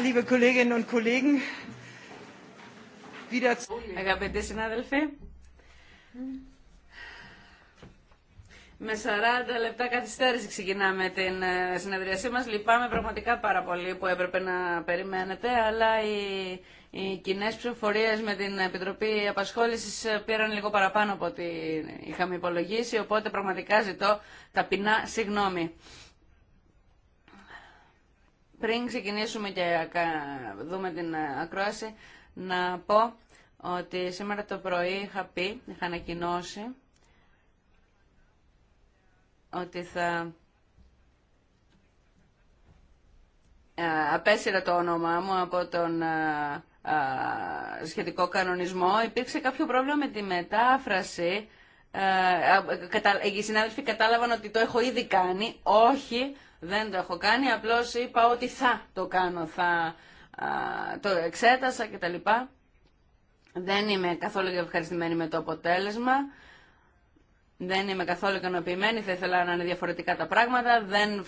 liebe Kolleginnen und συνάδελφοι, με 40 λεπτά καθυστέρηση ξεκινάμε την ε, συνεδρίασή μα. Λυπάμαι πραγματικά πάρα πολύ που έπρεπε να περιμένετε, αλλά οι, οι κοινέ ψηφοφορίε με την Επιτροπή απασχόληση ε, πήραν λίγο παραπάνω από ό,τι είχαμε υπολογίσει, οπότε πραγματικά ζητώ ταπεινά συγγνώμη. Πριν ξεκινήσουμε και δούμε την ακρόαση, να πω ότι σήμερα το πρωί είχα πει, είχα ανακοινώσει ότι θα ε, απέσυρα το όνομά μου από τον ε, ε, σχετικό κανονισμό. Υπήρξε κάποιο πρόβλημα με τη μετάφραση. Οι συνάδελφοι κατάλαβαν ότι το έχω ήδη κάνει. Όχι, δεν το έχω κάνει, απλώς είπα ότι θα το κάνω, θα το εξέτασα κτλ. Δεν είμαι καθόλου ευχαριστημένη με το αποτέλεσμα. Δεν είμαι καθόλου ικανοποιημένη, θα ήθελα να είναι διαφορετικά τα πράγματα. Δεν,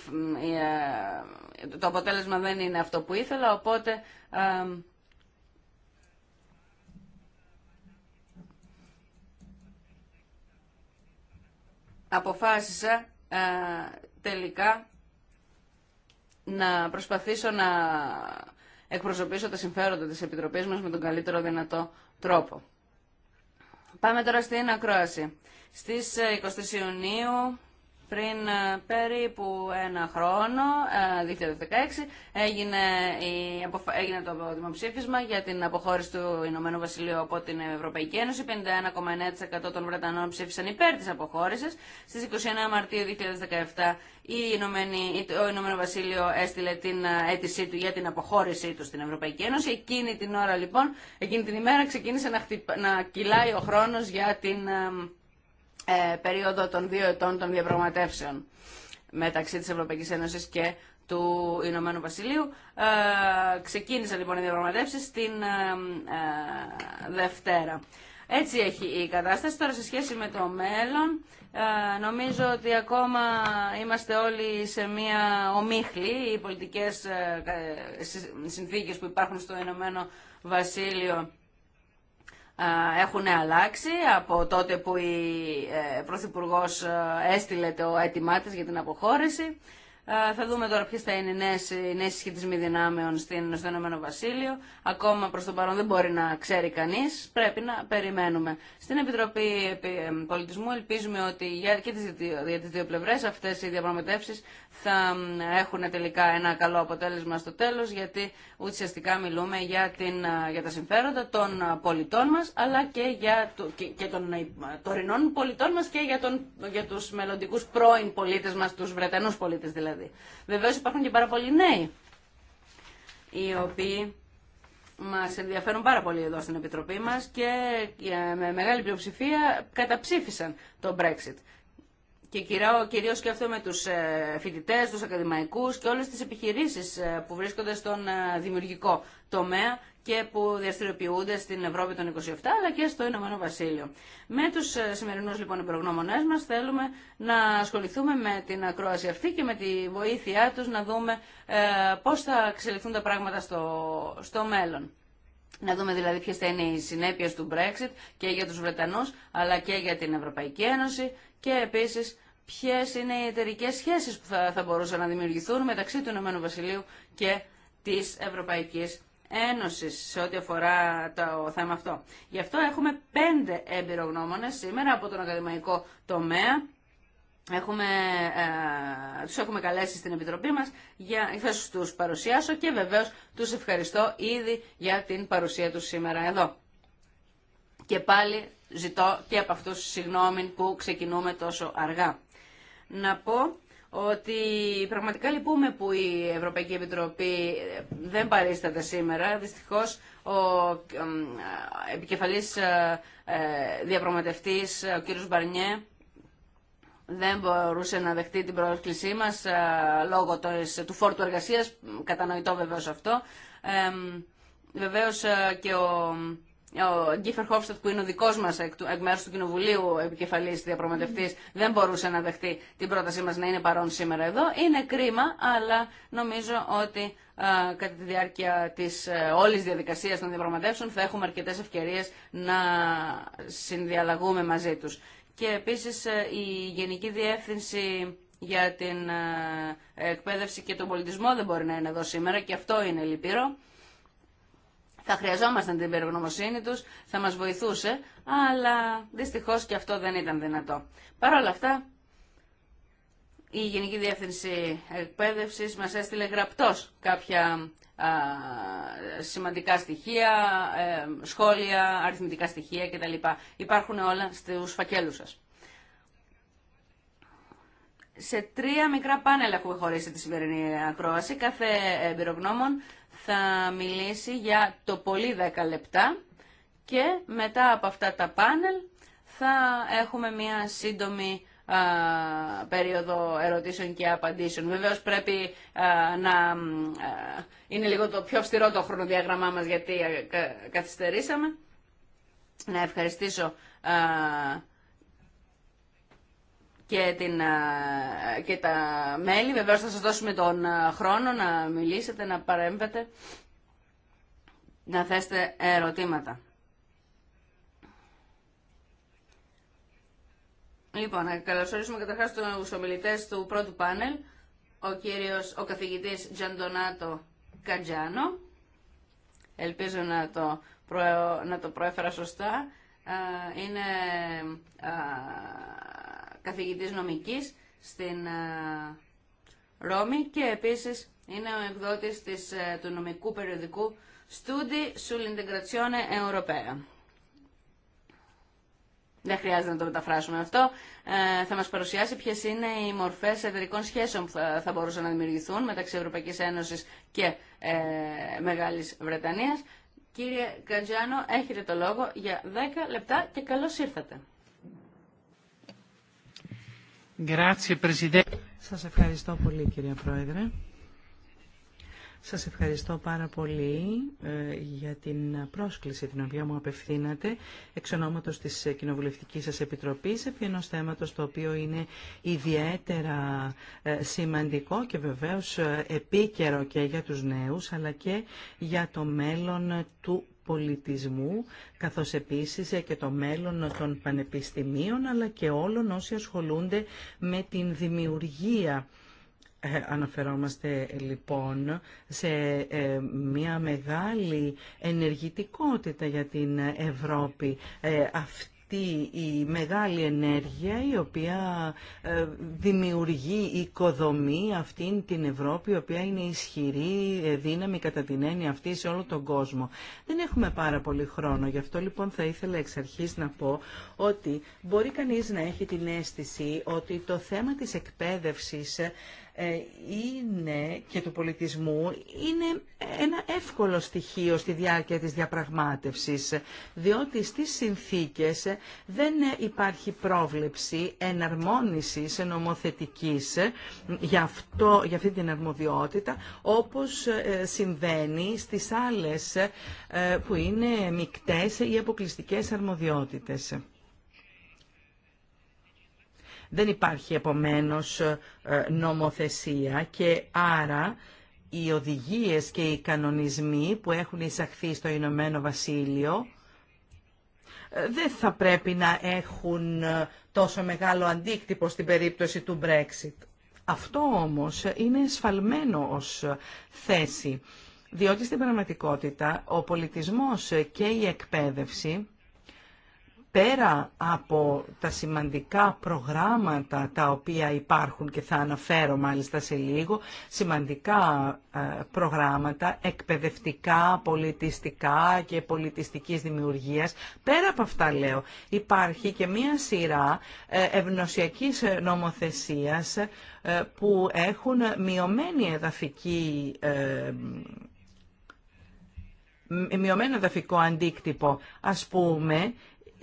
ε, το αποτέλεσμα δεν είναι αυτό που ήθελα, οπότε... αποφάσισα τελικά να προσπαθήσω να εκπροσωπήσω τα συμφέροντα της Επιτροπής μας με τον καλύτερο δυνατό τρόπο. Πάμε τώρα στην ακρόαση. Στις ε, 20 Ιουνίου πριν ε, περίπου ένα χρόνο, 2016, ε, έγινε, η, έγινε το δημοψήφισμα για την αποχώρηση του Ηνωμένου Βασιλείου από την Ευρωπαϊκή Ένωση. 51,9% των Βρετανών ψήφισαν υπέρ της αποχώρησης. Στις 21 Μαρτίου 2017 η Ηνωμένη, το Ηνωμένο Βασίλειο έστειλε την ε, αίτησή του για την αποχώρησή του στην Ευρωπαϊκή Ένωση. Εκείνη την ώρα λοιπόν, εκείνη την ημέρα ξεκίνησε να, να κυλάει ο χρόνος για την ε, περίοδο των δύο ετών των διαπραγματεύσεων μεταξύ της Ευρωπαϊκής Ένωσης και του Ηνωμένου Βασιλείου. Ε, ξεκίνησαν λοιπόν οι διαπραγματεύσει την ε, ε, Δευτέρα. Έτσι έχει η κατάσταση. Τώρα σε σχέση με το μέλλον, νομίζω ότι ακόμα είμαστε όλοι σε μία ομίχλη. Οι πολιτικές συνθήκες που υπάρχουν στο Ηνωμένο Βασίλειο έχουν αλλάξει από τότε που η ε, Πρωθυπουργός ε, έστειλε το αίτημά της για την αποχώρηση θα δούμε τώρα ποιε θα είναι οι νέε νέες σχετισμοί δυνάμεων στην, στο Ηνωμένο Βασίλειο. Ακόμα προς το παρόν δεν μπορεί να ξέρει κανείς. Πρέπει να περιμένουμε. Στην Επιτροπή Πολιτισμού ελπίζουμε ότι και τις, για τι δύο πλευρές αυτές οι διαπραγματεύσει θα έχουν τελικά ένα καλό αποτέλεσμα στο τέλος γιατί ουσιαστικά μιλούμε για, την, για τα συμφέροντα των πολιτών μας αλλά και, για, και, και των ε, τωρινών πολιτών μας και για, τον, για του μελλοντικού πρώην πολίτε μας του Βρετανού πολίτε δηλαδή δηλαδή. Βεβαίως υπάρχουν και πάρα πολλοί νέοι, οι οποίοι μα ενδιαφέρουν πάρα πολύ εδώ στην Επιτροπή μας και ε, με μεγάλη πλειοψηφία καταψήφισαν το Brexit. Και κυρίω και αυτό με τους ε, φοιτητές, τους ακαδημαϊκούς και όλες τις επιχειρήσεις ε, που βρίσκονται στον δημιουργικό τομέα και που διαστηριοποιούνται στην Ευρώπη των 27 αλλά και στο Ηνωμένο Βασίλειο. Με τους ε, σημερινούς λοιπόν υπερογνώμονές μας θέλουμε να ασχοληθούμε με την ακρόαση αυτή και με τη βοήθειά τους να δούμε ε, πώς θα εξελιχθούν τα πράγματα στο, στο μέλλον. Να δούμε δηλαδή ποιες θα είναι οι συνέπειες του Brexit και για τους Βρετανούς αλλά και για την Ευρωπαϊκή Ένωση και επίσης ποιες είναι οι εταιρικέ σχέσεις που θα, θα μπορούσαν να δημιουργηθούν μεταξύ του Ηνωμένου Βασιλείου και της Ευρωπαϊκής Ένωση σε ό,τι αφορά το θέμα αυτό. Γι' αυτό έχουμε πέντε εμπειρογνώμονες σήμερα από τον ακαδημαϊκό τομέα. Έχουμε, ε, τους έχουμε καλέσει στην Επιτροπή μας, για, θα τους παρουσιάσω και βεβαίως τους ευχαριστώ ήδη για την παρουσία τους σήμερα εδώ. Και πάλι ζητώ και από αυτούς συγγνώμη που ξεκινούμε τόσο αργά. Να πω ότι πραγματικά λυπούμε που η Ευρωπαϊκή Επιτροπή ε, δεν παρίσταται σήμερα. Δυστυχώς ο ε, ε, επικεφαλής διαπραγματευτής, ο κύριος Μπαρνιέ, δεν μπορούσε να δεχτεί την πρόσκλησή μας λόγω του φόρτου εργασίας, κατανοητό βεβαίως αυτό. Βεβαίως και ο ο Γκίφερ Χόφστατ που είναι ο δικό μα εκ, εκ μέρου του Κοινοβουλίου επικεφαλή διαπραγματευτή δεν μπορούσε να δεχτεί την πρότασή μα να είναι παρόν σήμερα εδώ. Είναι κρίμα, αλλά νομίζω ότι α, κατά τη διάρκεια τη ε, όλη διαδικασία των διαπραγματεύσεων θα έχουμε αρκετέ ευκαιρίε να συνδιαλλαγούμε μαζί του. Και επίση ε, η Γενική Διεύθυνση για την ε, εκπαίδευση και τον πολιτισμό δεν μπορεί να είναι εδώ σήμερα και αυτό είναι λυπηρό θα χρειαζόμασταν την υπερογνωμοσύνη τους, θα μας βοηθούσε, αλλά δυστυχώς και αυτό δεν ήταν δυνατό. Παρ' όλα αυτά, η Γενική Διεύθυνση Εκπαίδευσης μας έστειλε γραπτός κάποια α, σημαντικά στοιχεία, ε, σχόλια, αριθμητικά στοιχεία κτλ. Υπάρχουν όλα στους φακέλους σας. Σε τρία μικρά πάνελ έχουμε χωρίσει τη σημερινή ακρόαση. Κάθε εμπειρογνώμων θα μιλήσει για το πολύ 10 λεπτά και μετά από αυτά τα πάνελ θα έχουμε μία σύντομη α, περίοδο ερωτήσεων και απαντήσεων. Βεβαίως πρέπει να είναι λίγο το πιο αυστηρό το χρονοδιάγραμμά μας γιατί ε, καθυστερήσαμε. Να ευχαριστήσω και, την, ε, και τα μέλη. Βεβαίως θα σας δώσουμε τον ε, χρόνο να μιλήσετε, να παρέμβετε, να θέσετε ερωτήματα. Λοιπόν, να καλωσορίσουμε καταρχάς τους ομιλητές του πρώτου πάνελ, ο κύριος, ο καθηγητής Τζαντονάτο Κατζάνο. Ελπίζω να το, προ, να το προέφερα σωστά. Ε, είναι καθηγητής νομικής στην ε, Ρώμη και επίσης είναι ο εκδότης της, ε, του νομικού περιοδικού Studi sull'integrazione europea. Δεν χρειάζεται να το μεταφράσουμε αυτό. Ε, θα μας παρουσιάσει ποιες είναι οι μορφές εταιρικών σχέσεων που θα, μπορούσαν να δημιουργηθούν μεταξύ Ευρωπαϊκής Ένωσης και ε, Μεγάλης Βρετανίας. Κύριε Κατζάνο, έχετε το λόγο για 10 λεπτά και καλώς ήρθατε. Σας ευχαριστώ πολύ κυρία Πρόεδρε. Σας ευχαριστώ πάρα πολύ ε, για την πρόσκληση την οποία μου απευθύνατε εξ ονόματος της Κοινοβουλευτικής σας Επιτροπής επί ενός θέματος το οποίο είναι ιδιαίτερα ε, σημαντικό και βεβαίως ε, επίκαιρο και για τους νέους αλλά και για το μέλλον του πολιτισμού, καθώς επίσης και το μέλλον των πανεπιστημίων, αλλά και όλων όσοι ασχολούνται με την δημιουργία. Ε, αναφερόμαστε λοιπόν σε ε, μια μεγάλη ενεργητικότητα για την Ευρώπη. Ε, αυτή η μεγάλη ενέργεια η οποία ε, δημιουργεί οικοδομή αυτήν την Ευρώπη η οποία είναι ισχυρή, ε, δύναμη κατά την έννοια αυτή σε όλο τον κόσμο. Δεν έχουμε πάρα πολύ χρόνο, γι' αυτό λοιπόν θα ήθελα εξ αρχής να πω ότι μπορεί κανείς να έχει την αίσθηση ότι το θέμα της εκπαίδευσης ε, ε, είναι και του πολιτισμού είναι ένα εύκολο στοιχείο στη διάρκεια της διαπραγμάτευσης, διότι στις συνθήκες δεν υπάρχει πρόβλεψη εναρμόνισης νομοθετικής για, αυτό, για αυτή την αρμοδιότητα, όπως ε, συμβαίνει στις άλλες ε, που είναι μικτές ή αποκλειστικές αρμοδιότητες. Δεν υπάρχει επομένως ε, νομοθεσία και άρα οι οδηγίες και οι κανονισμοί που έχουν εισαχθεί στο Ηνωμένο Βασίλειο ε, δεν θα πρέπει να έχουν ε, τόσο μεγάλο αντίκτυπο στην περίπτωση του Brexit. Αυτό όμως είναι εσφαλμένο ως θέση, διότι στην πραγματικότητα ο πολιτισμός και η εκπαίδευση πέρα από τα σημαντικά προγράμματα τα οποία υπάρχουν και θα αναφέρω μάλιστα σε λίγο, σημαντικά ε, προγράμματα εκπαιδευτικά, πολιτιστικά και πολιτιστικής δημιουργίας, πέρα από αυτά λέω υπάρχει και μία σειρά ε, ευνοσιακής νομοθεσίας ε, που έχουν μειωμένη εδαφική μειωμένο δαφικό αντίκτυπο. Ας πούμε,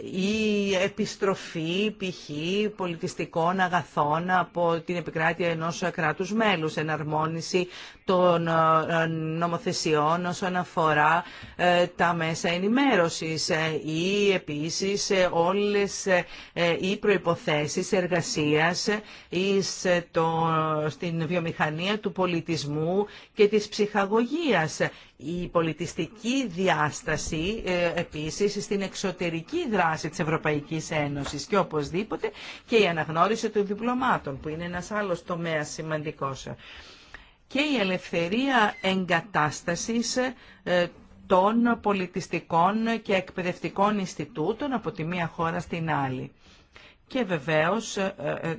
η επιστροφή π.χ. πολιτιστικών αγαθών από την επικράτεια ενός κράτους μέλους, εναρμόνιση των ε, νομοθεσιών όσον αφορά ε, τα μέσα ενημέρωσης ε, ή επίσης όλες οι προϋποθέσεις εργασίας στην βιομηχανία του πολιτισμού και της ψυχαγωγίας. Η πολιτιστική διάσταση επίσης στην εξωτερική δράση της Ευρωπαϊκής Ένωσης και οπωσδήποτε και η αναγνώριση των διπλωμάτων που είναι ένας άλλος τομέας σημαντικός και η ελευθερία εγκατάστασης ε, των πολιτιστικών και εκπαιδευτικών Ινστιτούτων από τη μία χώρα στην άλλη και βεβαίως ε, ε,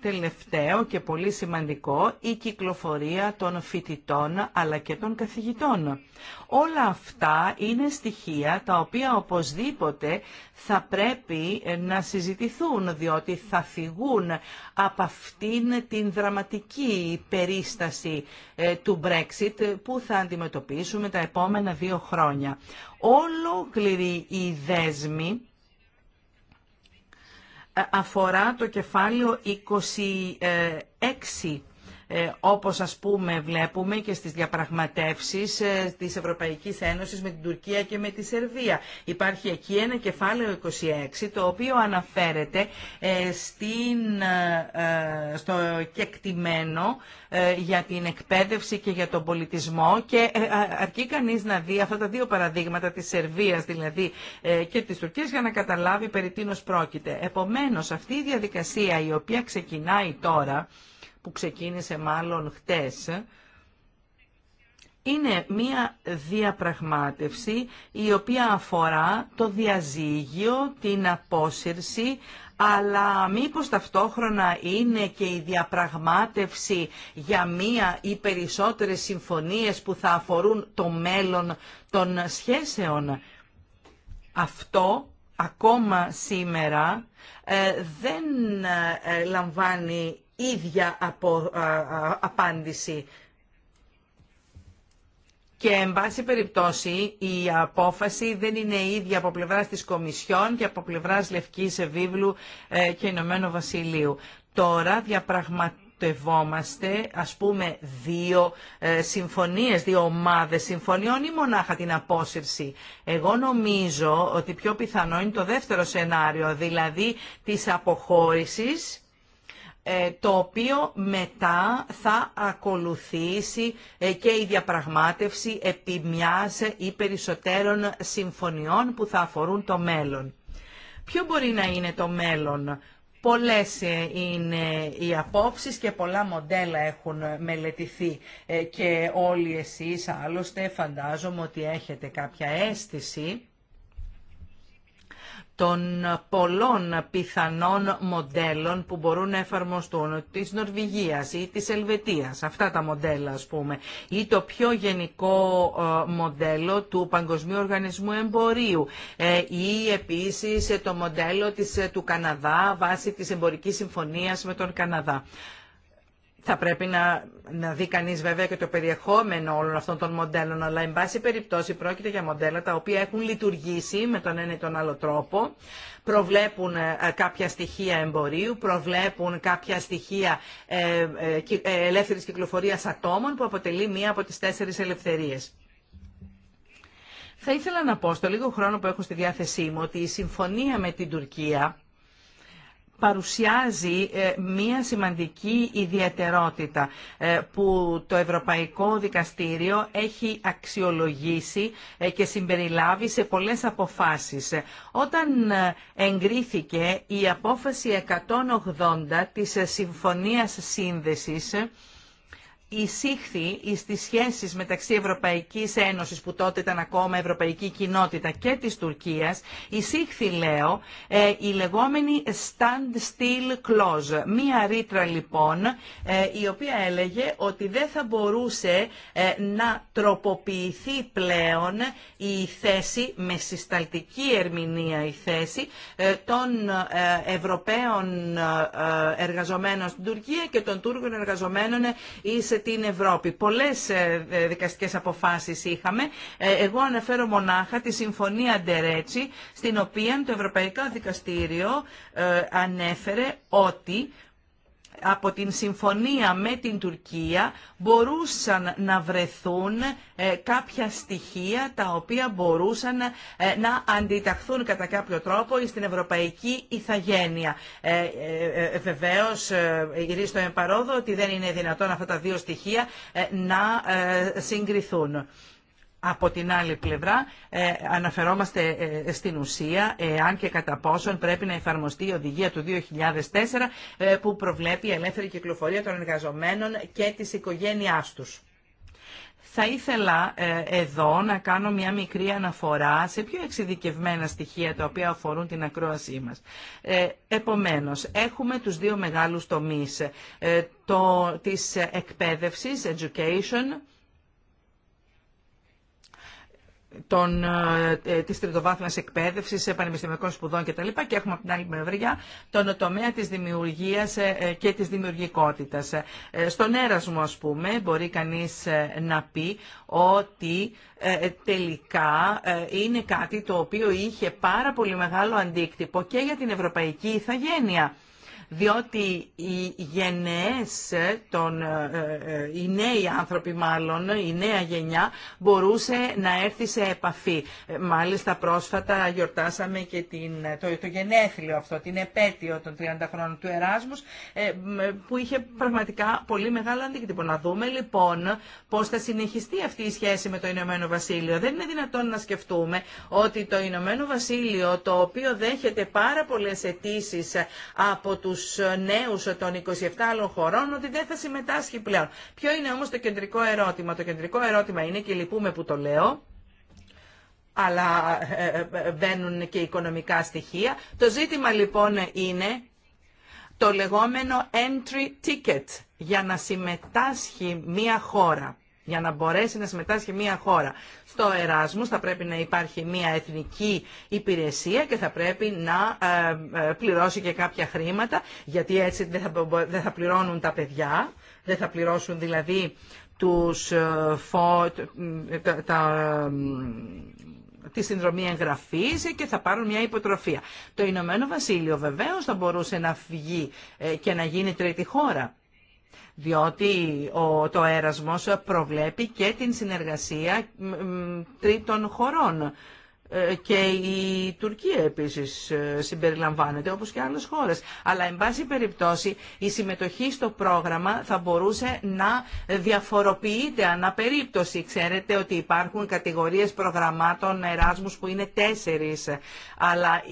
τελευταίο και πολύ σημαντικό η κυκλοφορία των φοιτητών αλλά και των καθηγητών. Όλα αυτά είναι στοιχεία τα οποία οπωσδήποτε θα πρέπει ε, να συζητηθούν διότι θα φυγούν από αυτήν την δραματική περίσταση του Brexit που θα αντιμετωπίσουμε τα επόμενα δύο χρόνια. Όλο η δέσμη ε, αφορά το κεφάλαιο 26 ε, όπως ας πούμε βλέπουμε και στις διαπραγματεύσεις ε, της Ευρωπαϊκής Ένωσης με την Τουρκία και με τη Σερβία. Υπάρχει εκεί ένα κεφάλαιο 26 το οποίο αναφέρεται ε, στην, στο κεκτημένο για την εκπαίδευση και για τον πολιτισμό και αρκεί κανείς να δει αυτά τα δύο παραδείγματα της Σερβίας δηλαδή και της Τουρκίας για να καταλάβει περί τίνος πρόκειται. Επομένως αυτή η διαδικασία η οποία ξεκινάει τώρα που ξεκίνησε μάλλον χτες, είναι μία διαπραγμάτευση η οποία αφορά το διαζύγιο, την απόσυρση, αλλά μήπως ταυτόχρονα είναι και η διαπραγμάτευση για μία ή περισσότερες συμφωνίες που θα αφορούν το μέλλον των σχέσεων. Αυτό ακόμα σήμερα ε, δεν ε, λαμβάνει ίδια απάντηση. Και, εν πάση περιπτώσει, η απόφαση δεν είναι ίδια από πλευράς της Κομισιόν και από πλευράς Λευκής Ευήβλου ε, και Ηνωμένου Βασιλείου. Τώρα διαπραγματευόμαστε ας πούμε δύο ε, συμφωνίες, δύο ομάδες συμφωνιών ή μονάχα την απόσυρση. Εγώ νομίζω ότι πιο πιθανό είναι το δεύτερο σενάριο, δηλαδή της αποχώρησης ε, το οποίο μετά θα ακολουθήσει ε, και η διαπραγμάτευση επί μιας ή περισσότερων συμφωνιών που θα αφορούν το μέλλον. Ποιο μπορεί να είναι το μέλλον. Πολλές ε, είναι οι απόψεις και πολλά μοντέλα έχουν μελετηθεί και όλοι εσείς άλλωστε φαντάζομαι ότι έχετε κάποια αίσθηση των πολλών πιθανών μοντέλων που μπορούν να εφαρμοστούν της Νορβηγίας ή της Ελβετίας, αυτά τα μοντέλα ας πούμε, ή το πιο γενικό ε, μοντέλο του Παγκοσμίου Οργανισμού Εμπορίου ε, ή επίσης το μοντέλο της, ε, του Καναδά βάσει της Εμπορικής Συμφωνίας με τον Καναδά. Θα πρέπει να, να δει κανεί βέβαια και το περιεχόμενο όλων αυτών των μοντέλων, αλλά εν πάση περιπτώσει πρόκειται για μοντέλα τα οποία έχουν λειτουργήσει με τον ένα ή τον άλλο τρόπο, προβλέπουν ε, κάποια στοιχεία εμπορίου, προβλέπουν κάποια στοιχεία ε, ε, ελεύθερη κυκλοφορίας ατόμων που αποτελεί μία από τις τέσσερι ελευθερίε. Θα ήθελα να πω στο λίγο χρόνο που έχω στη διάθεσή μου ότι η συμφωνία με την Τουρκία παρουσιάζει ε, μία σημαντική ιδιαιτερότητα ε, που το Ευρωπαϊκό Δικαστήριο έχει αξιολογήσει ε, και συμπεριλάβει σε πολλές αποφάσεις. Όταν εγκρίθηκε η απόφαση 180 της Συμφωνίας Σύνδεσης εισήχθη στι σχέσεις μεταξύ Ευρωπαϊκή Ένωση, που τότε ήταν ακόμα Ευρωπαϊκή Κοινότητα και της Τουρκία, εισήχθη λέω ε, η λεγόμενη Stand Still Clause μία ρήτρα λοιπόν ε, η οποία έλεγε ότι δεν θα μπορούσε ε, να τροποποιηθεί πλέον η θέση με συσταλτική ερμηνεία η θέση των Ευρωπαίων εργαζομένων στην Τουρκία και των Τούρκων εργαζομένων την Ευρώπη. Πολλές ε, ε, δικαστικές αποφάσεις είχαμε. Ε, εγώ αναφέρω μονάχα τη Συμφωνία Ντερέτσι, στην οποία το Ευρωπαϊκό Δικαστήριο ανέφερε ότι από την συμφωνία με την Τουρκία μπορούσαν να βρεθούν ε, κάποια στοιχεία τα οποία μπορούσαν ε, να αντιταχθούν κατά κάποιο τρόπο στην ευρωπαϊκή ηθαγένεια. Ε, βεβαίως, το εμπαρόδο ότι δεν είναι δυνατόν αυτά τα δύο στοιχεία να συγκριθούν. Από την άλλη πλευρά ε, αναφερόμαστε ε, ε, στην ουσία αν και κατά πόσον πρέπει να εφαρμοστεί η οδηγία του 2004 που προβλέπει η ελεύθερη κυκλοφορία των εργαζομένων και της οικογένειάς τους. Θα ήθελα εδώ να κάνω μια μικρή αναφορά σε πιο εξειδικευμένα στοιχεία τα οποία αφορούν την ακρόασή μας. Επομένως, έχουμε τους δύο μεγάλους τομείς το, της εκπαίδευσης, education, των, ε, ε, της τριτοβάθμιας εκπαίδευσης, πανεπιστημιακών σπουδών κτλ. Και έχουμε από την άλλη μεριά τον τομέα της δημιουργίας ε, ε, και της δημιουργικότητας. Στον έρασμο, ας πούμε, μπορεί κανείς να πει ότι τελικά είναι κάτι το οποίο είχε πάρα πολύ μεγάλο αντίκτυπο και για την ευρωπαϊκή ηθαγένεια διότι οι γενναίες, των, ε, ε, ε, οι νέοι άνθρωποι μάλλον, η νέα γενιά μπορούσε να έρθει σε επαφή. Μάλιστα πρόσφατα γιορτάσαμε και την, το, γενέθλιο αυτό, την επέτειο των 30 χρόνων του Εράσμους, που είχε πραγματικά πολύ μεγάλο αντίκτυπο. Να δούμε λοιπόν πώς θα συνεχιστεί αυτή η σχέση με το Ηνωμένο Βασίλειο. Δεν είναι δυνατόν να σκεφτούμε ότι το Ηνωμένο Βασίλειο, το οποίο δέχεται πάρα πολλές αιτήσει από τους τους ε, νέους των 27 άλλων χωρών ότι δεν θα συμμετάσχει πλέον. Ποιο είναι όμως το κεντρικό ερώτημα. Το κεντρικό ερώτημα είναι και λυπούμε που το λέω αλλά μπαίνουν ε, ε, και οικονομικά στοιχεία. Το ζήτημα λοιπόν είναι το λεγόμενο entry ticket για να συμμετάσχει μία χώρα για να μπορέσει να συμμετάσχει μια χώρα. Στο Εράσμου θα πρέπει να υπάρχει μια εθνική υπηρεσία και θα πρέπει να ε, ε, πληρώσει και κάποια χρήματα, γιατί έτσι δεν θα πληρώνουν τα παιδιά, δεν θα πληρώσουν δηλαδή τους ε, τα... τη συνδρομή εγγραφής και θα πάρουν μια υποτροφία. Το Ηνωμένο Βασίλειο βεβαίως θα μπορούσε να φυγεί και να γίνει τρίτη χώρα διότι το έρασμος προβλέπει και την συνεργασία τρίτων χωρών. Ε, και η Τουρκία επίσης ε, συμπεριλαμβάνεται όπως και άλλες χώρες. Αλλά εν πάση περιπτώσει η συμμετοχή στο πρόγραμμα θα μπορούσε να διαφοροποιείται αναπερίπτωση. Ξέρετε ότι υπάρχουν κατηγορίες προγραμμάτων Εράσμους που είναι τέσσερις αλλά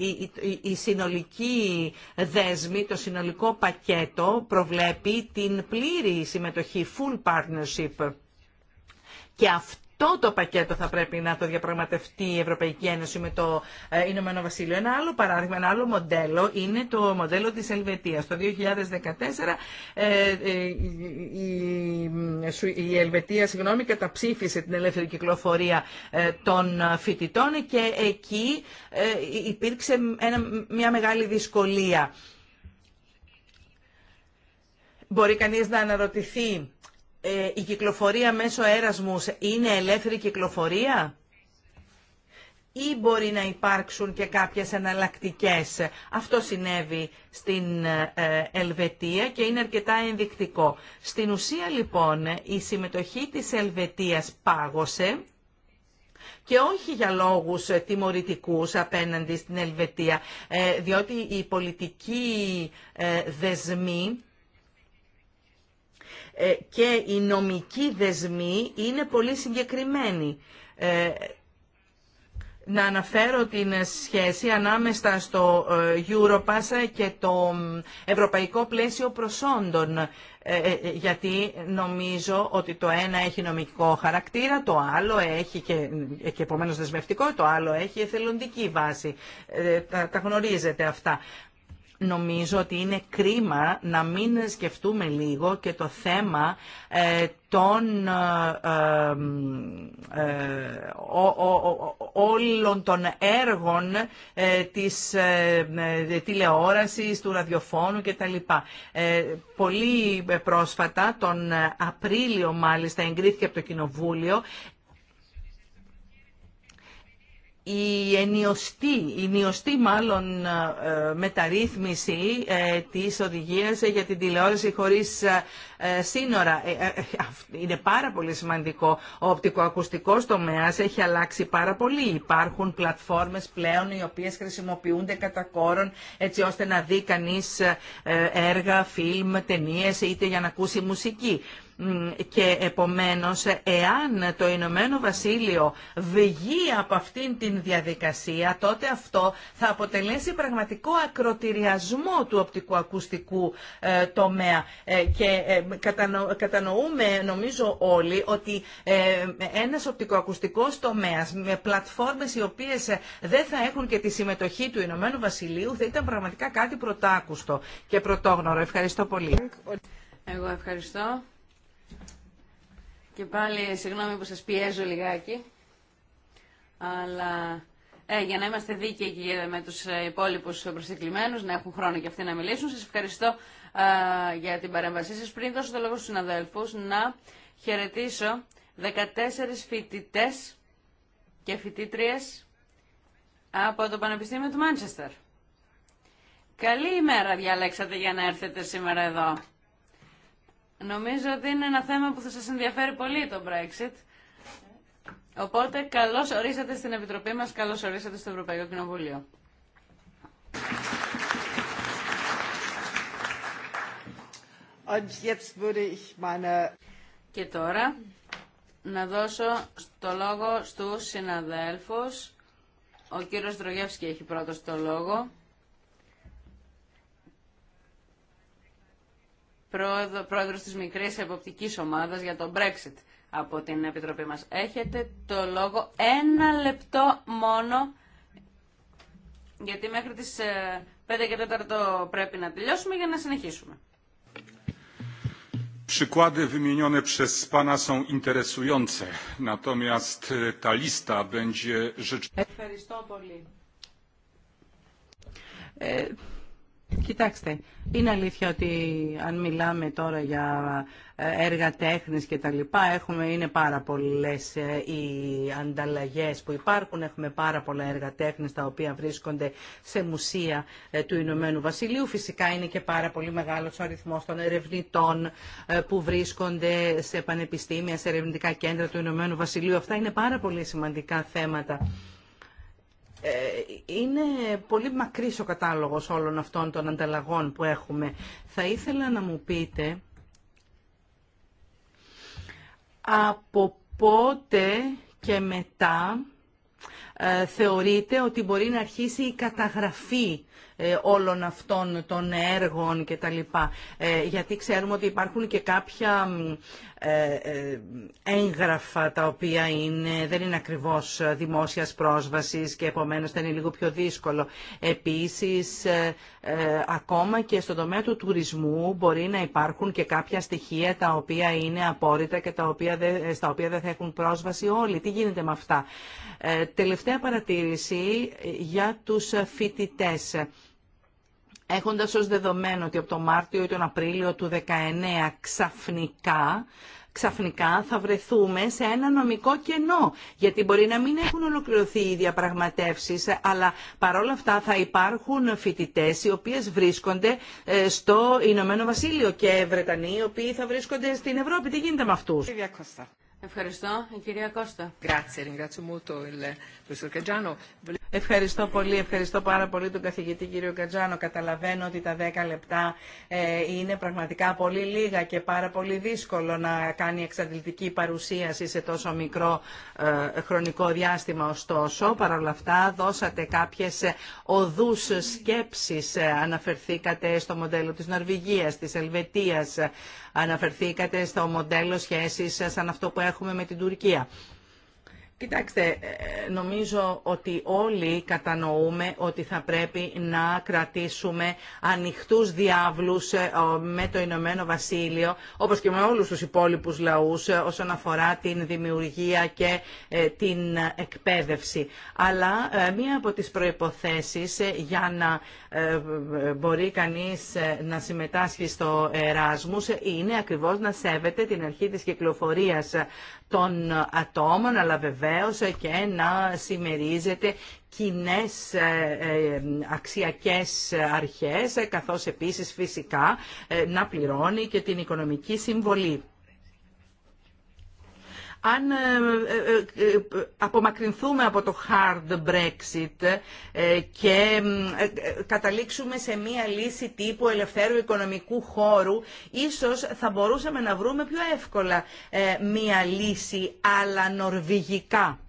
η, συνολική δέσμη, το συνολικό πακέτο προβλέπει την πλήρη συμμετοχή, full partnership αυτό το πακέτο θα πρέπει να το διαπραγματευτεί η Ευρωπαϊκή Ένωση με το ε, Ηνωμένο Βασίλειο. Ένα άλλο παράδειγμα, ένα άλλο μοντέλο είναι το μοντέλο της Ελβετίας. Το 2014 ε, ε, η Ελβετία συγγνώμη, καταψήφισε την ελεύθερη κυκλοφορία των φοιτητών και εκεί υπήρξε μια μεγάλη δυσκολία. Μπορεί κανείς να αναρωτηθεί ε, η κυκλοφορία μέσω έρασμους είναι ελεύθερη κυκλοφορία ή μπορεί να υπάρξουν και κάποιες εναλλακτικές. Αυτό συνέβη στην ε, Ελβετία και είναι αρκετά ενδεικτικό. Στην ουσία λοιπόν η συμμετοχή της Ελβετίας πάγωσε και όχι για λόγους τιμωρητικούς απέναντι στην Ελβετία, ε, διότι οι πολιτικοί δεσμοί ε, και οι νομικοί δεσμοί είναι πολύ συγκεκριμένοι. Ε, να αναφέρω την σχέση ανάμεσα στο ε, Europass και το Ευρωπαϊκό Πλαίσιο Προσόντων, γιατί νομίζω ότι το ένα έχει νομικό χαρακτήρα, το άλλο έχει και, και επομένως δεσμευτικό, το άλλο έχει εθελοντική βάση. τα γνωρίζετε αυτά νομίζω ότι είναι κρίμα να μην σκεφτούμε λίγο και το θέμα ε, των ε, ε, όλων των έργων της τηλεόρασης, του ραδιοφώνου κτλ. Πολύ πρόσφατα, τον Απρίλιο μάλιστα, εγκρίθηκε από το Κοινοβούλιο η ενιωστή, η μάλλον ε, μεταρρύθμιση ε, της οδηγίας για την τηλεόραση χωρίς ε, σύνορα. Είναι πάρα πολύ σημαντικό. Ο οπτικοακουστικός τομέας έχει αλλάξει πάρα πολύ. Υπάρχουν πλατφόρμες πλέον οι οποίες χρησιμοποιούνται κατά κόρον έτσι ώστε να δει κανείς έργα, φιλμ, ταινίες είτε για να ακούσει μουσική και επομένως εάν το Ηνωμένο Βασίλειο βγει από αυτήν την διαδικασία τότε αυτό θα αποτελέσει πραγματικό ακροτηριασμό του οπτικοακουστικού ε, τομέα ε, και ε, κατανοούμε νομίζω όλοι ότι ένας οπτικοακουστικός τομέας με πλατφόρμες οι οποίες δεν θα έχουν και τη συμμετοχή του Ηνωμένου Βασιλείου θα ήταν πραγματικά κάτι πρωτάκουστο και πρωτόγνωρο. Ευχαριστώ πολύ. Εγώ ευχαριστώ. Και πάλι συγγνώμη που σας πιέζω λιγάκι, αλλά ε, για να είμαστε δίκαιοι και με τους ε, υπόλοιπους προσεκλημένους, να έχουν χρόνο και αυτοί να μιλήσουν. Σας ευχαριστώ για την παρέμβασή σας. Πριν δώσω το λόγο στους συναδέλφους, να χαιρετήσω 14 φοιτητέ και φοιτήτριε από το Πανεπιστήμιο του Μάντσεστερ. Καλή ημέρα διαλέξατε για να έρθετε σήμερα εδώ. Νομίζω ότι είναι ένα θέμα που θα σας ενδιαφέρει πολύ το Brexit. Οπότε, καλώς ορίσατε στην Επιτροπή μας, καλώς ορίσατε στο Ευρωπαϊκό Κοινοβούλιο. Και τώρα να δώσω το λόγο στους συναδέλφους. Ο κύριος Δρογεύσκη έχει πρώτος το λόγο. πρόεδρο, πρόεδρος της μικρής εποπτικής ομάδας για το Brexit από την Επιτροπή μας. Έχετε το λόγο ένα λεπτό μόνο, γιατί μέχρι τις 5 ε, και 4 πρέπει να τελειώσουμε για να συνεχίσουμε. Przykłady wymienione przez Pana są interesujące, natomiast e, ta lista będzie rzeczywiście... Κοιτάξτε, είναι αλήθεια ότι αν μιλάμε τώρα για ε, έργα τέχνης και τα λοιπά, έχουμε, είναι πάρα πολλές ε, οι ανταλλαγές που υπάρχουν, έχουμε πάρα πολλά έργα τέχνης τα οποία βρίσκονται σε μουσεία ε, του Ηνωμένου Βασιλείου. Φυσικά είναι και πάρα πολύ μεγάλος ο αριθμός των ερευνητών που βρίσκονται σε πανεπιστήμια, σε ερευνητικά κέντρα του Ηνωμένου Βασιλείου. Αυτά είναι πάρα πολύ σημαντικά θέματα. Ε, είναι πολύ μακρύς ο κατάλογος όλων αυτών των ανταλλαγών που έχουμε. Θα ήθελα να μου πείτε από πότε και μετά ε, θεωρείτε ότι μπορεί να αρχίσει η καταγραφή ε, όλων αυτών των έργων κτλ. Ε, γιατί ξέρουμε ότι υπάρχουν και κάποια ε, έγγραφα τα οποία είναι, δεν είναι ακριβώς δημόσιας πρόσβασης και επομένως θα είναι λίγο πιο δύσκολο. Επίσης, ακόμα και στον τομέα του τουρισμού μπορεί να υπάρχουν και κάποια στοιχεία τα οποία είναι απόρριτα και τα οποία στα οποία δεν θα έχουν πρόσβαση όλοι. Τι γίνεται με αυτά. τελευταία παρατήρηση για τους φοιτητές έχοντας ως δεδομένο ότι από το Μάρτιο ή τον Απρίλιο του 2019 ξαφνικά ξαφνικά θα βρεθούμε σε ένα νομικό κενό. Γιατί μπορεί να μην έχουν ολοκληρωθεί οι διαπραγματεύσεις, αλλά παρόλα αυτά θα υπάρχουν φοιτητέ οι οποίες βρίσκονται ε, στο Ηνωμένο Βασίλειο και Βρετανοί οι οποίοι θα βρίσκονται στην Ευρώπη. Τι γίνεται με αυτούς. Ευχαριστώ, κυρία Κώστα. Ευχαριστώ πολύ, ευχαριστώ πάρα πολύ τον καθηγητή κύριο Κατζάνο. Καταλαβαίνω ότι τα 10 λεπτά ε, είναι πραγματικά πολύ λίγα και πάρα πολύ δύσκολο να κάνει εξαντλητική παρουσίαση σε τόσο μικρό ε, χρονικό διάστημα. Ωστόσο, όλα αυτά, δώσατε κάποιες ε, οδούς σκέψεις. Αναφερθήκατε στο μοντέλο της Νορβηγίας, της Ελβετίας. Αναφερθήκατε στο μοντέλο σχέσης σαν αυτό που έχουμε με την Τουρκία. Κοιτάξτε, ε, νομίζω ότι όλοι κατανοούμε ότι θα πρέπει να κρατήσουμε ανοιχτούς διάβλους ε, με το Ηνωμένο Βασίλειο, όπως και με όλους τους υπόλοιπους λαούς, ε, όσον αφορά την δημιουργία και την εκπαίδευση. Αλλά μία από τις προϋποθέσεις για να μπορεί κανείς να συμμετάσχει στο Εράσμους είναι ακριβώς να σέβεται την αρχή της κυκλοφορίας των ατόμων, αλλά βεβαίως και να συμμερίζεται κοινέ ε, ε, αξιακές αρχές, καθώς επίσης φυσικά ε, να πληρώνει και την οικονομική συμβολή αν ε, ε, ε, απομακρυνθούμε από το hard Brexit και καταλήξουμε σε μία λύση τύπου ελευθέρου οικονομικού χώρου, ίσως θα μπορούσαμε να βρούμε πιο εύκολα μία λύση αλλά νορβηγικά.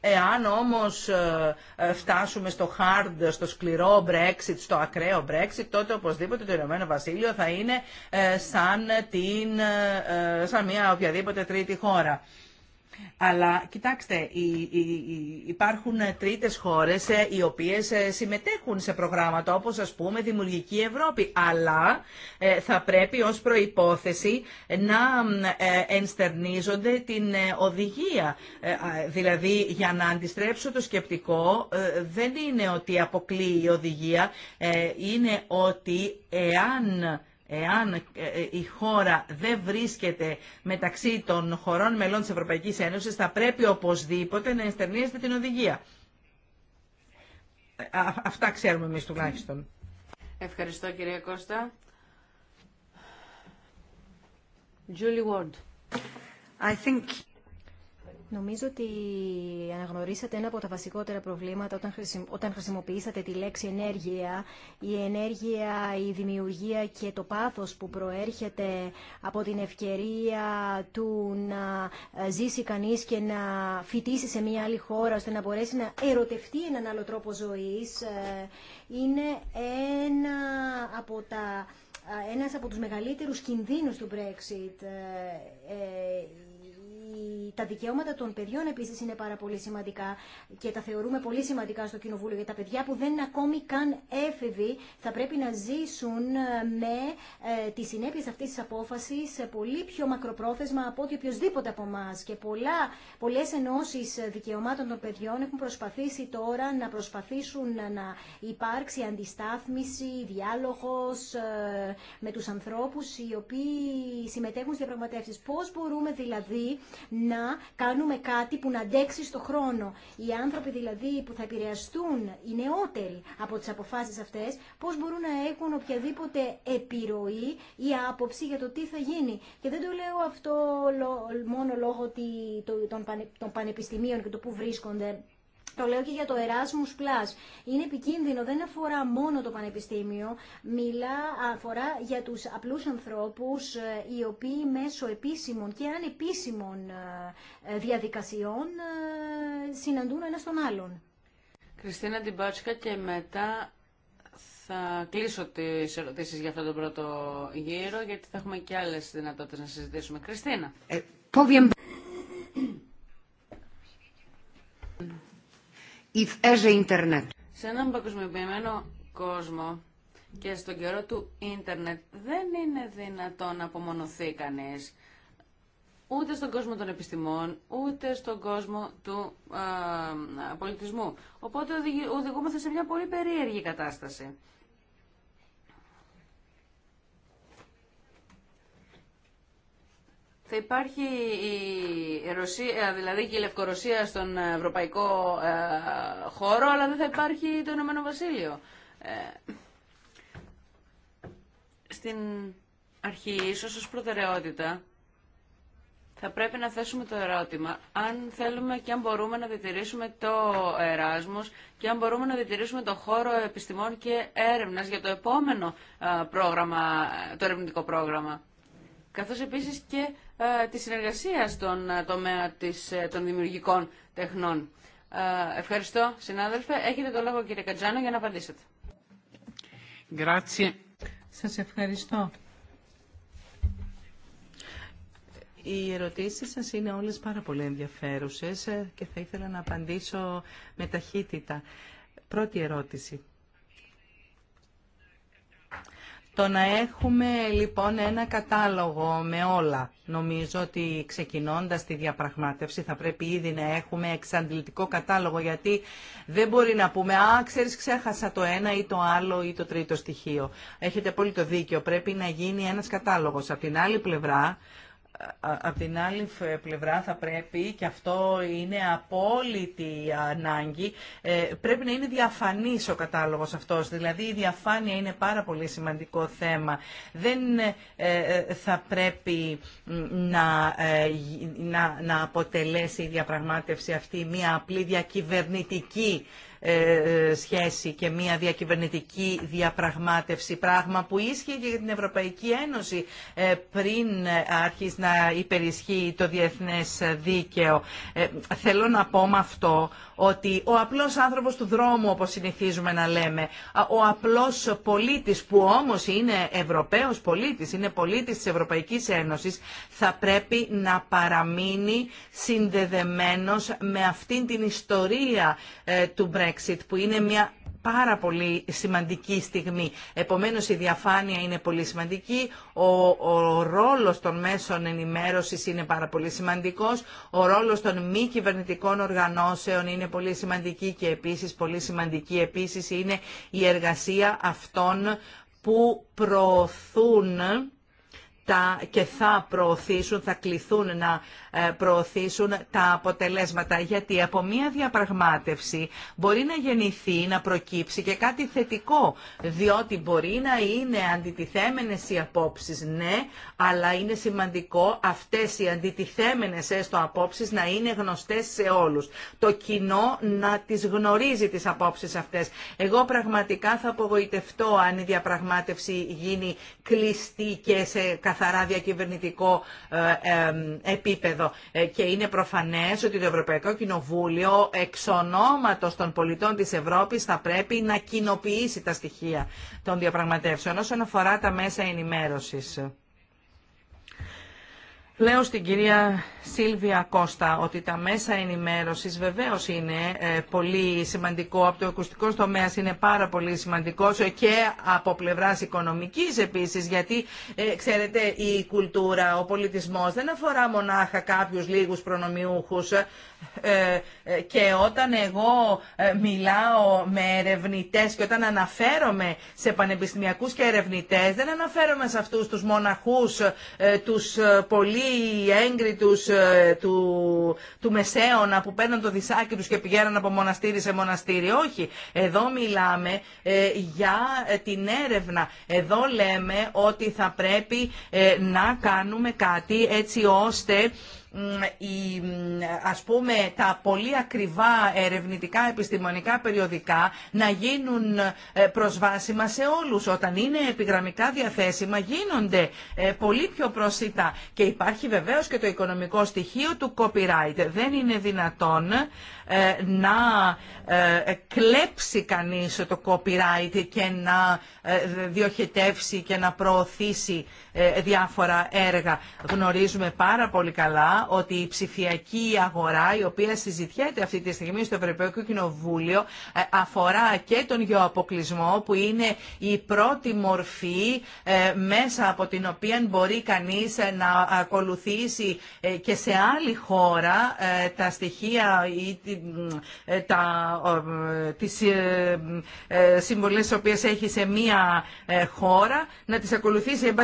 Εάν όμως ε, ε, φτάσουμε στο hard, στο σκληρό Brexit, στο ακραίο Brexit, τότε οπωσδήποτε το Ηνωμένο Βασίλειο θα είναι ε, σαν, την, σαν μια οποιαδήποτε τρίτη χώρα. Αλλά κοιτάξτε, υπάρχουν τρίτες χώρες ε, οι οποίες ε, συμμετέχουν σε προγράμματα όπως ας πούμε Δημιουργική Ευρώπη, αλλά ε, θα πρέπει ως προϋπόθεση να ενστερνίζονται την οδηγία. Δηλαδή για να αντιστρέψω το σκεπτικό δεν είναι ότι αποκλείει η οδηγία, είναι ότι εάν Εάν ε, ε, η χώρα δεν βρίσκεται μεταξύ των χωρών μελών της Ευρωπαϊκής Ένωσης, θα πρέπει οπωσδήποτε να ενστερνίζεται την οδηγία. Ε, αυτά ξέρουμε εμείς τουλάχιστον. Ευχαριστώ κυρία Κώστα. Julie Ward. I think... Νομίζω ότι αναγνωρίσατε ένα από τα βασικότερα προβλήματα όταν χρησιμοποιήσατε τη λέξη ενέργεια. Η ενέργεια, η δημιουργία και το πάθος που προέρχεται από την ευκαιρία του να ε, ζήσει κανείς και να φοιτήσει σε μια άλλη χώρα ώστε να μπορέσει να ερωτευτεί έναν άλλο τρόπο ζωής ε, είναι ένα από τα ε, ένας από τους μεγαλύτερους κινδύνους του Brexit τα δικαιώματα των παιδιών επίση είναι πάρα πολύ σημαντικά και τα θεωρούμε πολύ σημαντικά στο Κοινοβούλιο για τα παιδιά που δεν είναι ακόμη καν έφηβοι θα πρέπει να ζήσουν ε, με ε, συνέπειε αυτή τη απόφαση απόφασης πολύ πιο μακροπρόθεσμα από ότι οποιοδήποτε από εμά. και πολλέ ενώσει δικαιωμάτων των παιδιών έχουν προσπαθήσει τώρα να προσπαθήσουν να υπάρξει αντιστάθμιση, διάλογο ε, με του ανθρώπου οι οποίοι συμμετέχουν στι διαπραγματεύσει. Πώ μπορούμε δηλαδή να κάνουμε κάτι που να αντέξει στο χρόνο. Οι άνθρωποι δηλαδή που θα επηρεαστούν, οι νεότεροι από τις αποφάσεις αυτές, πώς μπορούν να έχουν οποιαδήποτε επιρροή ή άποψη για το τι θα γίνει. Και δεν το λέω αυτό μόνο λόγω των πανεπιστημίων και το που βρίσκονται το λέω και για το Erasmus Plus. Είναι επικίνδυνο, δεν αφορά μόνο το πανεπιστήμιο, μιλά, αφορά για τους απλούς ανθρώπους ε, οι οποίοι μέσω επίσημων και ανεπίσημων ε, ε, διαδικασιών συναντούν ένα τον άλλον. Κριστίνα Τιμπάτσκα και μετά θα κλείσω τις ερωτήσεις για αυτόν τον πρώτο γύρο γιατί θα έχουμε και άλλες δυνατότητε να συζητήσουμε. Κριστίνα. Ε, Σε έναν παγκοσμιοποιημένο κόσμο και στον καιρό του ίντερνετ δεν είναι δυνατόν να απομονωθεί κανεί. ούτε στον κόσμο των επιστημών, ούτε στον κόσμο του πολιτισμού. Οπότε οδηγούμαστε σε μια πολύ περίεργη κατάσταση. Θα υπάρχει η δηλαδή η Λευκορωσία στον ευρωπαϊκό ε, χώρο, αλλά δεν θα υπάρχει το Ηνωμένο Βασίλειο. Ε, στην αρχή, ίσως ως προτεραιότητα, θα πρέπει να θέσουμε το ερώτημα αν θέλουμε και αν μπορούμε να διατηρήσουμε το Εράσμος και αν μπορούμε να διατηρήσουμε το χώρο επιστημών και έρευνας για το επόμενο ε, πρόγραμμα, το ερευνητικό πρόγραμμα καθώς επίσης και ε, τη συνεργασία στον ε, τομέα της, ε, των δημιουργικών τεχνών. Ευχαριστώ, συνάδελφε. Έχετε το λόγο, κύριε Κατζάνο, για να απαντήσετε. Grazie. Σας ευχαριστώ. Οι ερωτήσεις σας είναι όλες πάρα πολύ ενδιαφέρουσες και θα ήθελα να απαντήσω με ταχύτητα. Πρώτη ερώτηση. Το να έχουμε λοιπόν ένα κατάλογο με όλα. Νομίζω ότι ξεκινώντας τη διαπραγμάτευση θα πρέπει ήδη να έχουμε εξαντλητικό κατάλογο γιατί δεν μπορεί να πούμε «Α, ξέρεις, ξέχασα το ένα ή το άλλο ή το τρίτο στοιχείο». Έχετε πολύ το δίκιο, πρέπει να γίνει ένας κατάλογος. Από την άλλη πλευρά από την άλλη πλευρά θα πρέπει, και αυτό είναι απόλυτη ανάγκη, ε, πρέπει να είναι διαφανής ο κατάλογος αυτός. Δηλαδή η διαφάνεια είναι πάρα πολύ σημαντικό θέμα. Δεν ε, ε, θα πρέπει να, να, να αποτελέσει η διαπραγμάτευση αυτή μια απλή διακυβερνητική ε, ε, σχέση και μια διακυβερνητική διαπραγμάτευση, πράγμα που ίσχυε και για την Ευρωπαϊκή Ένωση ε, πριν αρχίσει να υπερισχύει το διεθνές δίκαιο. Θέλω να πω με αυτό ότι ο απλός άνθρωπος του δρόμου, όπως συνηθίζουμε να λέμε, ο απλός πολίτης που όμως είναι Ευρωπαίος πολίτης, είναι πολίτης της Ευρωπαϊκής Ένωσης, θα πρέπει να παραμείνει συνδεδεμένος με αυτήν την ιστορία του Brexit που είναι μια πάρα πολύ σημαντική στιγμή. Επομένως η διαφάνεια είναι πολύ σημαντική, ο, ο ρόλος των μέσων ενημέρωσης είναι πάρα πολύ σημαντικός, ο ρόλος των μη κυβερνητικών οργανώσεων είναι πολύ σημαντική και επίσης πολύ σημαντική επίσης είναι η εργασία αυτών που προωθούν τα και θα προωθήσουν, θα κληθούν να ε, προωθήσουν τα αποτελέσματα. Γιατί από μία διαπραγμάτευση μπορεί να γεννηθεί, να προκύψει και κάτι θετικό. Διότι μπορεί να είναι αντιτιθέμενες οι απόψεις, ναι, αλλά είναι σημαντικό αυτές οι αντιτιθέμενες έστω απόψεις να είναι γνωστές σε όλους. Το κοινό να τις γνωρίζει τις απόψεις αυτές. Εγώ πραγματικά θα απογοητευτώ αν η διαπραγμάτευση γίνει κλειστή και σε καθαρά διακυβερνητικό ε, ε, επίπεδο. Ε, και είναι προφανές ότι το Ευρωπαϊκό Κοινοβούλιο εξ ονόματος των πολιτών της Ευρώπης θα πρέπει να κοινοποιήσει τα στοιχεία των διαπραγματεύσεων όσον αφορά τα μέσα ενημέρωσης. Λέω στην κυρία Σίλβια Κώστα ότι τα μέσα ενημέρωσης βεβαίως είναι ε, πολύ σημαντικό, από το ακουστικό τομέα είναι πάρα πολύ σημαντικό και από πλευράς οικονομικής επίσης, γιατί ε, ξέρετε η κουλτούρα, ο πολιτισμός δεν αφορά μονάχα κάποιους λίγους προνομιούχους ε, και όταν εγώ μιλάω με ερευνητές και όταν αναφέρομαι σε πανεπιστημιακούς και ερευνητές δεν αναφέρομαι σε αυτούς τους μοναχούς, ε, τους πολύ οι έγκριοι τους, ε, του, του Μεσαίωνα που παίρναν το δισάκι τους και πηγαίναν από μοναστήρι σε μοναστήρι. Όχι, εδώ μιλάμε ε, για ε, την έρευνα. Εδώ λέμε ότι θα πρέπει να κάνουμε κάτι έτσι ώστε η, ας πούμε τα πολύ ακριβά ερευνητικά επιστημονικά περιοδικά να γίνουν ε, προσβάσιμα σε όλους. Όταν είναι επιγραμμικά διαθέσιμα γίνονται ε, πολύ πιο προσιτά. Και υπάρχει βεβαίως και το οικονομικό στοιχείο του copyright. Δεν είναι δυνατόν ε, να κλέψει κανείς το copyright και να διοχετεύσει και να προωθήσει διάφορα έργα. Γνωρίζουμε πάρα πολύ καλά ότι η ψηφιακή αγορά, η οποία συζητιέται αυτή τη στιγμή στο Ευρωπαϊκό Κοινοβούλιο, ε, αφορά και τον γεωαποκλεισμό, που είναι η πρώτη μορφή ε, μέσα από την οποία μπορεί κανείς ε, να ακολουθήσει και σε άλλη χώρα τα στοιχεία ή τα, τις συμβολές τις έχει σε μία χώρα, να τις ακολουθήσει, εν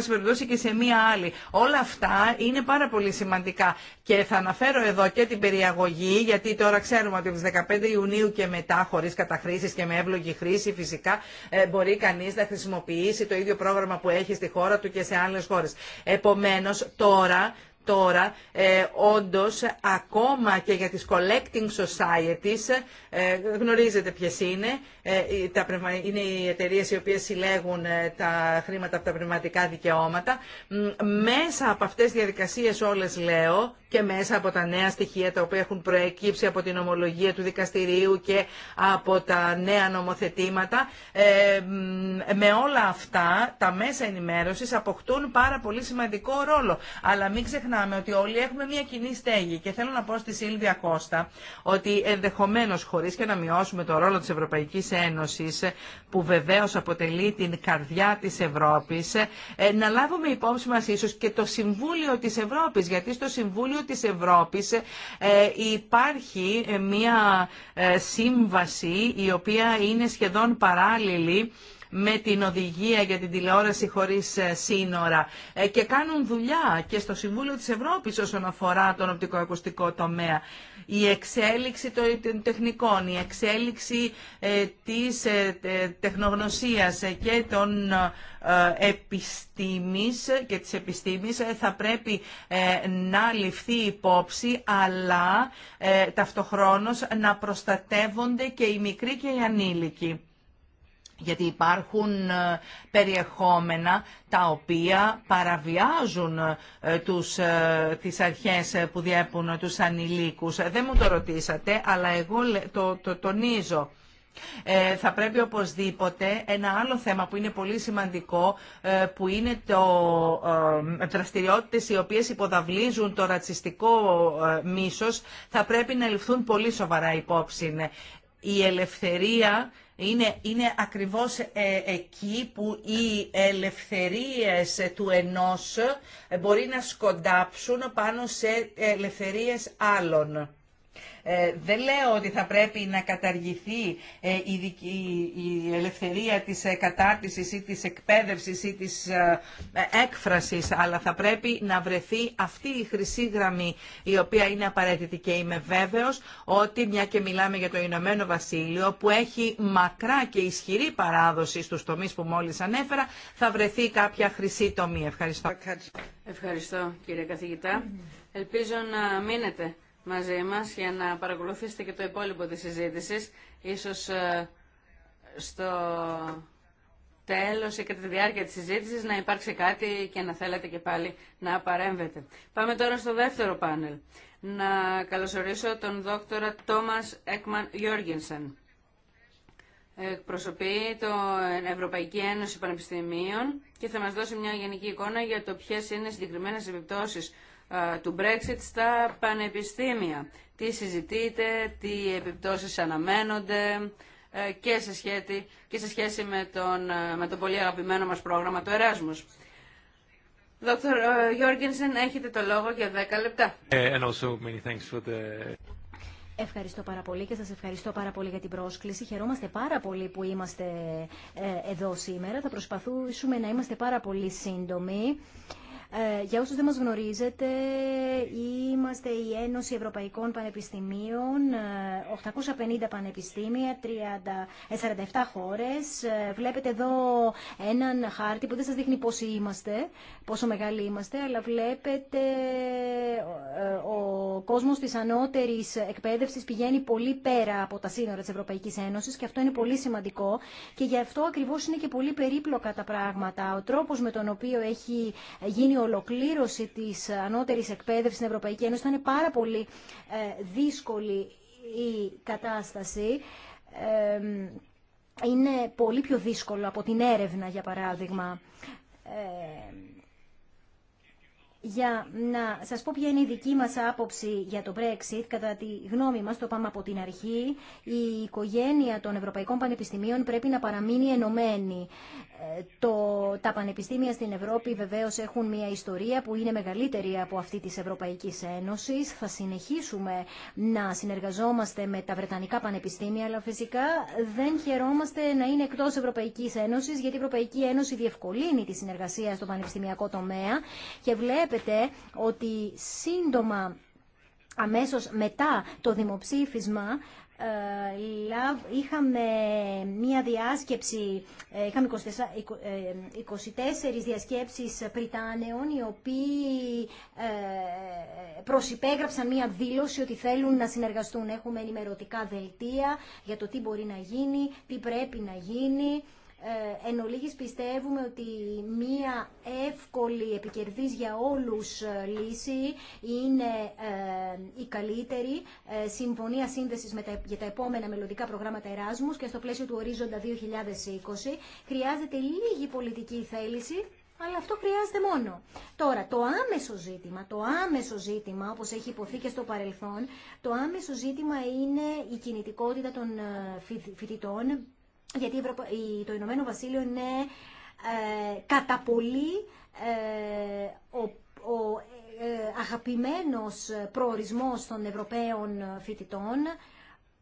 και σε μία άλλη. Όλα αυτά είναι πάρα πολύ σημαντικά. Και θα αναφέρω εδώ και την περιαγωγή, γιατί τώρα ξέρουμε ότι από 15 Ιουνίου και μετά, χωρίς καταχρήσει και με εύλογη χρήση, φυσικά ε, μπορεί κανείς να χρησιμοποιήσει το ίδιο πρόγραμμα που έχει στη χώρα του και σε άλλες χώρες. Επομένω, τώρα τώρα ε, όντως ακόμα και για τις collecting societies ε, γνωρίζετε ποιες είναι ε, τα, είναι οι εταιρείες οι οποίες συλλέγουν ε, τα χρήματα από τα πνευματικά δικαιώματα μέσα από αυτές τις διαδικασίες όλες λέω και μέσα από τα νέα στοιχεία τα οποία έχουν προεκύψει από την ομολογία του δικαστηρίου και από τα νέα νομοθετήματα με όλα αυτά τα μέσα ενημέρωσης αποκτούν πάρα πολύ σημαντικό ρόλο αλλά μην ξεχνάμε ξεχνάμε ότι όλοι έχουμε μια κοινή στέγη και θέλω να πω στη Σίλβια Κώστα ότι ενδεχομένως χωρίς και να μειώσουμε το ρόλο της Ευρωπαϊκής Ένωσης που βεβαίως αποτελεί την καρδιά της Ευρώπης ε, να λάβουμε υπόψη μας ίσως και το Συμβούλιο της Ευρώπης γιατί στο Συμβούλιο της Ευρώπης ε, υπάρχει ε, μια σύμβαση η οποία είναι σχεδόν παράλληλη με την οδηγία για την τηλεόραση χωρίς ε, σύνορα ε, και κάνουν δουλειά και στο Συμβούλιο της Ευρώπης όσον αφορά τον οπτικοακουστικό τομέα. Η εξέλιξη των τεχνικών, η εξέλιξη ε, της τεχνογνωσίας και των επιστήμης και της επιστήμης θα πρέπει να ληφθεί υπόψη αλλά ταυτοχρόνως να προστατεύονται και οι μικροί και οι ανήλικοι γιατί υπάρχουν ε, περιεχόμενα τα οποία παραβιάζουν ε, τους, ε, τις αρχές που διέπουν τους ανηλίκους. Δεν μου το ρωτήσατε, αλλά εγώ το, τονίζω. θα πρέπει οπωσδήποτε ένα άλλο θέμα που είναι πολύ σημαντικό που είναι το ε, δραστηριότητες οι οποίες υποδαβλίζουν το ρατσιστικό ε, μίσος θα πρέπει να ληφθούν πολύ σοβαρά υπόψη. Η ελευθερία είναι, είναι ακριβώς ε, εκεί που οι ελευθερίες του ενός μπορεί να σκοντάψουν πάνω σε ελευθερίες άλλων. Ε, δεν λέω ότι θα πρέπει να καταργηθεί ε, η, ελευθερία της ε, κατάρτισης ή της εκπαίδευσης ή της έκφρασης, αλλά θα πρέπει να βρεθεί αυτή η χρυσή γραμμή η οποία είναι απαραίτητη και είμαι βέβαιος ότι μια και μιλάμε για το Ηνωμένο Βασίλειο που έχει μακρά και ισχυρή παράδοση στους τομείς που μόλις ανέφερα, θα βρεθεί κάποια χρυσή τομή. Ευχαριστώ. Ευχαριστώ κύριε καθηγητά. Ελπίζω να μείνετε μαζί μας για να παρακολουθήσετε και το υπόλοιπο της συζήτησης. Ίσως ε, στο τέλος ή κατά τη διάρκεια της συζήτησης να υπάρξει κάτι και να θέλετε και πάλι να παρέμβετε. Πάμε τώρα στο δεύτερο πάνελ. Να καλωσορίσω τον δόκτορα Τόμας Έκμαν Γιώργενσεν. Εκπροσωπεί το Ευρωπαϊκή Ένωση Πανεπιστημίων και θα μας δώσει μια γενική εικόνα για το ποιες είναι συγκεκριμένες επιπτώσεις του Brexit στα πανεπιστήμια. Τι συζητείτε, τι επιπτώσεις αναμένονται ε, και σε, και σε σχέση με, τον, ε, το πολύ αγαπημένο μας πρόγραμμα, το Erasmus. Δόκτωρ ε, Γιώργινσεν, έχετε το λόγο για 10 λεπτά. Ευχαριστώ πάρα πολύ και σας ευχαριστώ πάρα πολύ για την πρόσκληση. Χαιρόμαστε πάρα πολύ που είμαστε εδώ σήμερα. Θα προσπαθήσουμε να είμαστε πάρα πολύ σύντομοι. Ε, για όσους δεν μας γνωρίζετε, είμαστε η Ένωση Ευρωπαϊκών Πανεπιστημίων, 850 ε, πανεπιστήμια, 30, 47 ε, χώρες. Βλέπετε εδώ έναν χάρτη που δεν σας δείχνει πόσοι είμαστε, πόσο μεγάλοι είμαστε, αλλά βλέπετε ο κόσμος της ανώτερης εκπαίδευσης πηγαίνει πολύ πέρα από τα σύνορα της Ευρωπαϊκής Ένωσης και αυτό είναι πολύ σημαντικό και γι' αυτό ακριβώς είναι και πολύ περίπλοκα τα πράγματα. Ο τρόπος με τον οποίο έχει γίνει ολοκλήρωση της ανώτερης εκπαίδευσης στην Ευρωπαϊκή Ένωση θα είναι πάρα πολύ ε, δύσκολη η κατάσταση. Είναι πολύ πιο δύσκολο από την έρευνα, για παράδειγμα. Για να σας πω ποια είναι η δική μας άποψη για το Brexit, κατά τη γνώμη μας, το πάμε από την αρχή, η οικογένεια των Ευρωπαϊκών Πανεπιστημίων πρέπει να παραμείνει ενωμένη το, τα πανεπιστήμια στην Ευρώπη βεβαίως έχουν μια ιστορία που είναι μεγαλύτερη από αυτή της Ευρωπαϊκής Ένωσης. Θα συνεχίσουμε να συνεργαζόμαστε με τα Βρετανικά πανεπιστήμια, αλλά φυσικά δεν χαιρόμαστε να είναι εκτός Ευρωπαϊκής Ένωσης, γιατί η Ευρωπαϊκή Ένωση διευκολύνει τη συνεργασία στο πανεπιστημιακό τομέα και βλέπετε ότι σύντομα αμέσως μετά το δημοψήφισμα ε, είχαμε μία διάσκεψη, ε, είχαμε 24, ε, διασκέψεις Πριτάνεων, οι οποίοι προσυπέγραψαν μία δήλωση ότι θέλουν να συνεργαστούν. Έχουμε ενημερωτικά δελτία για το τι μπορεί να γίνει, τι πρέπει να γίνει. Ε, εν ολίγης πιστεύουμε ότι μία εύκολη επικερδής για όλους ε, λύση είναι ε, η καλύτερη ε, συμφωνία σύνδεσης με τα, για τα επόμενα μελλοντικά προγράμματα Εράσμους και στο πλαίσιο του ορίζοντα 2020 χρειάζεται λίγη πολιτική θέληση αλλά αυτό χρειάζεται μόνο. Τώρα, το άμεσο ζήτημα, το άμεσο ζήτημα, όπως έχει υποθεί και στο παρελθόν, το άμεσο ζήτημα είναι η κινητικότητα των φοιτητών γιατί το Ηνωμένο Βασίλειο είναι ε, κατά πολύ ε, ο, ο ε, ε, αγαπημένος προορισμός των Ευρωπαίων φοιτητών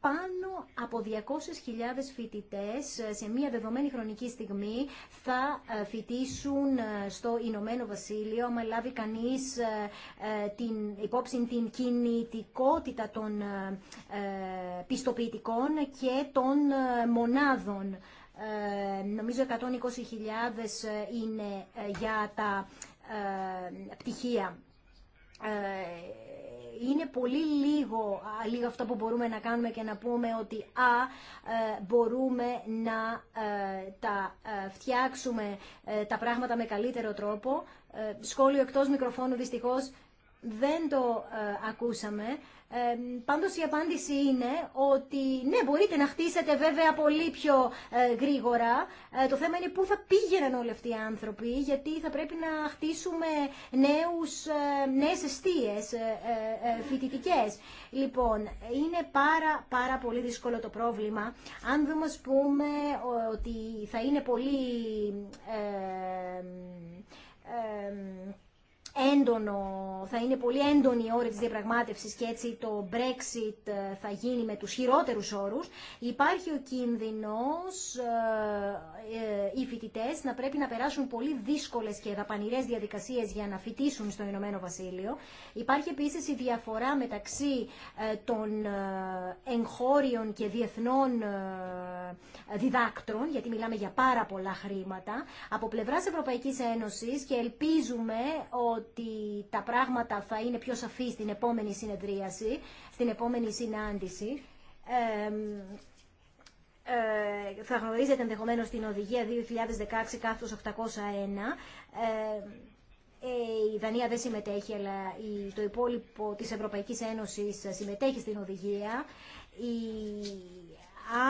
πάνω από 200.000 φοιτητές ε, σε μια δεδομένη χρονική στιγμή θα ε, φοιτήσουν ε, στο Ηνωμένο Βασίλειο άμα λάβει κανείς την υπόψη την κινητικότητα των πιστοποιητικών και των μονάδων. Νομίζω 120.000 είναι για τα πτυχία είναι πολύ λίγο, λίγο αυτό που μπορούμε να κάνουμε και να πούμε ότι α, ε, μπορούμε να ε, τα ε, φτιάξουμε τα πράγματα με καλύτερο τρόπο. Σχόλιο εκτός μικροφώνου δυστυχώς δεν το ακούσαμε. Ε, πάντως η απάντηση είναι ότι ναι, μπορείτε να χτίσετε βέβαια πολύ πιο ε, γρήγορα. Ε, το θέμα είναι πού θα πήγαιναν όλοι αυτοί οι άνθρωποι, γιατί θα πρέπει να χτίσουμε νέους, ε, νέες φοιτητικέ. φοιτητικές. Λοιπόν, είναι πάρα, πάρα πολύ δύσκολο το πρόβλημα. Αν δούμε, ας πούμε, ότι θα είναι πολύ έντονο, θα είναι πολύ έντονη η ώρα της διαπραγμάτευσης και έτσι το Brexit ε, θα γίνει με τους χειρότερους όρους, υπάρχει ο κίνδυνος ε, ε, οι φοιτητέ να πρέπει να περάσουν πολύ δύσκολες και δαπανηρές διαδικασίες για να φοιτήσουν στο Ηνωμένο Βασίλειο. Υπάρχει επίσης η διαφορά μεταξύ των εγχώριων και διεθνών διδάκτρων, γιατί μιλάμε για πάρα πολλά χρήματα, από πλευράς Ευρωπαϊκής Ένωσης και ελπίζουμε ότι ότι τα πράγματα θα είναι πιο σαφή στην επόμενη συνεδρίαση, στην επόμενη συνάντηση. Ε, θα γνωρίζετε ενδεχομένως την οδηγία 2016 801. Ε, ε, η Δανία δεν συμμετέχει, αλλά το υπόλοιπο της Ευρωπαϊκής Ένωσης συμμετέχει στην οδηγία. Η,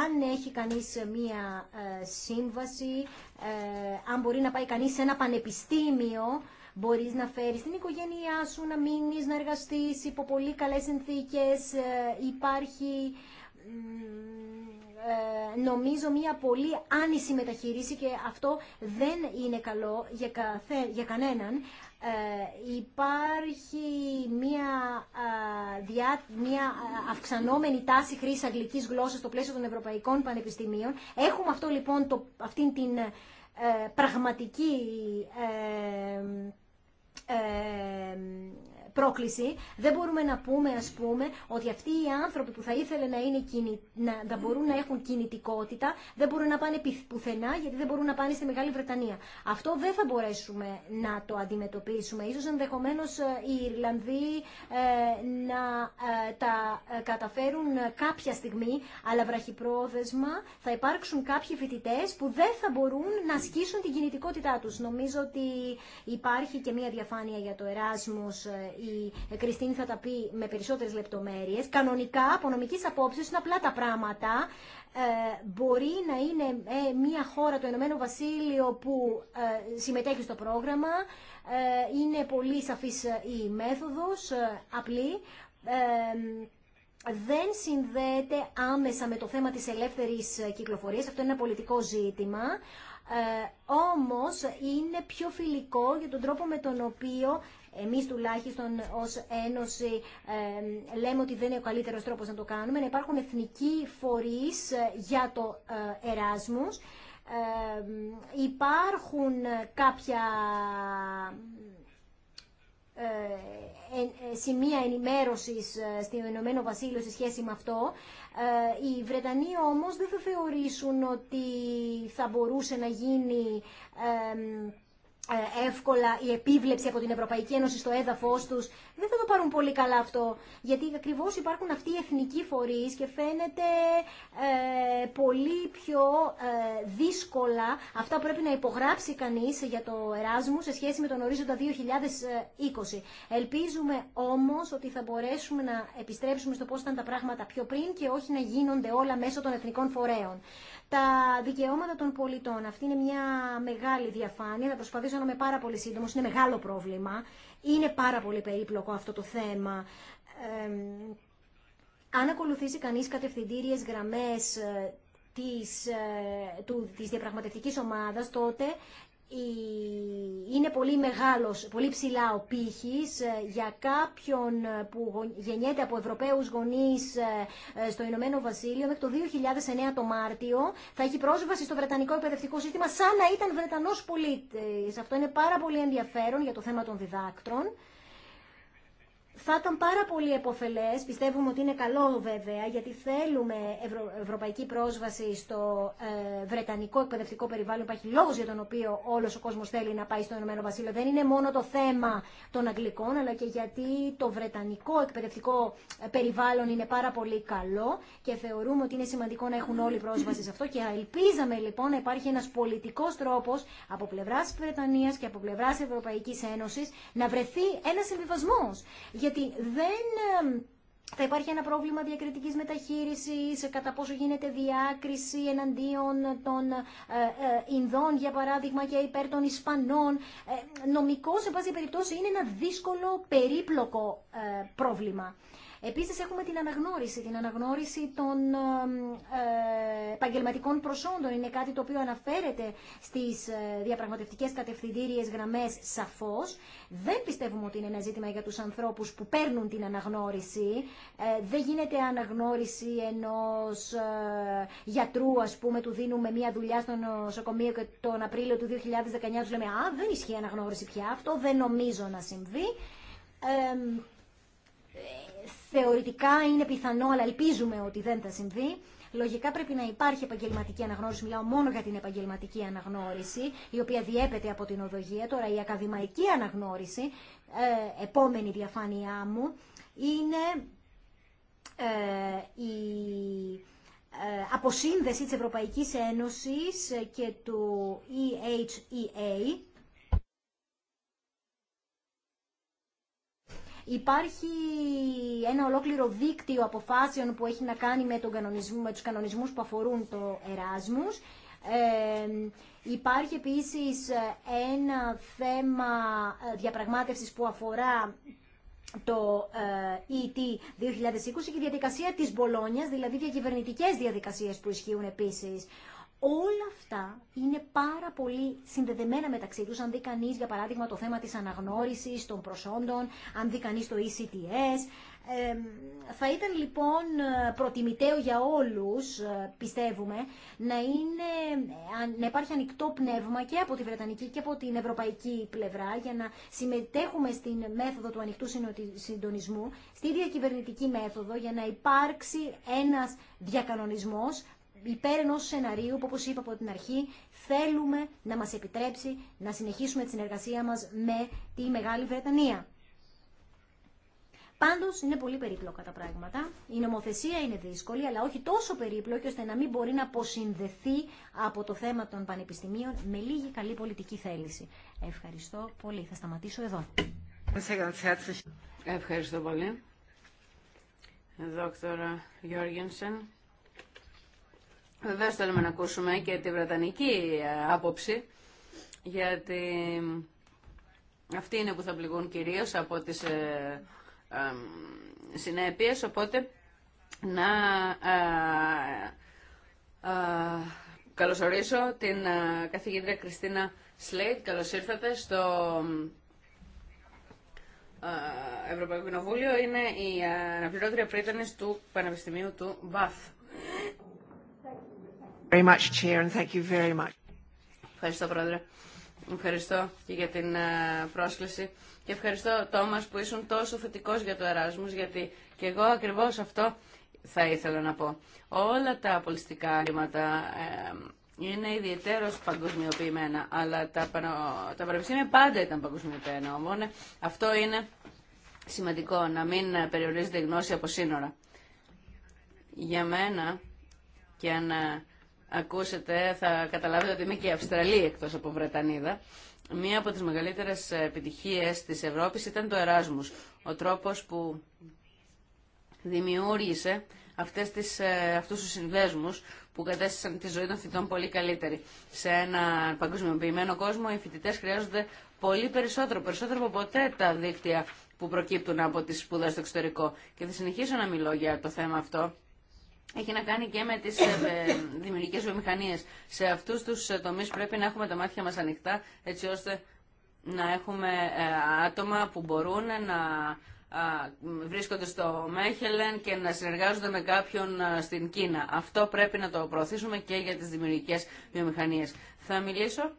αν έχει κανείς μία ε, σύμβαση, ε, αν μπορεί να πάει κανείς σε ένα πανεπιστήμιο, Μπορεί να φέρει την οικογένειά σου, να μείνει να εργαστεί υπό πολύ καλές συνθήκες. Ε, υπάρχει ε, νομίζω μία πολύ άνηση μεταχείριση και αυτό δεν είναι καλό για, καθέ, κανέναν. Ε, υπάρχει μία, διά, μία αυξανόμενη τάση χρήσης αγγλικής γλώσσας στο πλαίσιο των ευρωπαϊκών πανεπιστημίων. Έχουμε αυτό λοιπόν, το, αυτήν την πραγματική ε, πρόκληση. Δεν μπορούμε να πούμε, ας πούμε, ότι αυτοί οι άνθρωποι που θα ήθελε να, είναι, να, μπορούν να έχουν κινητικότητα, δεν μπορούν να πάνε πουθενά, γιατί δεν μπορούν να πάνε στη Μεγάλη Βρετανία. Αυτό δεν θα μπορέσουμε να το αντιμετωπίσουμε. Ίσως ενδεχομένως ε, οι Ιρλανδοί ε, να ε, τα ε, καταφέρουν κάποια στιγμή, αλλά βραχυπρόθεσμα θα υπάρξουν κάποιοι φοιτητέ που δεν θα μπορούν να ασκήσουν την κινητικότητά τους. Νομίζω ότι υπάρχει και μία διαφάνεια για το Εράσμος η ε, Κριστίνη θα τα πει με περισσότερες λεπτομέρειες. Κανονικά, από νομικής απόψεως, είναι απλά τα πράγματα. Ε, μπορεί να είναι ε, μια χώρα, το Ηνωμένο Βασίλειο, που συμμετέχει στο πρόγραμμα. είναι πολύ σαφής η μέθοδος, απλή. δεν συνδέεται άμεσα με το θέμα της ελεύθερης κυκλοφορίας. Αυτό είναι ένα πολιτικό ζήτημα. Ε, όμως είναι πιο φιλικό για τον τρόπο με τον οποίο εμείς τουλάχιστον ως Ένωση λέμε ότι δεν είναι ο καλύτερος τρόπος να το κάνουμε. Να υπάρχουν εθνικοί φορείς ε, για το ε, Εράσμους. Υπάρχουν ε, κάποια σημεία ενημέρωσης στην Ηνωμένο Βασίλειο σε σχέση με αυτό. Οι Βρετανοί όμως δεν θα θεωρήσουν ότι θα μπορούσε να γίνει ε, εύκολα η επίβλεψη από την Ευρωπαϊκή Ένωση στο έδαφο τους. Δεν θα το πάρουν πολύ καλά αυτό, γιατί ακριβώ υπάρχουν αυτοί οι εθνικοί φορείς και φαίνεται ε, πολύ πιο ε, δύσκολα αυτά που πρέπει να υπογράψει κανείς για το Εράσμου σε σχέση με τον ορίζοντα 2020. Ελπίζουμε όμως ότι θα μπορέσουμε να επιστρέψουμε στο πώ ήταν τα πράγματα πιο πριν και όχι να γίνονται όλα μέσω των εθνικών φορέων τα δικαιώματα των πολιτών. Αυτή είναι μια μεγάλη διαφάνεια. Θα προσπαθήσω να είμαι πάρα πολύ σύντομο. Είναι μεγάλο πρόβλημα. Είναι πάρα πολύ περίπλοκο αυτό το θέμα. αν ακολουθήσει κανείς κατευθυντήριες γραμμές ε, της, ε, της διαπραγματευτικής ομάδας, τότε είναι πολύ μεγάλος, πολύ ψηλά ο πύχης ε, για κάποιον ε, που γεννιέται από Ευρωπαίους γονείς ε, στο Ηνωμένο Βασίλειο μέχρι το 2009 το Μάρτιο θα έχει πρόσβαση στο Βρετανικό επαιδευτικό σύστημα σαν να ήταν Βρετανός πολίτης. Αυτό είναι πάρα πολύ ενδιαφέρον για το θέμα των διδάκτρων θα ήταν πάρα πολύ επωφελές, πιστεύουμε ότι είναι καλό βέβαια, γιατί θέλουμε ευρωπαϊκή πρόσβαση στο ε, βρετανικό εκπαιδευτικό περιβάλλον. Υπάρχει λόγος για τον οποίο όλος ο κόσμος θέλει να πάει στο Ηνωμένο Βασίλειο. Δεν είναι μόνο το θέμα των Αγγλικών, αλλά και γιατί το βρετανικό εκπαιδευτικό ε, περιβάλλον είναι πάρα πολύ καλό και θεωρούμε ότι είναι σημαντικό να έχουν όλοι πρόσβαση σε αυτό και ελπίζαμε λοιπόν να υπάρχει ένας πολιτικός τρόπος από πλευράς Βρετανίας και από πλευρά Ευρωπαϊκής Ένωσης να βρεθεί ένας συμβιβασμός γιατί δεν θα υπάρχει ένα πρόβλημα διακριτικής μεταχείρισης, κατά πόσο γίνεται διάκριση εναντίον των ε, ε, Ινδών, για παράδειγμα, και υπέρ των Ισπανών. Ε, Νομικό, σε πάση περιπτώσει, είναι ένα δύσκολο, περίπλοκο πρόβλημα. Επίσης έχουμε την αναγνώριση, την αναγνώριση των ε, επαγγελματικών προσόντων. Είναι κάτι το οποίο αναφέρεται στις ε, διαπραγματευτικές κατευθυντήριες γραμμές σαφώς. Δεν πιστεύουμε ότι είναι ένα ζήτημα για τους ανθρώπους που παίρνουν την αναγνώριση. Ε, δεν γίνεται αναγνώριση ενός γιατρού, ας πούμε, του δίνουμε μια δουλειά στο νοσοκομείο και τον Απρίλιο του 2019 του λέμε «Α, δεν ισχύει αναγνώριση πια, αυτό δεν νομίζω να συμβεί» θεωρητικά είναι πιθανό, αλλά ελπίζουμε ότι δεν θα συμβεί. Λογικά πρέπει να υπάρχει επαγγελματική αναγνώριση. Μιλάω μόνο για την επαγγελματική αναγνώριση, η οποία διέπεται από την οδογία. Τώρα η ακαδημαϊκή αναγνώριση, ε, επόμενη διαφάνειά μου, είναι ε, η ε, αποσύνδεση της Ευρωπαϊκής Ένωσης και του EHEA, Υπάρχει ένα ολόκληρο δίκτυο αποφάσεων που έχει να κάνει με, τον κανονισμό, με τους κανονισμούς που αφορούν το Εράσμους. υπάρχει επίσης ε, ένα θέμα ε, διαπραγμάτευσης που αφορά το ε, ET 2020 και η διαδικασία της Μπολόνιας, δηλαδή διακυβερνητικές διαδικασίες που ισχύουν επίσης. Όλα αυτά είναι πάρα πολύ συνδεδεμένα μεταξύ τους. Αν δει κανεί, για παράδειγμα, το θέμα της αναγνώρισης των προσόντων, αν δει κανεί το ECTS. Ε, θα ήταν λοιπόν προτιμητέο για όλους, ε, πιστεύουμε, να, είναι, να υπάρχει ανοιχτό πνεύμα και από τη Βρετανική και από την Ευρωπαϊκή πλευρά για να συμμετέχουμε στην μέθοδο του ανοιχτού συντονισμού, στη διακυβερνητική μέθοδο, για να υπάρξει ένας διακανονισμός υπέρ ενό σεναρίου που όπως είπα από την αρχή θέλουμε να μας επιτρέψει να συνεχίσουμε τη συνεργασία μας με τη Μεγάλη Βρετανία. Πάντω είναι πολύ περίπλοκα τα πράγματα. Η νομοθεσία είναι δύσκολη, αλλά όχι τόσο περίπλοκη ώστε να μην μπορεί να αποσυνδεθεί από το θέμα των πανεπιστημίων με λίγη καλή πολιτική θέληση. Ευχαριστώ πολύ. Θα σταματήσω εδώ. Ευχαριστώ πολύ. Δόκτωρα Γιώργενσεν. Βεβαίω θέλουμε να ακούσουμε και τη βρετανική ε, άποψη, γιατί αυτοί είναι που θα πληγούν κυρίω από τι ε, συνέπειε, οπότε να ε, καλωσορίσω την καθηγήτρια Κριστίνα Σλέιτ. Καλώ ήρθατε στο Ευρωπαϊκό Κοινοβούλιο. Είναι η αναπληρώτρια πρίτανης του Πανεπιστημίου του Μπαθ. Very much, Chair, and thank you very much. Ευχαριστώ, Πρόεδρε. Ευχαριστώ και για την ε, πρόσκληση. Και ευχαριστώ, Τόμας, που ήσουν τόσο θετικό για το Εράσμους, γιατί και εγώ ακριβώς αυτό θα ήθελα να πω. Όλα τα πολιτικά χρήματα είναι ιδιαίτερω παγκοσμιοποιημένα, αλλά τα, τα πανεπιστήμια πάντα ήταν παγκοσμιοποιημένα. Οπότε αυτό είναι σημαντικό, να μην περιορίζεται η γνώση από σύνορα. Για μένα, και αν ε, ακούσετε θα καταλάβετε ότι είμαι και Αυστραλή εκτός από Βρετανίδα. Μία από τις μεγαλύτερες επιτυχίες της Ευρώπης ήταν το Εράσμους. Ο τρόπος που δημιούργησε αυτές τις, ε, αυτούς τους συνδέσμους που κατέστησαν τη ζωή των φοιτών πολύ καλύτερη. Σε ένα παγκοσμιοποιημένο κόσμο οι φοιτητέ χρειάζονται πολύ περισσότερο, περισσότερο από ποτέ τα δίκτυα που προκύπτουν από τις σπουδές στο εξωτερικό. Και θα συνεχίσω να μιλώ για το θέμα αυτό έχει να κάνει και με τις ε, δημιουργικές βιομηχανίες. Σε αυτούς τους ε, τομείς πρέπει να έχουμε τα μάτια μας ανοιχτά έτσι ώστε να έχουμε ε, άτομα που μπορούν να βρίσκονται στο Μέχελεν και να συνεργάζονται με κάποιον στην Κίνα. Αυτό πρέπει να το προωθήσουμε και για τις δημιουργικές βιομηχανίες. Θα μιλήσω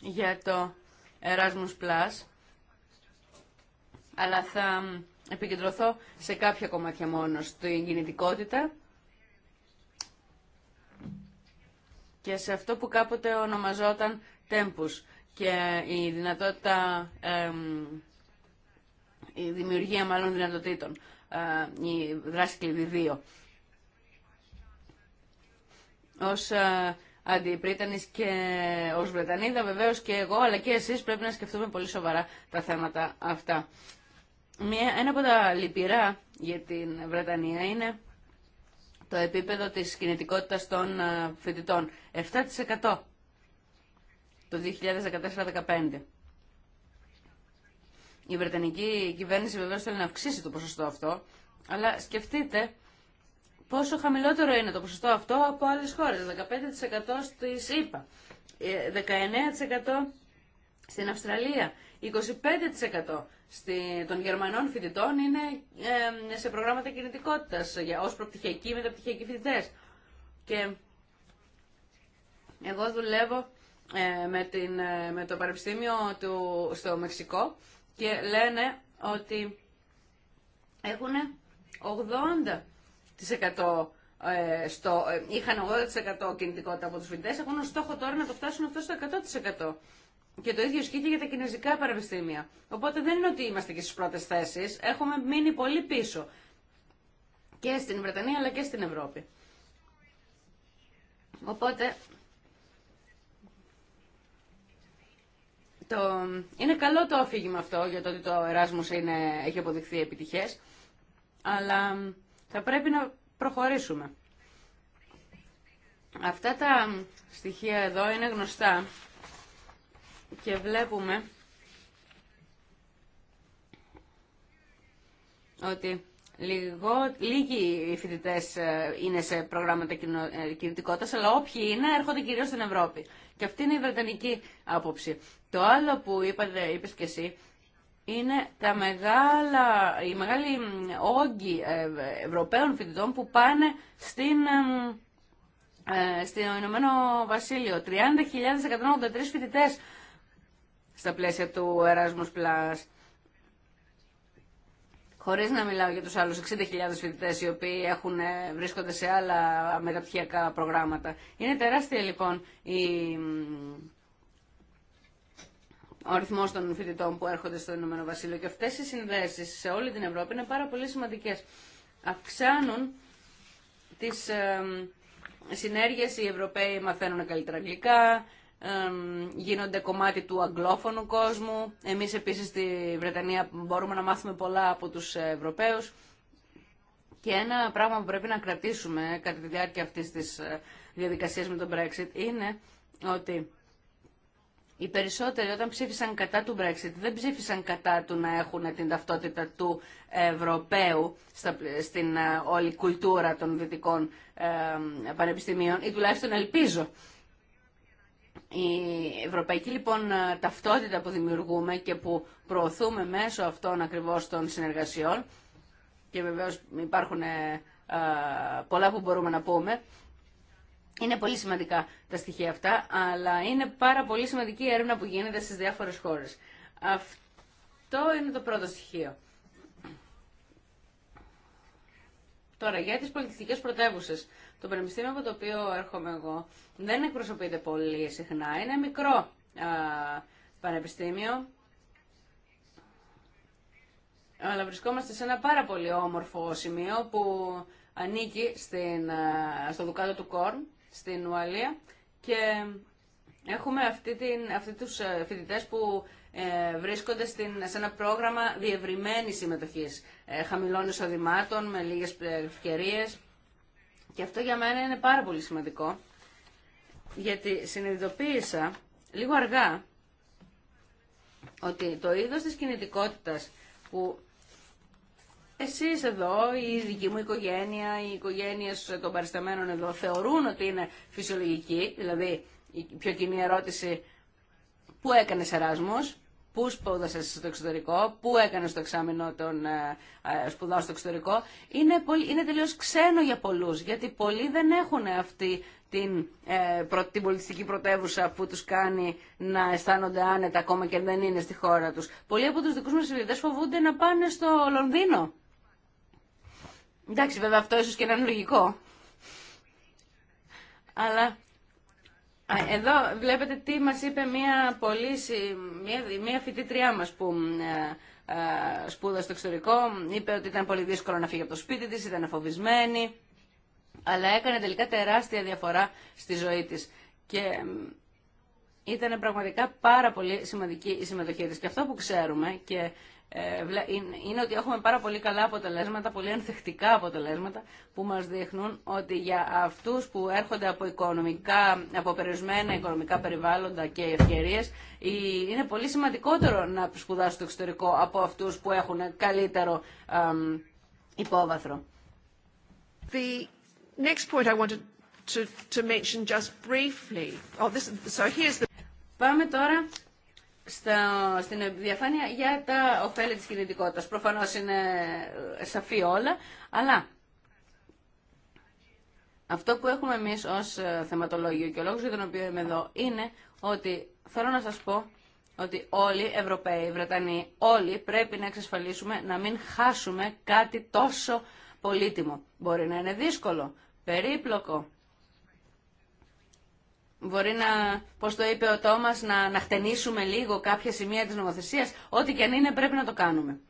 για το Erasmus Plus, αλλά θα επικεντρωθώ σε κάποια κομμάτια μόνο, στην κινητικότητα και σε αυτό που κάποτε ονομαζόταν τέμπους και η δυνατότητα, η δημιουργία μάλλον δυνατοτήτων, ε, η δράση κλειδί 2. Ως ε, αντιπρίτανης και ως Βρετανίδα βεβαίως και εγώ, αλλά και εσείς πρέπει να σκεφτούμε πολύ σοβαρά τα θέματα αυτά. Μια, ένα από τα λυπηρά για την Βρετανία είναι το επίπεδο της κινητικότητας των ε, φοιτητών. 7% το 2014-2015. Η Βρετανική κυβέρνηση βεβαίως θέλει να αυξήσει το ποσοστό αυτό, αλλά σκεφτείτε πόσο χαμηλότερο είναι το ποσοστό αυτό από άλλες χώρες. 15% στις ΗΠΑ, 19% στην Αυστραλία, 25% των Γερμανών φοιτητών είναι σε προγράμματα κινητικότητας ως προπτυχιακοί ή μεταπτυχιακοί φοιτητές. Και εγώ δουλεύω ε, με, την, ε, με το Πανεπιστήμιο στο Μεξικό και λένε ότι έχουν 80% ε, στο, είχαν 80% κινητικότητα από τους φοιτητές, έχουν στόχο τώρα να το φτάσουν αυτό στο 100%. Και το ίδιο ισχύει για τα κινέζικα πανεπιστήμια. Οπότε δεν είναι ότι είμαστε και στι πρώτε θέσει. Έχουμε μείνει πολύ πίσω. Και στην Βρετανία αλλά και στην Ευρώπη. Οπότε. Το... Είναι καλό το αφήγημα αυτό για το ότι το Εράσμος είναι... έχει αποδειχθεί επιτυχές, αλλά θα πρέπει να προχωρήσουμε. Αυτά τα στοιχεία εδώ είναι γνωστά και βλέπουμε ότι Λιγό, λίγοι φοιτητέ ε, είναι σε προγράμματα ε, κινητικότητα, αλλά όποιοι είναι έρχονται κυρίω στην Ευρώπη. Και αυτή είναι η βρετανική άποψη. Το άλλο που είπατε, είπες και εσύ, είναι τα μεγάλα, οι μεγάλοι όγκοι ε, Ευρωπαίων φοιτητών που πάνε στην, στην στο Ηνωμένο Βασίλειο. 30.183 φοιτητές στα πλαίσια του Erasmus Plus. Χωρί να μιλάω για του άλλου 60.000 φοιτητέ οι οποίοι έχουν, ε, βρίσκονται σε άλλα μεταπτυχιακά προγράμματα. Είναι τεράστια λοιπόν η, ο αριθμό των φοιτητών που έρχονται στο Ηνωμένο Βασίλειο και αυτέ οι συνδέσει σε όλη την Ευρώπη είναι πάρα πολύ σημαντικέ. Αυξάνουν τι ε, συνέργειε. οι Ευρωπαίοι μαθαίνουν καλύτερα αγγλικά, γίνονται κομμάτι του αγγλόφωνου κόσμου. Εμείς επίσης στη Βρετανία μπορούμε να μάθουμε πολλά από τους Ευρωπαίους. Και ένα πράγμα που πρέπει να κρατήσουμε κατά τη διάρκεια αυτής της ε, διαδικασίας με τον Brexit είναι ότι οι περισσότεροι όταν ψήφισαν κατά του Brexit δεν ψήφισαν κατά του να έχουν την ταυτότητα του Ευρωπαίου στην ε, όλη κουλτούρα των δυτικών ε, πανεπιστημίων ή τουλάχιστον ελπίζω η ευρωπαϊκή λοιπόν ε, ταυτότητα που δημιουργούμε και που προωθούμε μέσω αυτών ακριβώς των συνεργασιών και βεβαίως υπάρχουν ε, ε, πολλά που μπορούμε να πούμε είναι πολύ σημαντικά τα στοιχεία αυτά αλλά είναι πάρα πολύ σημαντική η έρευνα που γίνεται στις διάφορες χώρες. Αυτό είναι το πρώτο στοιχείο. Τώρα για τις πολιτιστικές πρωτεύουσες. Το πανεπιστήμιο από το οποίο έρχομαι εγώ δεν εκπροσωπείται πολύ συχνά. Είναι μικρό α, πανεπιστήμιο. Αλλά βρισκόμαστε σε ένα πάρα πολύ όμορφο σημείο που ανήκει στην, στο Δουκάτο του Κόρν, στην Ουαλία. Και έχουμε αυτή την, αυτή τους ε, φοιτητές που ε, βρίσκονται στην, σε ένα πρόγραμμα διευρυμένης συμμετοχής, ε, χαμηλών εισοδημάτων, με λίγες ευκαιρίε. Και αυτό για μένα είναι πάρα πολύ σημαντικό, γιατί συνειδητοποίησα λίγο αργά ότι το είδος της κινητικότητας που εσείς εδώ, η δική μου οικογένεια, οι οικογένειες των παρισταμένων εδώ θεωρούν ότι είναι φυσιολογική, δηλαδή η πιο κοινή ερώτηση που έκανες Εράσμος, που σπούδασε στο εξωτερικό, που έκανε το εξάμεινο των ε, ε, σπουδών στο εξωτερικό, είναι, πολύ, είναι τελείως ξένο για πολλούς, γιατί πολλοί δεν έχουν αυτή την, ε, πολιτιστική πρωτεύουσα που τους κάνει να αισθάνονται άνετα ακόμα και δεν είναι στη χώρα τους. Πολλοί από τους δικούς μας συζητητές φοβούνται να πάνε στο Λονδίνο. Εντάξει, βέβαια αυτό ίσως και να είναι λογικό. Αλλά εδώ βλέπετε τι μας είπε μια, φοιτητριά μας που ε, ε, σπούδασε στο εξωτερικό. Είπε ότι ήταν πολύ δύσκολο να φύγει από το σπίτι της, ήταν αφοβισμένη, αλλά έκανε τελικά τεράστια διαφορά στη ζωή της. Και ήταν πραγματικά πάρα πολύ σημαντική η συμμετοχή της. Και αυτό που ξέρουμε και ε, είναι ότι έχουμε πάρα πολύ καλά αποτελέσματα, πολύ ανθεκτικά αποτελέσματα που μας δείχνουν ότι για αυτούς που έρχονται από, οικονομικά, από περιορισμένα οικονομικά περιβάλλοντα και ευκαιρίες είναι πολύ σημαντικότερο να σπουδάσουν στο εξωτερικό από αυτούς που έχουν καλύτερο υπόβαθρο. next point I to, to mention just briefly. Oh, this, so here's the... Πάμε τώρα στα, στην διαφάνεια για τα ωφέλη της κινητικότητας. Προφανώς είναι σαφή όλα, αλλά αυτό που έχουμε εμείς ως ε, θεματολόγιο και ο λόγος για τον οποίο είμαι εδώ είναι ότι θέλω να σας πω ότι όλοι Ευρωπαίοι, Βρετανοί, όλοι πρέπει να εξασφαλίσουμε να μην χάσουμε κάτι τόσο πολύτιμο. Μπορεί να είναι δύσκολο, περίπλοκο, Μπορεί να, πώς το είπε ο Τόμας, να, να χτενίσουμε λίγο κάποια σημεία της νομοθεσίας. Ό,τι και αν είναι πρέπει να το κάνουμε.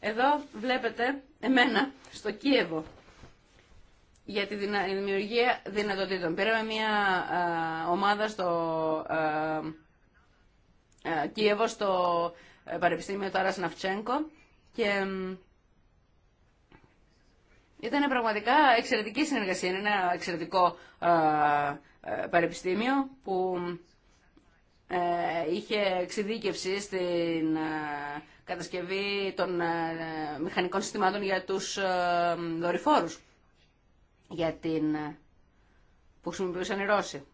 Εδώ βλέπετε εμένα στο Κίεβο για τη δημιουργία δυνατοτήτων. Πήραμε μια ομάδα στο α, Κίεβο, στο ε, Πανεπιστήμιο Τάρας Ναυτσένκο και ήταν πραγματικά εξαιρετική συνεργασία. Είναι ένα εξαιρετικό πανεπιστήμιο που ε, είχε εξειδίκευση στην ε, κατασκευή των ε, μηχανικών συστημάτων για τους δορυφόρους για την, που χρησιμοποιούσαν οι Ρώσοι.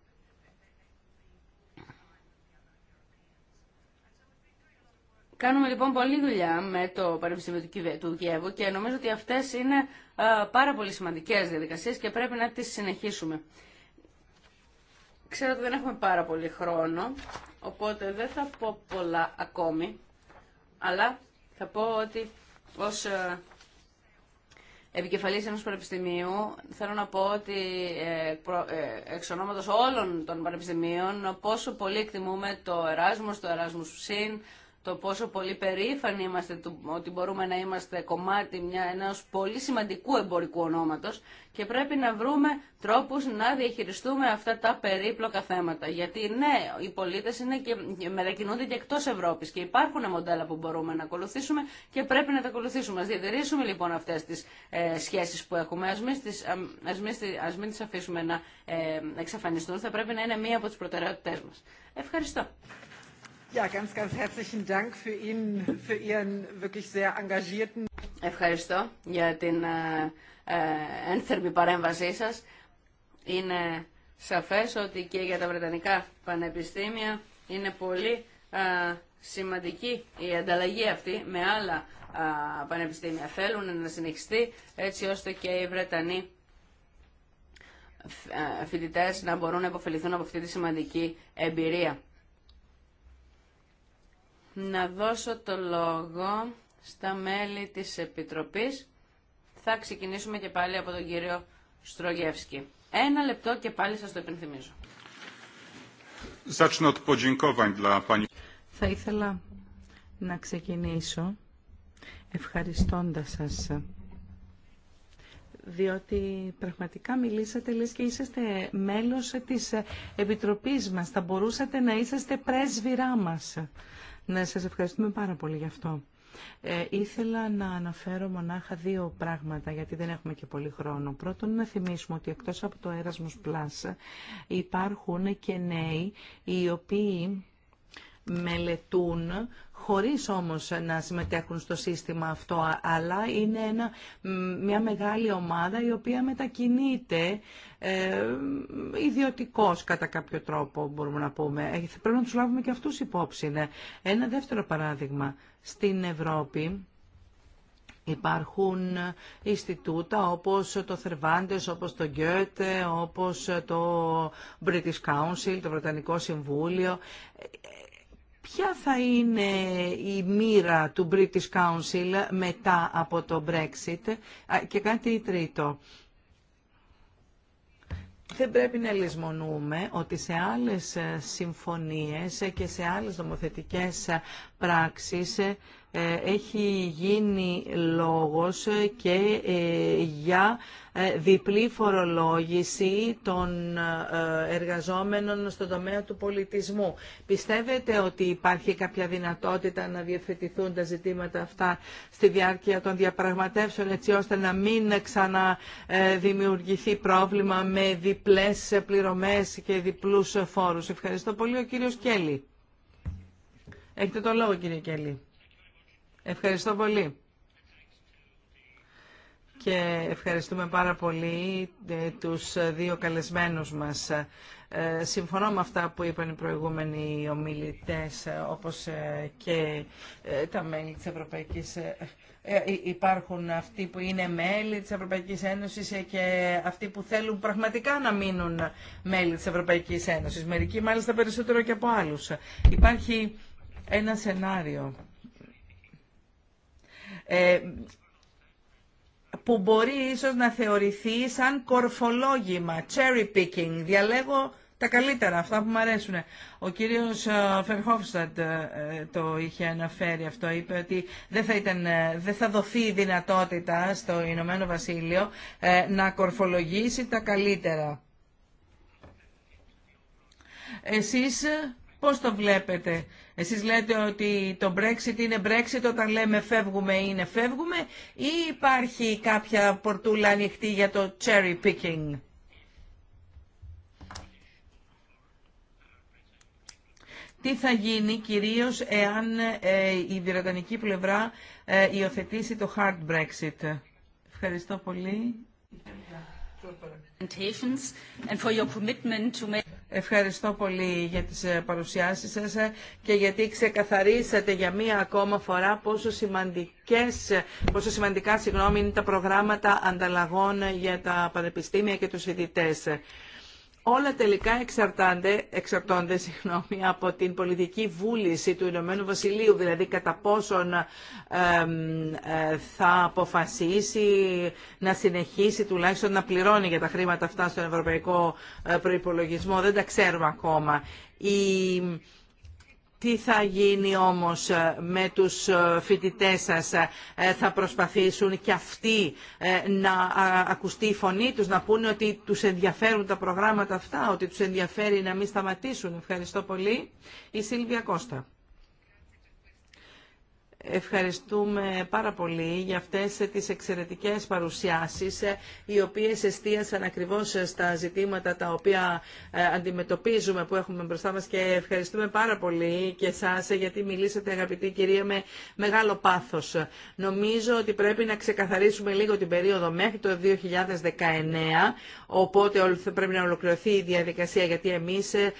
Κάνουμε λοιπόν πολλή δουλειά με το Πανεπιστήμιο του Κιέβου και νομίζω ότι αυτές είναι πάρα πολύ σημαντικές διαδικασίες και πρέπει να τις συνεχίσουμε. Ξέρω ότι δεν έχουμε πάρα πολύ χρόνο, οπότε δεν θα πω πολλά ακόμη, αλλά θα πω ότι ως ε, επικεφαλής ενός πανεπιστημίου θέλω να πω ότι ε, ε, εξ όλων των πανεπιστημίων πόσο πολύ εκτιμούμε το Erasmus, το Erasmus Συν, το πόσο πολύ περήφανοι είμαστε ότι μπορούμε να είμαστε κομμάτι μια, ενός πολύ σημαντικού εμπορικού ονόματος και πρέπει να βρούμε τρόπους να διαχειριστούμε αυτά τα περίπλοκα θέματα. Γιατί ναι, οι πολίτες είναι και, μετακινούνται και εκτός Ευρώπης και υπάρχουν μοντέλα που μπορούμε να ακολουθήσουμε και πρέπει να τα ακολουθήσουμε. Ας διατηρήσουμε λοιπόν αυτές τις ε, σχέσεις που έχουμε. Ας μην, τις, ας τις αφήσουμε να ε, εξαφανιστούν. Θα πρέπει να είναι μία από τις προτεραιότητές μας. Ευχαριστώ. Ευχαριστώ για την ε, ε, ένθερμη παρέμβασή σας. Είναι σαφές ότι και για τα Βρετανικά πανεπιστήμια είναι πολύ ε, σημαντική η ανταλλαγή αυτή με άλλα πανεπιστήμια. Θέλουν να συνεχιστεί έτσι ώστε και οι Βρετανοί φοιτητές να μπορούν να υποφεληθούν από αυτή τη σημαντική εμπειρία να δώσω το λόγο στα μέλη της Επιτροπής. Θα ξεκινήσουμε και πάλι από τον κύριο Στρογεύσκη. Ένα λεπτό και πάλι σας το υπενθυμίζω. Θα ήθελα να ξεκινήσω ευχαριστώντας σας διότι πραγματικά μιλήσατε λες και είσαστε μέλος της Επιτροπής μας. Θα μπορούσατε να είσαστε πρέσβυρά μας. Ναι, σας ευχαριστούμε πάρα πολύ γι' αυτό. Ε, ήθελα να αναφέρω μονάχα δύο πράγματα, γιατί δεν έχουμε και πολύ χρόνο. Πρώτον, να θυμίσουμε ότι εκτός από το Erasmus Plus υπάρχουν και νέοι οι οποίοι μελετούν χωρίς όμως να συμμετέχουν στο σύστημα αυτό, αλλά είναι ένα, μια μεγάλη ομάδα η οποία μετακινείται ε, ιδιωτικός κατά κάποιο τρόπο μπορούμε να πούμε. Ε, πρέπει να τους λάβουμε και αυτούς υπόψη. Ναι. Ένα δεύτερο παράδειγμα. Στην Ευρώπη Υπάρχουν ιστιτούτα όπως το Θερβάντες, όπως το Γκέτε, όπως το British Council, το Βρετανικό Συμβούλιο. Ποια θα είναι η μοίρα του British Council μετά από το Brexit και κάτι τρίτο. Δεν πρέπει να λησμονούμε ότι σε άλλες συμφωνίες και σε άλλες νομοθετικές πράξεις ε, έχει γίνει λόγος και ε, για ε, διπλή φορολόγηση των εργαζόμενων στον τομέα του πολιτισμού. Πιστεύετε ότι υπάρχει κάποια δυνατότητα να διευθετηθούν τα ζητήματα αυτά στη διάρκεια των διαπραγματεύσεων έτσι ώστε να μην ξαναδημιουργηθεί πρόβλημα με διπλές πληρωμές και διπλούς φόρους. Ευχαριστώ πολύ ο κύριος Κέλλη. Έχετε το λόγο κύριε Κέλλη. Ευχαριστώ πολύ. Και ευχαριστούμε πάρα πολύ ε, τους δύο καλεσμένους μας. Ε, συμφωνώ με αυτά που είπαν οι προηγούμενοι ομιλητές, ε, όπως και τα μέλη της Ευρωπαϊκής Υπάρχουν αυτοί που είναι μέλη της Ευρωπαϊκής Ένωσης και αυτοί που θέλουν πραγματικά να μείνουν μέλη της Ευρωπαϊκής Ένωσης. Μερικοί μάλιστα περισσότερο και από άλλους. Υπάρχει ένα σενάριο ε, που μπορεί ίσως να θεωρηθεί σαν κορφολόγημα, cherry picking, διαλέγω τα καλύτερα, αυτά που μου αρέσουν. Ο κύριος Φερχόφστατ ε, το είχε αναφέρει αυτό, είπε ότι δεν θα, ε, δεν θα δοθεί η δυνατότητα στο Ηνωμένο Βασίλειο να κορφολογήσει τα καλύτερα. Εσείς πώς το βλέπετε εσείς λέτε ότι το Brexit είναι Brexit όταν λέμε φεύγουμε είναι φεύγουμε ή υπάρχει κάποια πορτούλα ανοιχτή για το cherry picking. Τι θα γίνει κυρίως εάν ε, η Βρετανική πλευρά ε, υιοθετήσει το hard Brexit. Ευχαριστώ πολύ. for your commitment to... Ευχαριστώ πολύ για τις ε, παρουσιάσεις σας ε, και γιατί ξεκαθαρίσατε για μία ακόμα φορά πόσο, σημαντικές, πόσο σημαντικά συγγνώμη, είναι τα προγράμματα ανταλλαγών για τα πανεπιστήμια και τους φοιτητές όλα τελικά εξαρτώνται, εξαρτώνται συγγνώμη, από την πολιτική βούληση του Ηνωμένου Βασιλείου, δηλαδή κατά πόσον ε, θα αποφασίσει να συνεχίσει τουλάχιστον να πληρώνει για τα χρήματα αυτά στον ευρωπαϊκό ε, προϋπολογισμό. Δεν τα ξέρουμε ακόμα. Η, τι θα γίνει όμως ε, με τους ε, φοιτητές σας, ε, θα προσπαθήσουν και αυτοί να ακουστεί η φωνή τους, να πούνε ότι τους ενδιαφέρουν τα προγράμματα αυτά, ότι τους ενδιαφέρει να μην σταματήσουν. Ευχαριστώ πολύ. Η Σίλβια Κώστα. Ευχαριστούμε πάρα πολύ για αυτές τις εξαιρετικές παρουσιάσεις οι οποίες εστίασαν ακριβώς στα ζητήματα τα οποία ε, αντιμετωπίζουμε που έχουμε μπροστά μας και ευχαριστούμε πάρα πολύ και εσάς γιατί μιλήσατε αγαπητή κυρία με μεγάλο πάθος. Νομίζω ότι πρέπει να ξεκαθαρίσουμε λίγο την περίοδο μέχρι το 2019 οπότε πρέπει να ολοκληρωθεί η διαδικασία γιατί εμείς ε,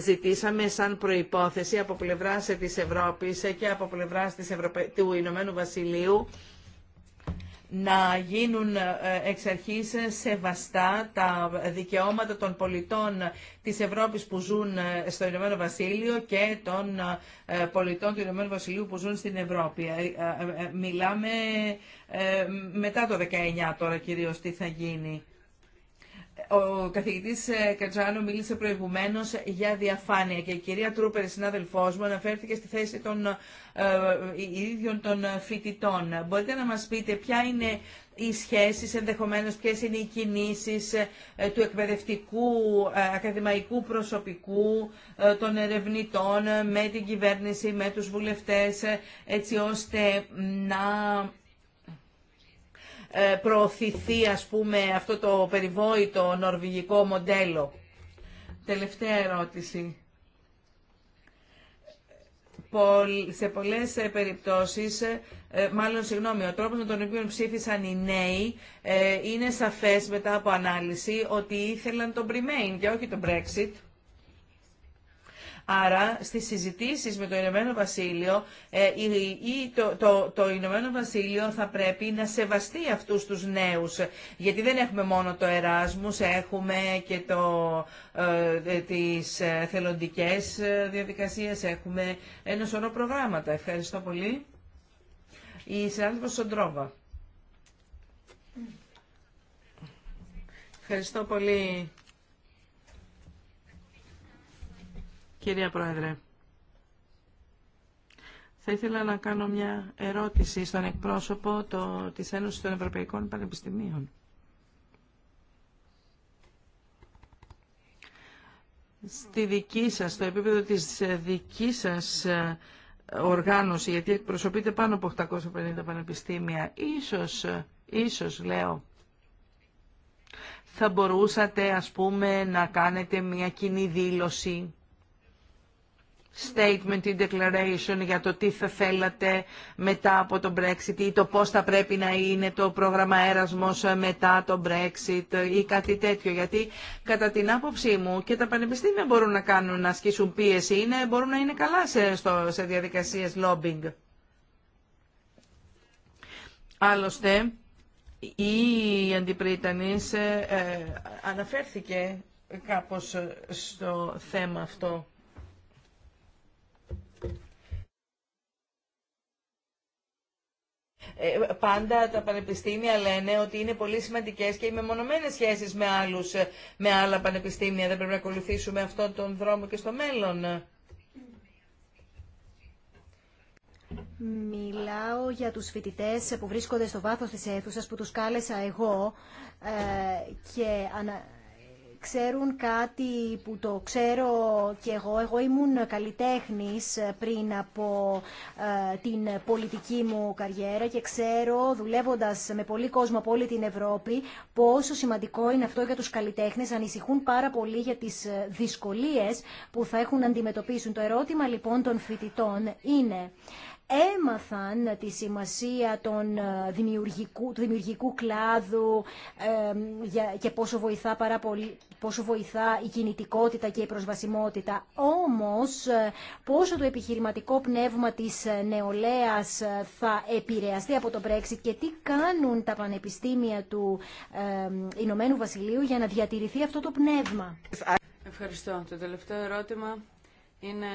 ζητήσαμε σαν προϋπόθεση από πλευράς της Ευρώπης και από πλευράς της Ευρωπαϊκής του Ηνωμένου Βασιλείου να γίνουν ε, εξ αρχής σεβαστά τα δικαιώματα των πολιτών της Ευρώπης που ζουν ε, στο Ηνωμένο Βασίλειο και των ε, πολιτών του Ηνωμένου Βασιλείου που ζουν στην Ευρώπη. Μιλάμε μετά το 19 τώρα κυρίως τι θα γίνει. Ο Καθηγητή ε, Κατζάνο μίλησε προηγουμένως για διαφάνεια και η κυρία Τρούπερ, συνάδελφός μου, αναφέρθηκε στη θέση των ε, ε, ίδιων των φοιτητών. Μπορείτε να μας πείτε ποια είναι οι σχέσεις, ενδεχομένω, ποιε είναι οι κινήσεις του εκπαιδευτικού, ακαδημαϊκού προσωπικού, των ερευνητών, με την κυβέρνηση, με τους βουλευτές, έτσι ώστε να ε, προωθηθεί ας πούμε αυτό το περιβόητο νορβηγικό μοντέλο. Τελευταία ερώτηση. Σε πολλές ε, περιπτώσεις, ε, μάλλον συγγνώμη, ο τρόπος με τον οποίο ψήφισαν οι νέοι είναι σαφές μετά από ανάλυση ότι ήθελαν τον Remain και όχι τον Brexit. Άρα στι συζητήσει με το Ηνωμένο Βασίλειο ή ε, το, το, το Ηνωμένο Βασίλειο θα πρέπει να σεβαστεί αυτούς τους νέους. Γιατί δεν έχουμε μόνο το Εράσμους, έχουμε και το, ε, ε τις θελοντικές ε, διαδικασίες, έχουμε ένα σωρό προγράμματα. Ευχαριστώ πολύ. Η συνάδελφο Σοντρόβα. Ευχαριστώ πολύ Κυρία Πρόεδρε, θα ήθελα να κάνω μια ερώτηση στον εκπρόσωπο το, της Ένωσης των Ευρωπαϊκών Πανεπιστημίων. Στη δική σας, στο επίπεδο της δικής σας ε, οργάνωση, γιατί εκπροσωπείτε πάνω από 850 πανεπιστήμια, ίσως, ε, ίσως λέω, θα μπορούσατε ας πούμε να κάνετε μια κοινή δήλωση statement ή declaration για το τι θα θέλατε μετά από το Brexit ή το πώς θα πρέπει να είναι το πρόγραμμα έρασμος μετά το Brexit ή κάτι τέτοιο. Γιατί κατά την άποψή μου και τα πανεπιστήμια μπορούν να κάνουν, να ασκήσουν πίεση, είναι, μπορούν να είναι καλά σε, στο, σε διαδικασίες lobbying. Άλλωστε, η αντιπριτανη ε, ε, αναφέρθηκε κάπως στο θέμα αυτό. Ε, πάντα τα πανεπιστήμια λένε ότι είναι πολύ σημαντικέ και οι μεμονωμένε σχέσει με, ε, με άλλα πανεπιστήμια. Δεν πρέπει να ακολουθήσουμε αυτόν τον δρόμο και στο μέλλον. Μιλάω για τους φοιτητές που βρίσκονται στο βάθος της αίθουσας που τους κάλεσα εγώ ε, και ανα, ξέρουν κάτι που το ξέρω και εγώ. Εγώ ήμουν καλλιτέχνης πριν από ε, την πολιτική μου καριέρα και ξέρω, δουλεύοντας με πολύ κόσμο από όλη την Ευρώπη, πόσο σημαντικό είναι αυτό για τους καλλιτέχνες. Ανησυχούν πάρα πολύ για τις ε, δυσκολίες που θα έχουν να αντιμετωπίσουν. Το ερώτημα λοιπόν των φοιτητών είναι έμαθαν τη σημασία των ε, δημιουργικού, του δημιουργικού κλάδου και πόσο βοηθά, πάρα πολύ, πόσο βοηθά η κινητικότητα και η προσβασιμότητα. Όμως, ε, πόσο το επιχειρηματικό πνεύμα της ε, νεολαίας θα επηρεαστεί από το Brexit και τι κάνουν τα πανεπιστήμια του Ηνωμένου Βασιλείου για να διατηρηθεί αυτό το πνεύμα. Ευχαριστώ. Το τελευταίο ερώτημα είναι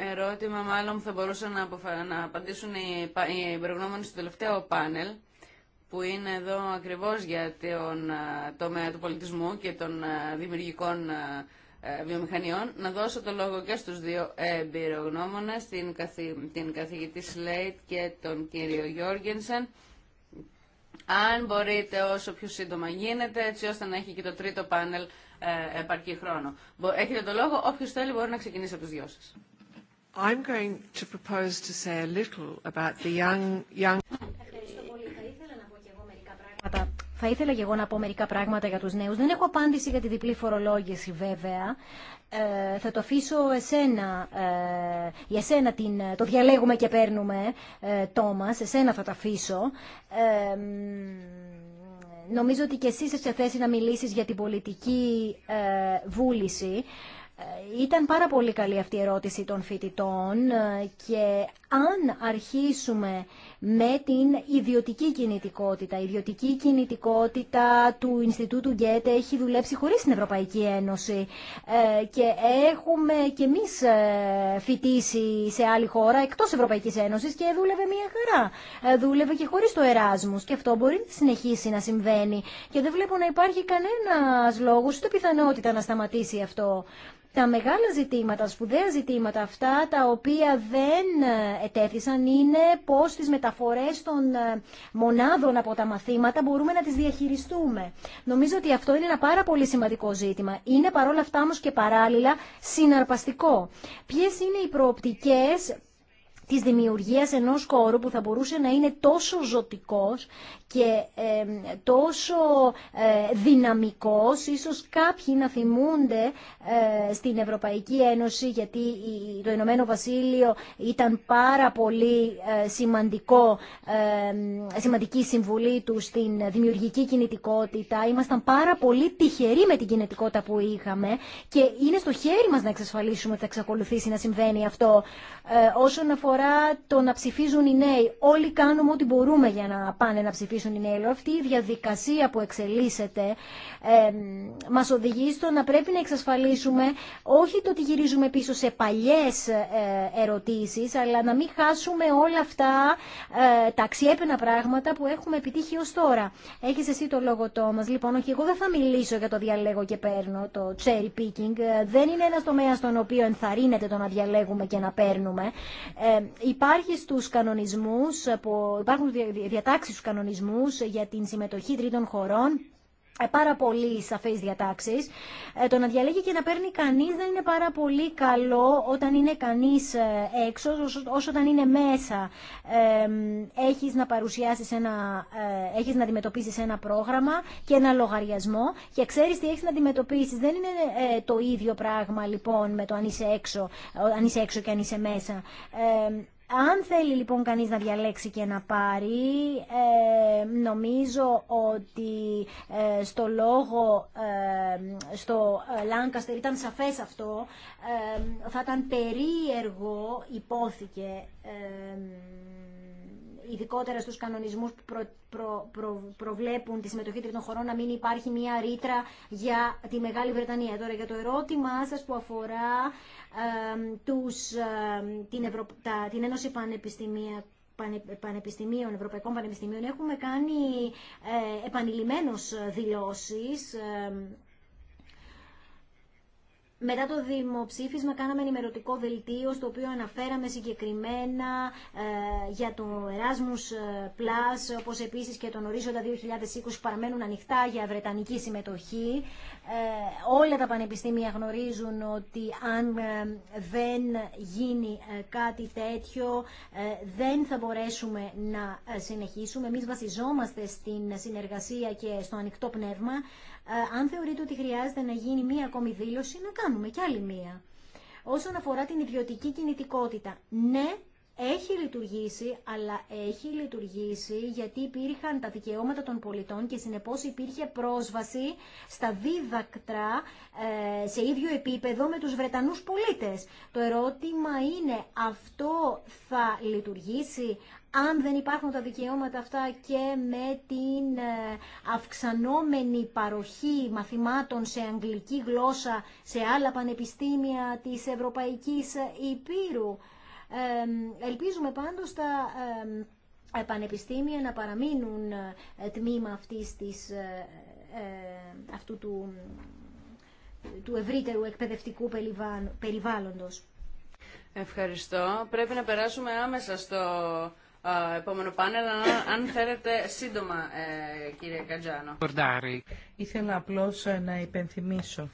ερώτημα μάλλον θα μπορούσαν να, να απαντήσουν οι, οι στο τελευταίο πάνελ που είναι εδώ ακριβώς για τον ε, τομέα του πολιτισμού και των ε, δημιουργικών ε, βιομηχανιών. Να δώσω το λόγο και στους δύο εμπειρογνώμονες, την, καθη... την καθηγητή Σλέιτ και τον κύριο Γιώργενσεν. Αν μπορείτε όσο πιο σύντομα γίνεται, έτσι ώστε να έχει και το τρίτο πάνελ επαρκή χρόνο. Έχετε το λόγο, όποιος θέλει μπορεί να ξεκινήσει από τους δυο σας. I'm going to propose to say a little about the young, young... Θα ήθελα και εγώ να πω μερικά πράγματα για τους νέους. Δεν έχω απάντηση για τη διπλή φορολόγηση βέβαια. Ε, θα το αφήσω εσένα, ε, για εσένα την, το διαλέγουμε και παίρνουμε, ε, Τόμας, εσένα θα το αφήσω. Ε, νομίζω ότι και εσύ είσαι σε θέση να μιλήσεις για την πολιτική βούληση. Ε, ήταν πάρα πολύ καλή αυτή η ερώτηση των φοιτητών ε, και αν αρχίσουμε με την ιδιωτική κινητικότητα. Η ιδιωτική κινητικότητα του Ινστιτούτου Γκέτε έχει δουλέψει χωρίς την Ευρωπαϊκή Ένωση ε, και έχουμε και εμείς ε, φοιτήσει σε άλλη χώρα εκτός Ευρωπαϊκής Ένωσης και δούλευε μια χαρά. Ε, δούλευε και χωρίς το Εράσμους και αυτό μπορεί να συνεχίσει να συμβαίνει και δεν βλέπω να υπάρχει κανένας λόγος ούτε πιθανότητα να σταματήσει αυτό τα μεγάλα ζητήματα, σπουδαία ζητήματα, αυτά τα οποία δεν ετέθησαν είναι πώς τις μεταφορές των ε, μονάδων από τα μαθήματα μπορούμε να τις διαχειριστούμε. Νομίζω ότι αυτό είναι ένα πάρα πολύ σημαντικό ζήτημα. Είναι παρόλα αυτά όμως και παράλληλα συναρπαστικό. Ποιες είναι οι προοπτικές Τη δημιουργία ενός κόρου που θα μπορούσε να είναι τόσο ζωτικό και ε, τόσο ε, δυναμικός, ίσως κάποιοι να θυμούνται ε, στην Ευρωπαϊκή Ένωση, γιατί το Ηνωμένο Βασίλειο ήταν πάρα πολύ ε, σημαντικό, σημαντική συμβουλή του στην δημιουργική κινητικότητα. Ήμασταν πάρα πολύ τυχεροί με την κινητικότητα που είχαμε και είναι στο χέρι μα να εξασφαλίσουμε ότι θα εξακολουθήσει να συμβαίνει αυτό. Ε, όσον αφορά αφορά το να ψηφίζουν οι νέοι. Όλοι κάνουμε ό,τι μπορούμε για να πάνε να ψηφίσουν οι νέοι. Αυτή η διαδικασία που εξελίσσεται ε, μας οδηγεί στο να πρέπει να εξασφαλίσουμε όχι το ότι γυρίζουμε πίσω σε παλιές ε, ερωτήσεις, αλλά να μην χάσουμε όλα αυτά ε, τα αξιέπαινα πράγματα που έχουμε επιτύχει ως τώρα. Έχεις εσύ το λόγο, Τόμας. Λοιπόν, όχι, εγώ δεν θα μιλήσω για το διαλέγω και παίρνω, το cherry picking. Ε, δεν είναι ένα τομέα στον οποίο ενθαρρύνεται το να διαλέγουμε και να παίρνουμε. Ε, υπάρχει στους κανονισμούς, υπάρχουν διατάξεις στους κανονισμούς για την συμμετοχή τρίτων χωρών ε, πάρα πολύ σαφές διατάξεις. Ε, το να διαλέγει και να παίρνει κανείς δεν είναι πάρα πολύ καλό όταν είναι κανείς ε, έξω, όσο, όταν είναι μέσα. Ε, έχεις να παρουσιάσεις ένα, έχεις να αντιμετωπίσεις ένα πρόγραμμα και ένα λογαριασμό και ξέρεις τι έχεις να αντιμετωπίσεις. Δεν είναι το ίδιο πράγμα λοιπόν με το αν είσαι έξω, αν και αν είσαι μέσα. Ε, αν θέλει λοιπόν κανείς να διαλέξει και να πάρει, ε, νομίζω ότι ε, στο λόγο, ε, στο Λάνκαστερ ήταν σαφές αυτό, θα ήταν περίεργο, υπόθηκε, ειδικότερα στους κανονισμούς που προβλέπουν τη συμμετοχή τρίτων χωρών να μην υπάρχει μια ρήτρα για τη Μεγάλη Βρετανία. Τώρα για το ερώτημά σας που αφορά τους, την, την Ένωση Πανεπιστημία, πανεπιστημίων, ευρωπαϊκών πανεπιστημίων, έχουμε κάνει ε, επανειλημμένως δηλώσεις μετά το δημοψήφισμα κάναμε ενημερωτικό δελτίο στο οποίο αναφέραμε συγκεκριμένα ε, για το Erasmus ε, Plus όπως επίσης και τον ορίζοντα 2020 που παραμένουν ανοιχτά για βρετανική συμμετοχή. Ε, όλα τα πανεπιστήμια γνωρίζουν ότι αν δεν γίνει κάτι τέτοιο δεν θα μπορέσουμε να συνεχίσουμε. Εμείς βασιζόμαστε στην συνεργασία και στο ανοιχτό πνεύμα ε, αν θεωρείτε ότι χρειάζεται να γίνει μία ακόμη δήλωση, να κάνουμε κι άλλη μία. Όσον αφορά την ιδιωτική κινητικότητα, ναι, έχει λειτουργήσει, αλλά έχει λειτουργήσει γιατί υπήρχαν τα δικαιώματα των πολιτών και συνεπώς υπήρχε πρόσβαση στα δίδακτρα ε, σε ίδιο επίπεδο με τους Βρετανούς πολίτες. Το ερώτημα είναι αυτό θα λειτουργήσει αν δεν υπάρχουν τα δικαιώματα αυτά και με την ε, αυξανόμενη παροχή μαθημάτων σε αγγλική γλώσσα σε άλλα πανεπιστήμια της Ευρωπαϊκής Υπήρου. Ελπίζουμε πάντως τα πανεπιστήμια να παραμείνουν ε, τμήμα αυτής της, ε, ε, αυτού του, του ευρύτερου εκπαιδευτικού περιβάλλοντος. Ευχαριστώ. Πρέπει να περάσουμε άμεσα στο επόμενο πάνελ, αν θέλετε σύντομα, κύριε Κατζάνο. Ήθελα απλώς να υπενθυμίσω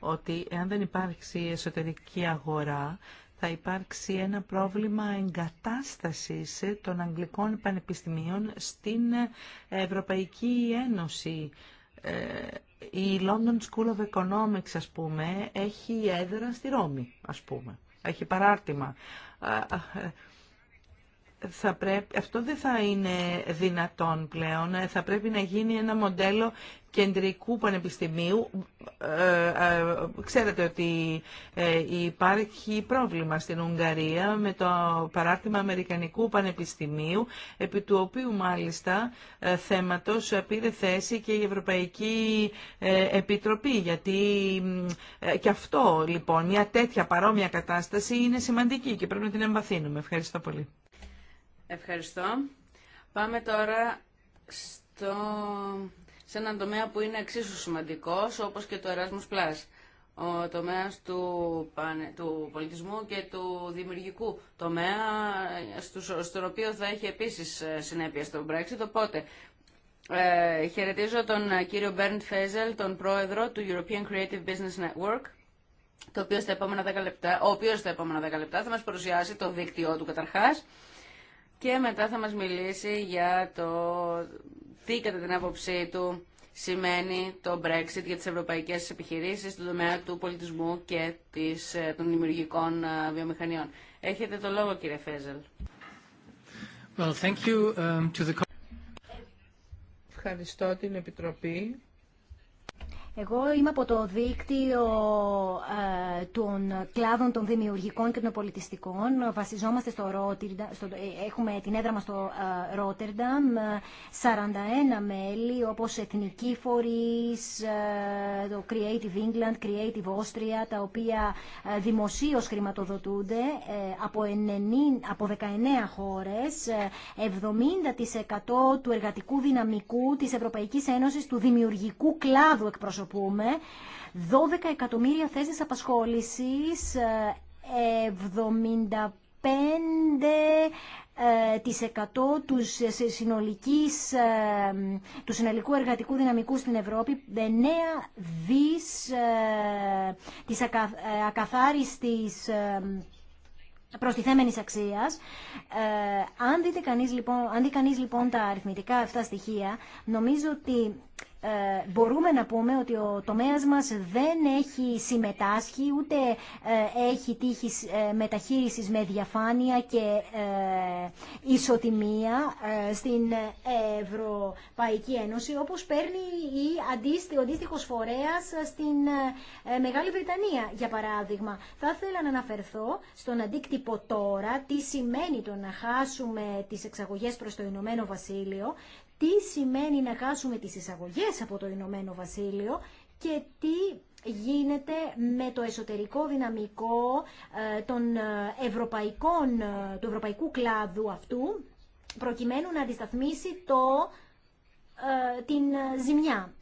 ότι εάν δεν υπάρξει εσωτερική αγορά, θα υπάρξει ένα πρόβλημα εγκατάστασης των Αγγλικών Πανεπιστημίων στην Ευρωπαϊκή Ένωση. Ε, η London School of Economics, ας πούμε, έχει έδρα στη Ρώμη, ας πούμε. Έχει παράρτημα. Ε, αυτό δεν θα είναι δυνατόν πλέον. Ε, θα πρέπει να γίνει ένα μοντέλο κεντρικού πανεπιστημίου. Ε, ε, ξέρετε ότι ε, υπάρχει πρόβλημα στην Ουγγαρία με το παράρτημα Αμερικανικού Πανεπιστημίου, επί του οποίου μάλιστα θέματος πήρε θέση και η Ευρωπαϊκή Επιτροπή, γιατί και αυτό λοιπόν, μια τέτοια παρόμοια κατάσταση είναι σημαντική και πρέπει να την εμβαθύνουμε. Ευχαριστώ πολύ. Ευχαριστώ. Πάμε τώρα στο σε έναν τομέα που είναι εξίσου σημαντικός, όπως και το Erasmus Plus, ο τομέας του, του πολιτισμού και του δημιουργικού τομέα, στον οποίο θα έχει επίσης ε, συνέπεια στο Brexit, οπότε ε, χαιρετίζω τον κύριο Μπέρντ Φέζελ, τον πρόεδρο του European Creative Business Network, το οποίο στα επόμενα 10 λεπτά, ο οποίος στα επόμενα 10 λεπτά θα μας παρουσιάσει το δίκτυό του καταρχάς και μετά θα μας μιλήσει για το τι κατά την άποψή του σημαίνει το Brexit για τις ευρωπαϊκές επιχειρήσεις στον τομέα του πολιτισμού και της, ε, των δημιουργικών ε, βιομηχανιών. Έχετε το λόγο κύριε Φέζελ. Well, thank you, um, to the... Ευχαριστώ την Επιτροπή εγώ είμαι από το δίκτυο ε, των κλάδων των δημιουργικών και των πολιτιστικών. Βασιζόμαστε στο Ρότερνταμ, ε, έχουμε την έδρα μας στο ε, Ρότερνταμ, 41 μέλη όπως Εθνική φορείς, το Creative England, Creative Austria, τα οποία δημοσίως χρηματοδοτούνται από, από 19 χώρες, 70% του εργατικού δυναμικού της Ευρωπαϊκής Ένωσης του δημιουργικού κλάδου εκπροσωπών πούμε 12 εκατομμύρια θέσεις απασχόλησης, 75 ε, ε, συνολικής, ε, του συνολικού εργατικού δυναμικού στην Ευρώπη, 9 δις της ακαθάριστης προστιθέμενης αξίας. αν, δείτε κανείς, λοιπόν, αν δει κανείς λοιπόν τα αριθμητικά αυτά στοιχεία, νομίζω ότι ε, μπορούμε να πούμε ότι ο τομέας μας δεν έχει συμμετάσχει ούτε ε, έχει τύχει μεταχείρισης με διαφάνεια και ε, ισοτιμία στην Ευρωπαϊκή Ένωση όπως παίρνει η ο αντίστοιχο φορέας στην Μεγάλη Βρετανία για παράδειγμα. Θα ήθελα να αναφερθώ στον αντίκτυπο τώρα τι σημαίνει το να χάσουμε τις εξαγωγές προς το Ηνωμένο Βασίλειο τι σημαίνει να χάσουμε τις εισαγωγές από το Ηνωμένο Βασίλειο και τι γίνεται με το εσωτερικό δυναμικό ε, των ε, ευρωπαϊκών, ε, του ευρωπαϊκού κλάδου αυτού προκειμένου να αντισταθμίσει το, την ζημιά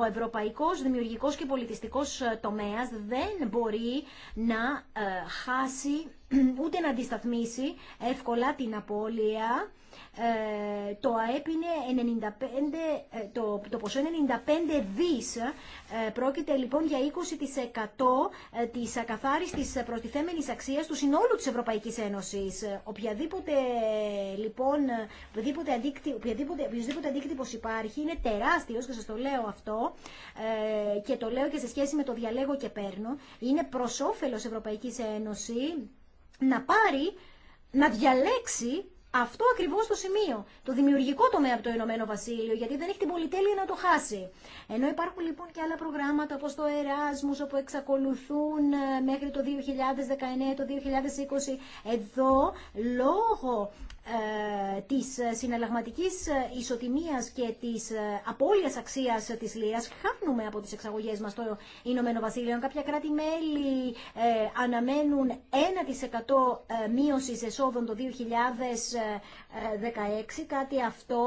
ο ευρωπαϊκός δημιουργικός και πολιτιστικός τομέας δεν μπορεί να χάσει ούτε να αντισταθμίσει εύκολα την απώλεια. Ε, το ΑΕΠ είναι 95, ε, το, το ποσό 95 δις. Ε, πρόκειται λοιπόν για 20% ε, της ακαθάριστης προστιθέμενης αξίας του συνόλου της Ευρωπαϊκής Ένωσης. Οποιαδήποτε, λοιπόν, οποιαδήποτε, αντίκτυ, οποιαδήποτε, οποιοδήποτε αντίκτυπος υπάρχει είναι τεράστιος και σας το λέω αυτό και το λέω και σε σχέση με το διαλέγω και παίρνω. Είναι προς όφελος Ευρωπαϊκής Ένωσης να πάρει, να διαλέξει αυτό ακριβώ το σημείο. Το δημιουργικό τομέα από το Ηνωμένο Βασίλειο, γιατί δεν έχει την πολυτέλεια να το χάσει. Ενώ υπάρχουν λοιπόν και άλλα προγράμματα όπω το Εράσμου, όπου εξακολουθούν ε, μέχρι το 2019, το 2020. Εδώ, λόγω ε, της ε, συναλλαγματικής ε, ισοτιμίας και της απώλειας αξίας της λίρας χάνουμε από τις εξαγωγές μας στο Ηνωμένο Βασίλειο. Κάποια κράτη-μέλη αναμένουν 1% μείωση εσόδων το 2016. Κάτι αυτό,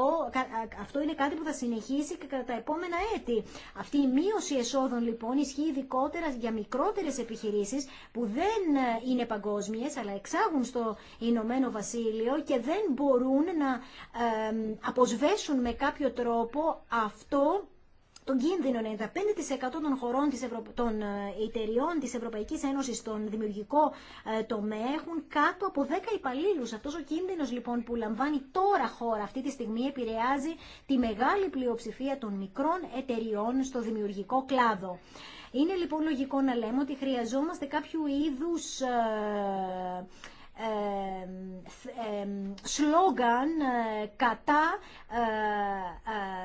αυτό είναι κάτι που θα συνεχίσει και κατά τα επόμενα έτη. Αυτή η μείωση εσόδων λοιπόν ισχύει ειδικότερα για μικρότερες επιχειρήσεις που δεν είναι παγκόσμιες αλλά εξάγουν στο Ηνωμένο Βασίλειο και δεν μπορούν να αποσβέσουν με κάποιο τρόπο αυτό τον κίνδυνο 95% των χωρών της Ευρω... των ε, εταιριών της Ευρωπαϊκής Ένωσης στον δημιουργικό ε, τομέα έχουν κάτω από 10 υπαλλήλους. Αυτός ο κίνδυνος λοιπόν που λαμβάνει τώρα χώρα αυτή τη στιγμή επηρεάζει τη μεγάλη πλειοψηφία των μικρών εταιριών στο δημιουργικό κλάδο. Είναι λοιπόν λογικό να λέμε ότι χρειαζόμαστε κάποιου είδους ε, ε σλόγγαν ε, κατά ε,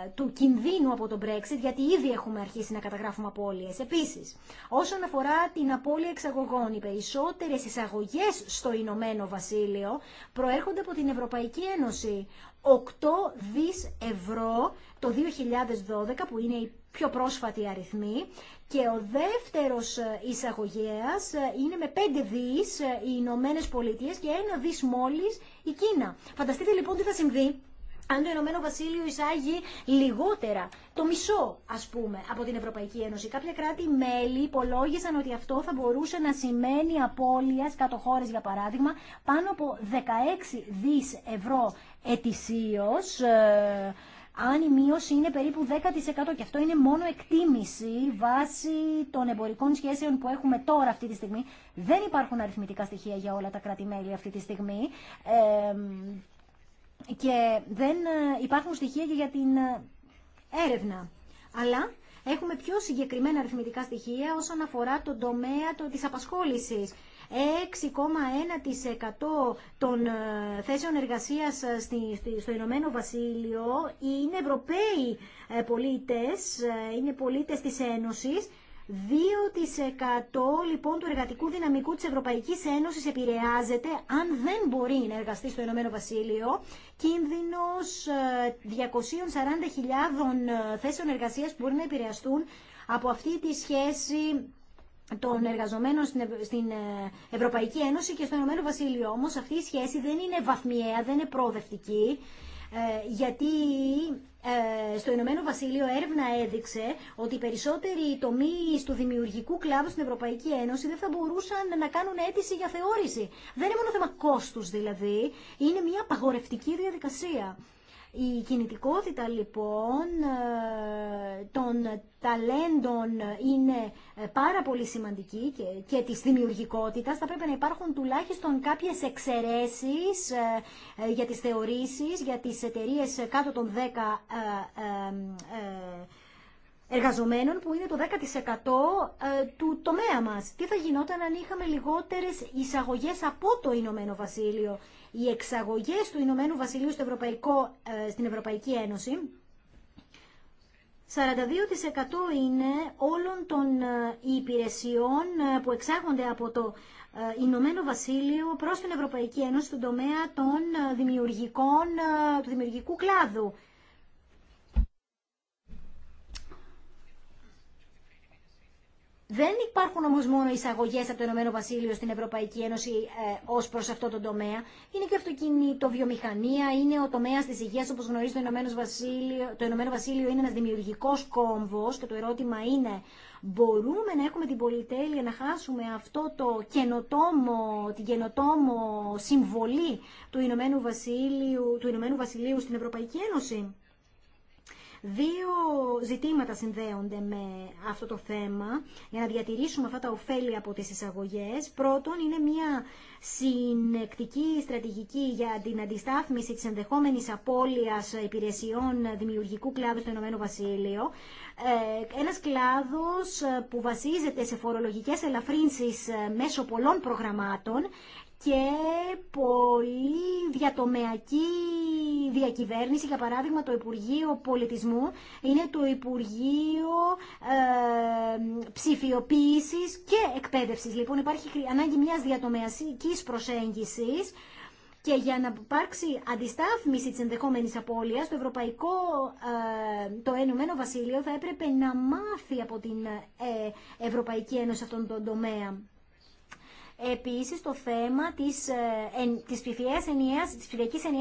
ε, του κινδύνου από τον Brexit, γιατί ήδη έχουμε αρχίσει να καταγράφουμε απώλειες. Επίσης, όσον αφορά την απώλεια εξαγωγών, οι περισσότερες εισαγωγές στο Ηνωμένο Βασίλειο προέρχονται από την Ευρωπαϊκή Ένωση. 8 δις ευρώ το 2012 που είναι η πιο πρόσφατη αριθμή και ο δεύτερος ε, εισαγωγέας ε, είναι με 5 δις ε, οι Ηνωμένε Πολιτείες και ένα δις μόλις η Κίνα. Φανταστείτε λοιπόν τι θα συμβεί αν το Ηνωμένο Βασίλειο εισάγει λιγότερα, το μισό ας πούμε, από την Ευρωπαϊκή Ένωση. Κάποια κράτη-μέλη υπολόγισαν ότι αυτό θα μπορούσε να σημαίνει απώλεια κάτω χώρες, για παράδειγμα, πάνω από 16 δις ευρώ ετησίως, ε, αν η μείωση είναι περίπου 10% και αυτό είναι μόνο εκτίμηση βάσει των εμπορικών σχέσεων που έχουμε τώρα αυτή τη στιγμή. Δεν υπάρχουν αριθμητικά στοιχεία για όλα τα κράτη-μέλη αυτή τη στιγμή και δεν ε, υπάρχουν στοιχεία και για την ε, έρευνα. Αλλά έχουμε πιο συγκεκριμένα αριθμητικά στοιχεία όσον αφορά τον τομέα της απασχόλησης 6,1% των ε, θέσεων εργασίας ε, στο Ηνωμένο Βασίλειο είναι Ευρωπαίοι ε, πολίτες, είναι πολίτες της Ένωσης 2% λοιπόν του εργατικού δυναμικού της Ευρωπαϊκής Ένωσης επηρεάζεται αν δεν μπορεί να εργαστεί στο Ηνωμένο Βασίλειο. Κίνδυνος 240.000 θέσεων εργασίας που μπορεί να επηρεαστούν από αυτή τη σχέση των εργαζομένων στην ε, Ευρωπαϊκή Ένωση και στο Ηνωμένο Βασίλειο. Όμως αυτή η σχέση δεν είναι βαθμιαία, δεν είναι προοδευτική, ε, γιατί ε, στο Ηνωμένο Βασίλειο έρευνα έδειξε ότι οι περισσότεροι τομεί του δημιουργικού κλάδου στην Ευρωπαϊκή Ένωση δεν θα μπορούσαν να κάνουν αίτηση για θεώρηση. Δεν είναι μόνο θέμα κόστου, δηλαδή, είναι μια απαγορευτική διαδικασία. Η κινητικότητα λοιπόν ε, των ταλέντων είναι ε, πάρα πολύ σημαντική και, και της δημιουργικότητας. Θα πρέπει να υπάρχουν τουλάχιστον κάποιες εξαιρέσει ε, για τις θεωρήσεις, για τις εταιρείε κάτω των 10 εργαζομένων που είναι το 10% του τομέα μας. Τι θα γινόταν αν είχαμε λιγότερες εισαγωγές από το Ηνωμένο Βασίλειο οι εξαγωγές του Ηνωμένου Βασιλείου ε, στην Ευρωπαϊκή Ένωση 42% είναι όλων των ε, υπηρεσιών ε, που εξάγονται από το Ηνωμένο Βασίλειο προς την Ευρωπαϊκή Ένωση στον τομέα των δημιουργικών, του δημιουργικού κλάδου. Δεν υπάρχουν όμω μόνο εισαγωγέ από το Ηνωμένο Βασίλειο στην Ευρωπαϊκή Ένωση ε, ως προς αυτό το τομέα. Είναι και βιομηχανία, είναι ο τομέα τη υγείας όπω γνωρίζει το Ηνωμένο Βασίλειο. Το Ηνωμένο Βασίλειο είναι ένα δημιουργικό κόμβο και το ερώτημα είναι μπορούμε να έχουμε την πολυτέλεια να χάσουμε αυτό το καινοτόμο, την καινοτόμο συμβολή του Ηνωμένου Βασιλείου, του Ηνωμένου Βασιλείου στην Ευρωπαϊκή Ένωση. Δύο ζητήματα συνδέονται με αυτό το θέμα για να διατηρήσουμε αυτά τα ωφέλη από τις εισαγωγές. Πρώτον, είναι μια συνεκτική στρατηγική για την αντιστάθμιση της ενδεχόμενης απώλειας υπηρεσιών δημιουργικού κλάδου στο Ηνωμένο Βασίλειο. Ε, ένας κλάδος που βασίζεται σε φορολογικές ελαφρύνσεις μέσω πολλών προγραμμάτων και πολύ διατομεακή διακυβέρνηση. Για παράδειγμα, το Υπουργείο Πολιτισμού είναι το Υπουργείο ε, Ψηφιοποίησης και Εκπαίδευσης. Λοιπόν, υπάρχει ανάγκη μιας διατομεακής προσέγγισης και για να υπάρξει αντιστάθμιση της ενδεχόμενης απώλειας, το Ευρωπαϊκό, ε, το Ενωμένο Βασίλειο θα έπρεπε να μάθει από την ε, Ευρωπαϊκή Ένωση αυτόν τον τομέα. Επίσης το θέμα της, ε, της, ψηφιακής ενιαίας,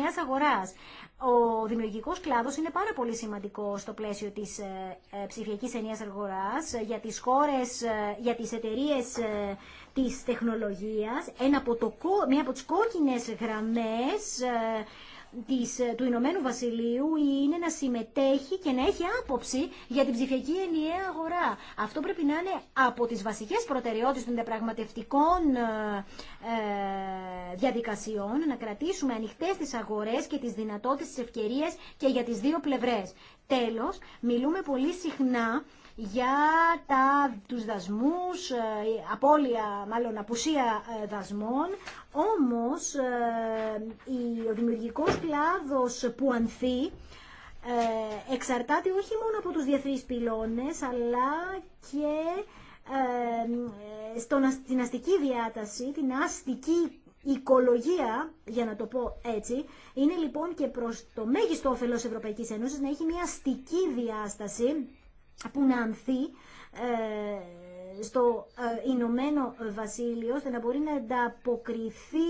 της αγοράς. Ο δημιουργικός κλάδος είναι πάρα πολύ σημαντικό στο πλαίσιο της ε, ε, ψηφιακής ενιαίας αγοράς για τις χώρες, για τις εταιρείες της τεχνολογίας. μία από τις κόκκινες γραμμές ε, του Ηνωμένου Βασιλείου είναι να συμμετέχει και να έχει άποψη για την ψηφιακή ενιαία αγορά. Αυτό πρέπει να είναι από τις βασικές προτεραιότητες των διαπραγματευτικών ε, ε, διαδικασιών, να κρατήσουμε ανοιχτές τις αγορές και τις δυνατότητες, τις ευκαιρίες και για τις δύο πλευρές. Τέλος, μιλούμε πολύ συχνά για τα, τους δασμούς, ε, απώλεια, μάλλον απουσία ε, δασμών, όμως ε, ο δημιουργικός κλάδος που ανθεί εξαρτάται όχι μόνο από τους διαθρείς πυλώνες, αλλά και στην αστική διάταση, την αστική οικολογία, για να το πω έτσι, είναι λοιπόν και προς το μέγιστο όφελος Ευρωπαϊκής Ένωσης να έχει μια αστική διάσταση που να ανθεί ε, στο ε, Ηνωμένο Βασίλειο, ώστε να μπορεί να ανταποκριθεί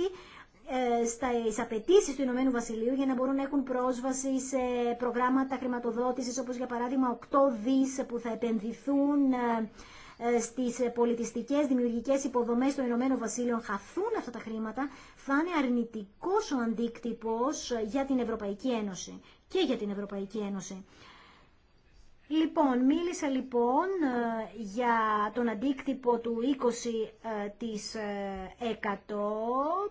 ε, στι απαιτήσει του Ηνωμένου Βασιλείου για να μπορούν να έχουν πρόσβαση σε προγράμματα χρηματοδότησης όπως για παράδειγμα 8 δις που θα επενδυθούν στις πολιτιστικές δημιουργικές υποδομές των Ηνωμένων Βασίλειων, χαθούν αυτά τα χρήματα, θα είναι αρνητικός ο αντίκτυπος για την Ευρωπαϊκή Ένωση και για την Ευρωπαϊκή Ένωση. Λοιπόν, μίλησε λοιπόν ε, για τον αντίκτυπο του 20% ε, ε,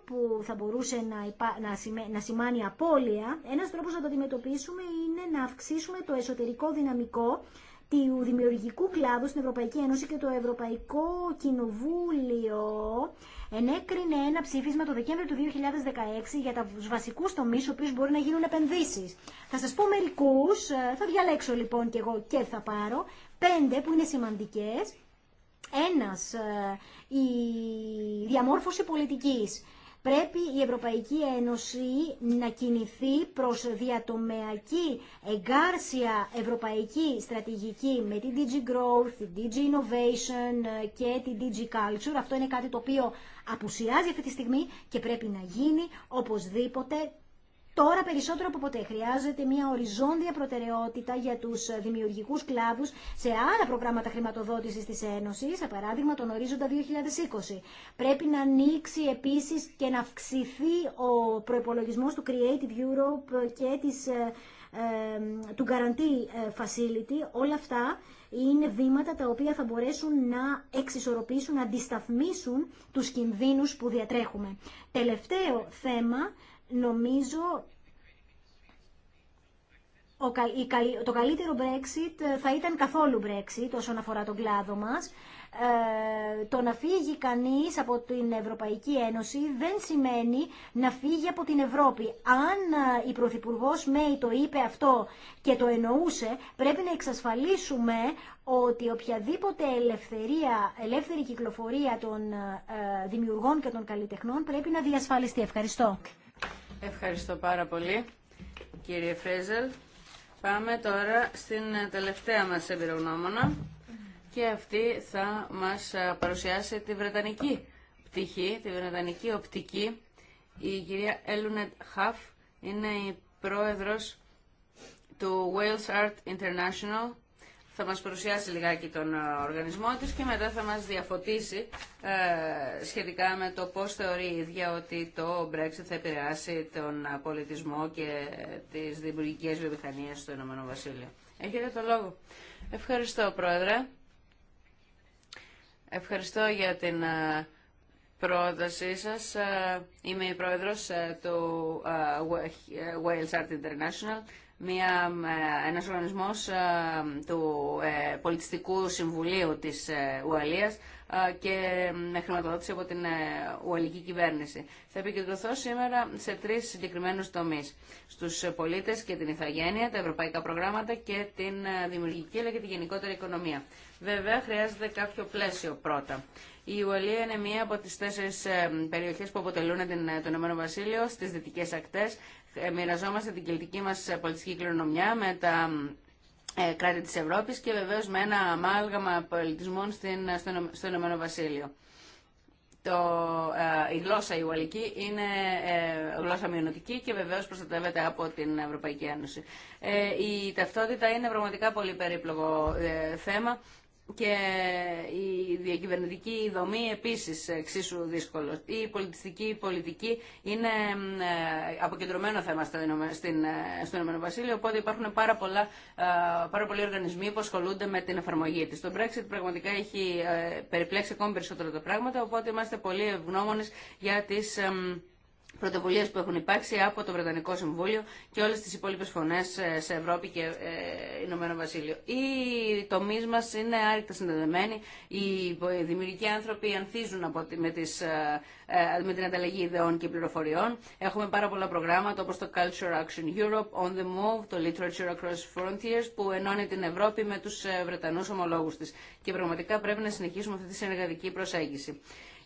που θα μπορούσε να, να σημάνει απώλεια. Ένας τρόπος να το αντιμετωπίσουμε είναι να αυξήσουμε το εσωτερικό δυναμικό του δημιουργικού κλάδου στην Ευρωπαϊκή Ένωση και το Ευρωπαϊκό Κοινοβούλιο ενέκρινε ένα ψήφισμα το Δεκέμβριο του 2016 για του βασικού τομεί στου οποίου μπορεί να γίνουν επενδύσει. Θα σα πω μερικού, ε, θα διαλέξω λοιπόν και εγώ και θα πάρω πέντε που είναι σημαντικέ. Ένας, ε, η διαμόρφωση πολιτικής. Πρέπει η Ευρωπαϊκή Ένωση να κινηθεί προς διατομεακή εγκάρσια ευρωπαϊκή στρατηγική με την DG Growth, την DG Innovation και την DG Culture. Αυτό είναι κάτι το οποίο απουσιάζει αυτή τη στιγμή και πρέπει να γίνει οπωσδήποτε Τώρα περισσότερο από ποτέ χρειάζεται μια οριζόντια προτεραιότητα για του δημιουργικού κλάδου σε άλλα προγράμματα χρηματοδότηση τη Ένωση, σε παράδειγμα τον ορίζοντα 2020. Πρέπει να ανοίξει επίση και να αυξηθεί ο προπολογισμό του Creative Europe και της, ε, ε, του Guarantee ε, Facility. Όλα αυτά είναι βήματα τα οποία θα μπορέσουν να εξισορροπήσουν, να αντισταθμίσουν τους κινδύνους που διατρέχουμε. Τελευταίο θέμα Νομίζω το καλύτερο Brexit ε, θα ήταν καθόλου Brexit όσον αφορά τον κλάδο μας. Ε, το να φύγει κανείς από την Ευρωπαϊκή Ένωση δεν σημαίνει να φύγει από την Ευρώπη. Αν ε, η Πρωθυπουργό Μέη το είπε αυτό και το εννοούσε, πρέπει να εξασφαλίσουμε ότι οποιαδήποτε ελευθερία, ελεύθερη κυκλοφορία των δημιουργών και των καλλιτεχνών πρέπει να διασφαλιστεί. Ευχαριστώ. Ευχαριστώ πάρα πολύ, κύριε Φρέζελ. Πάμε τώρα στην τελευταία μας εμπειρογνώμονα και αυτή θα μας παρουσιάσει τη Βρετανική πτυχή, τη Βρετανική οπτική. Η κυρία Έλουνετ Χαφ είναι η πρόεδρος του Wales Art International θα μας παρουσιάσει λιγάκι τον ε, οργανισμό της και μετά θα μας διαφωτίσει ε, σχετικά με το πώς θεωρεί η ίδια ότι το Brexit θα επηρεάσει τον ε, πολιτισμό και ε, τις δημιουργικές βιομηχανίες στο Ηνωμένο Βασίλειο. Έχετε το λόγο. Ευχαριστώ, Πρόεδρε. Ευχαριστώ για την πρότασή σας. Είμαι η Πρόεδρος του Wales Art International μια, ε, ένας οργανισμός ε, του ε, Πολιτιστικού Συμβουλίου της Ουαλίας και με χρηματοδότηση από την Ουαλική κυβέρνηση. Θα επικεντρωθώ σήμερα σε τρεις συγκεκριμένους τομείς. Στους πολίτες και την ηθαγένεια, τα ευρωπαϊκά προγράμματα και την δημιουργική αλλά και τη γενικότερη οικονομία. Βέβαια, χρειάζεται κάποιο πλαίσιο πρώτα. Η Ουαλία είναι μία από τις τέσσερις περιοχές που αποτελούν τον το Βασίλειο στις δυτικές ακτές. Ε, μοιραζόμαστε την κελτική μας ε, πολιτική κληρονομιά με τα ε, κράτη της Ευρώπης και βεβαίως με ένα αμάλγαμα πολιτισμών στην, στο Ηνωμένο Βασίλειο. Το, η γλώσσα η ουαλική είναι γλώσσα μειονοτική και βεβαίως προστατεύεται από την Ευρωπαϊκή Ένωση. η ταυτότητα είναι πραγματικά πολύ περίπλοκο θέμα και η διακυβερνητική δομή επίσης εξίσου δύσκολο. Η πολιτιστική πολιτική είναι ε, αποκεντρωμένο θέμα ε, στο Ηνωμένο Βασίλειο, οπότε υπάρχουν πάρα, πολλά, ε, πάρα πολλοί οργανισμοί που ασχολούνται με την εφαρμογή της. Το Brexit πραγματικά έχει περιπλέξει ακόμη περισσότερο τα πράγματα, οπότε είμαστε πολύ ευγνώμονες για τις πρωτοβουλίε που έχουν υπάρξει από το Βρετανικό Συμβούλιο και όλε τι υπόλοιπε φωνέ ε, σε Ευρώπη και ε, Ηνωμένο Βασίλειο. Οι τομεί μα είναι άρρηκτα συνδεδεμένοι. Οι ε, δημιουργικοί άνθρωποι ανθίζουν από, με, τις, με την ανταλλαγή ιδεών και πληροφοριών. Έχουμε πάρα πολλά προγράμματα όπω το Culture Action Europe, On the Move, το Literature Across Frontiers που ενώνει την Ευρώπη με του Βρετανού ομολόγου τη. Και πραγματικά πρέπει να συνεχίσουμε αυτή τη συνεργατική προσέγγιση.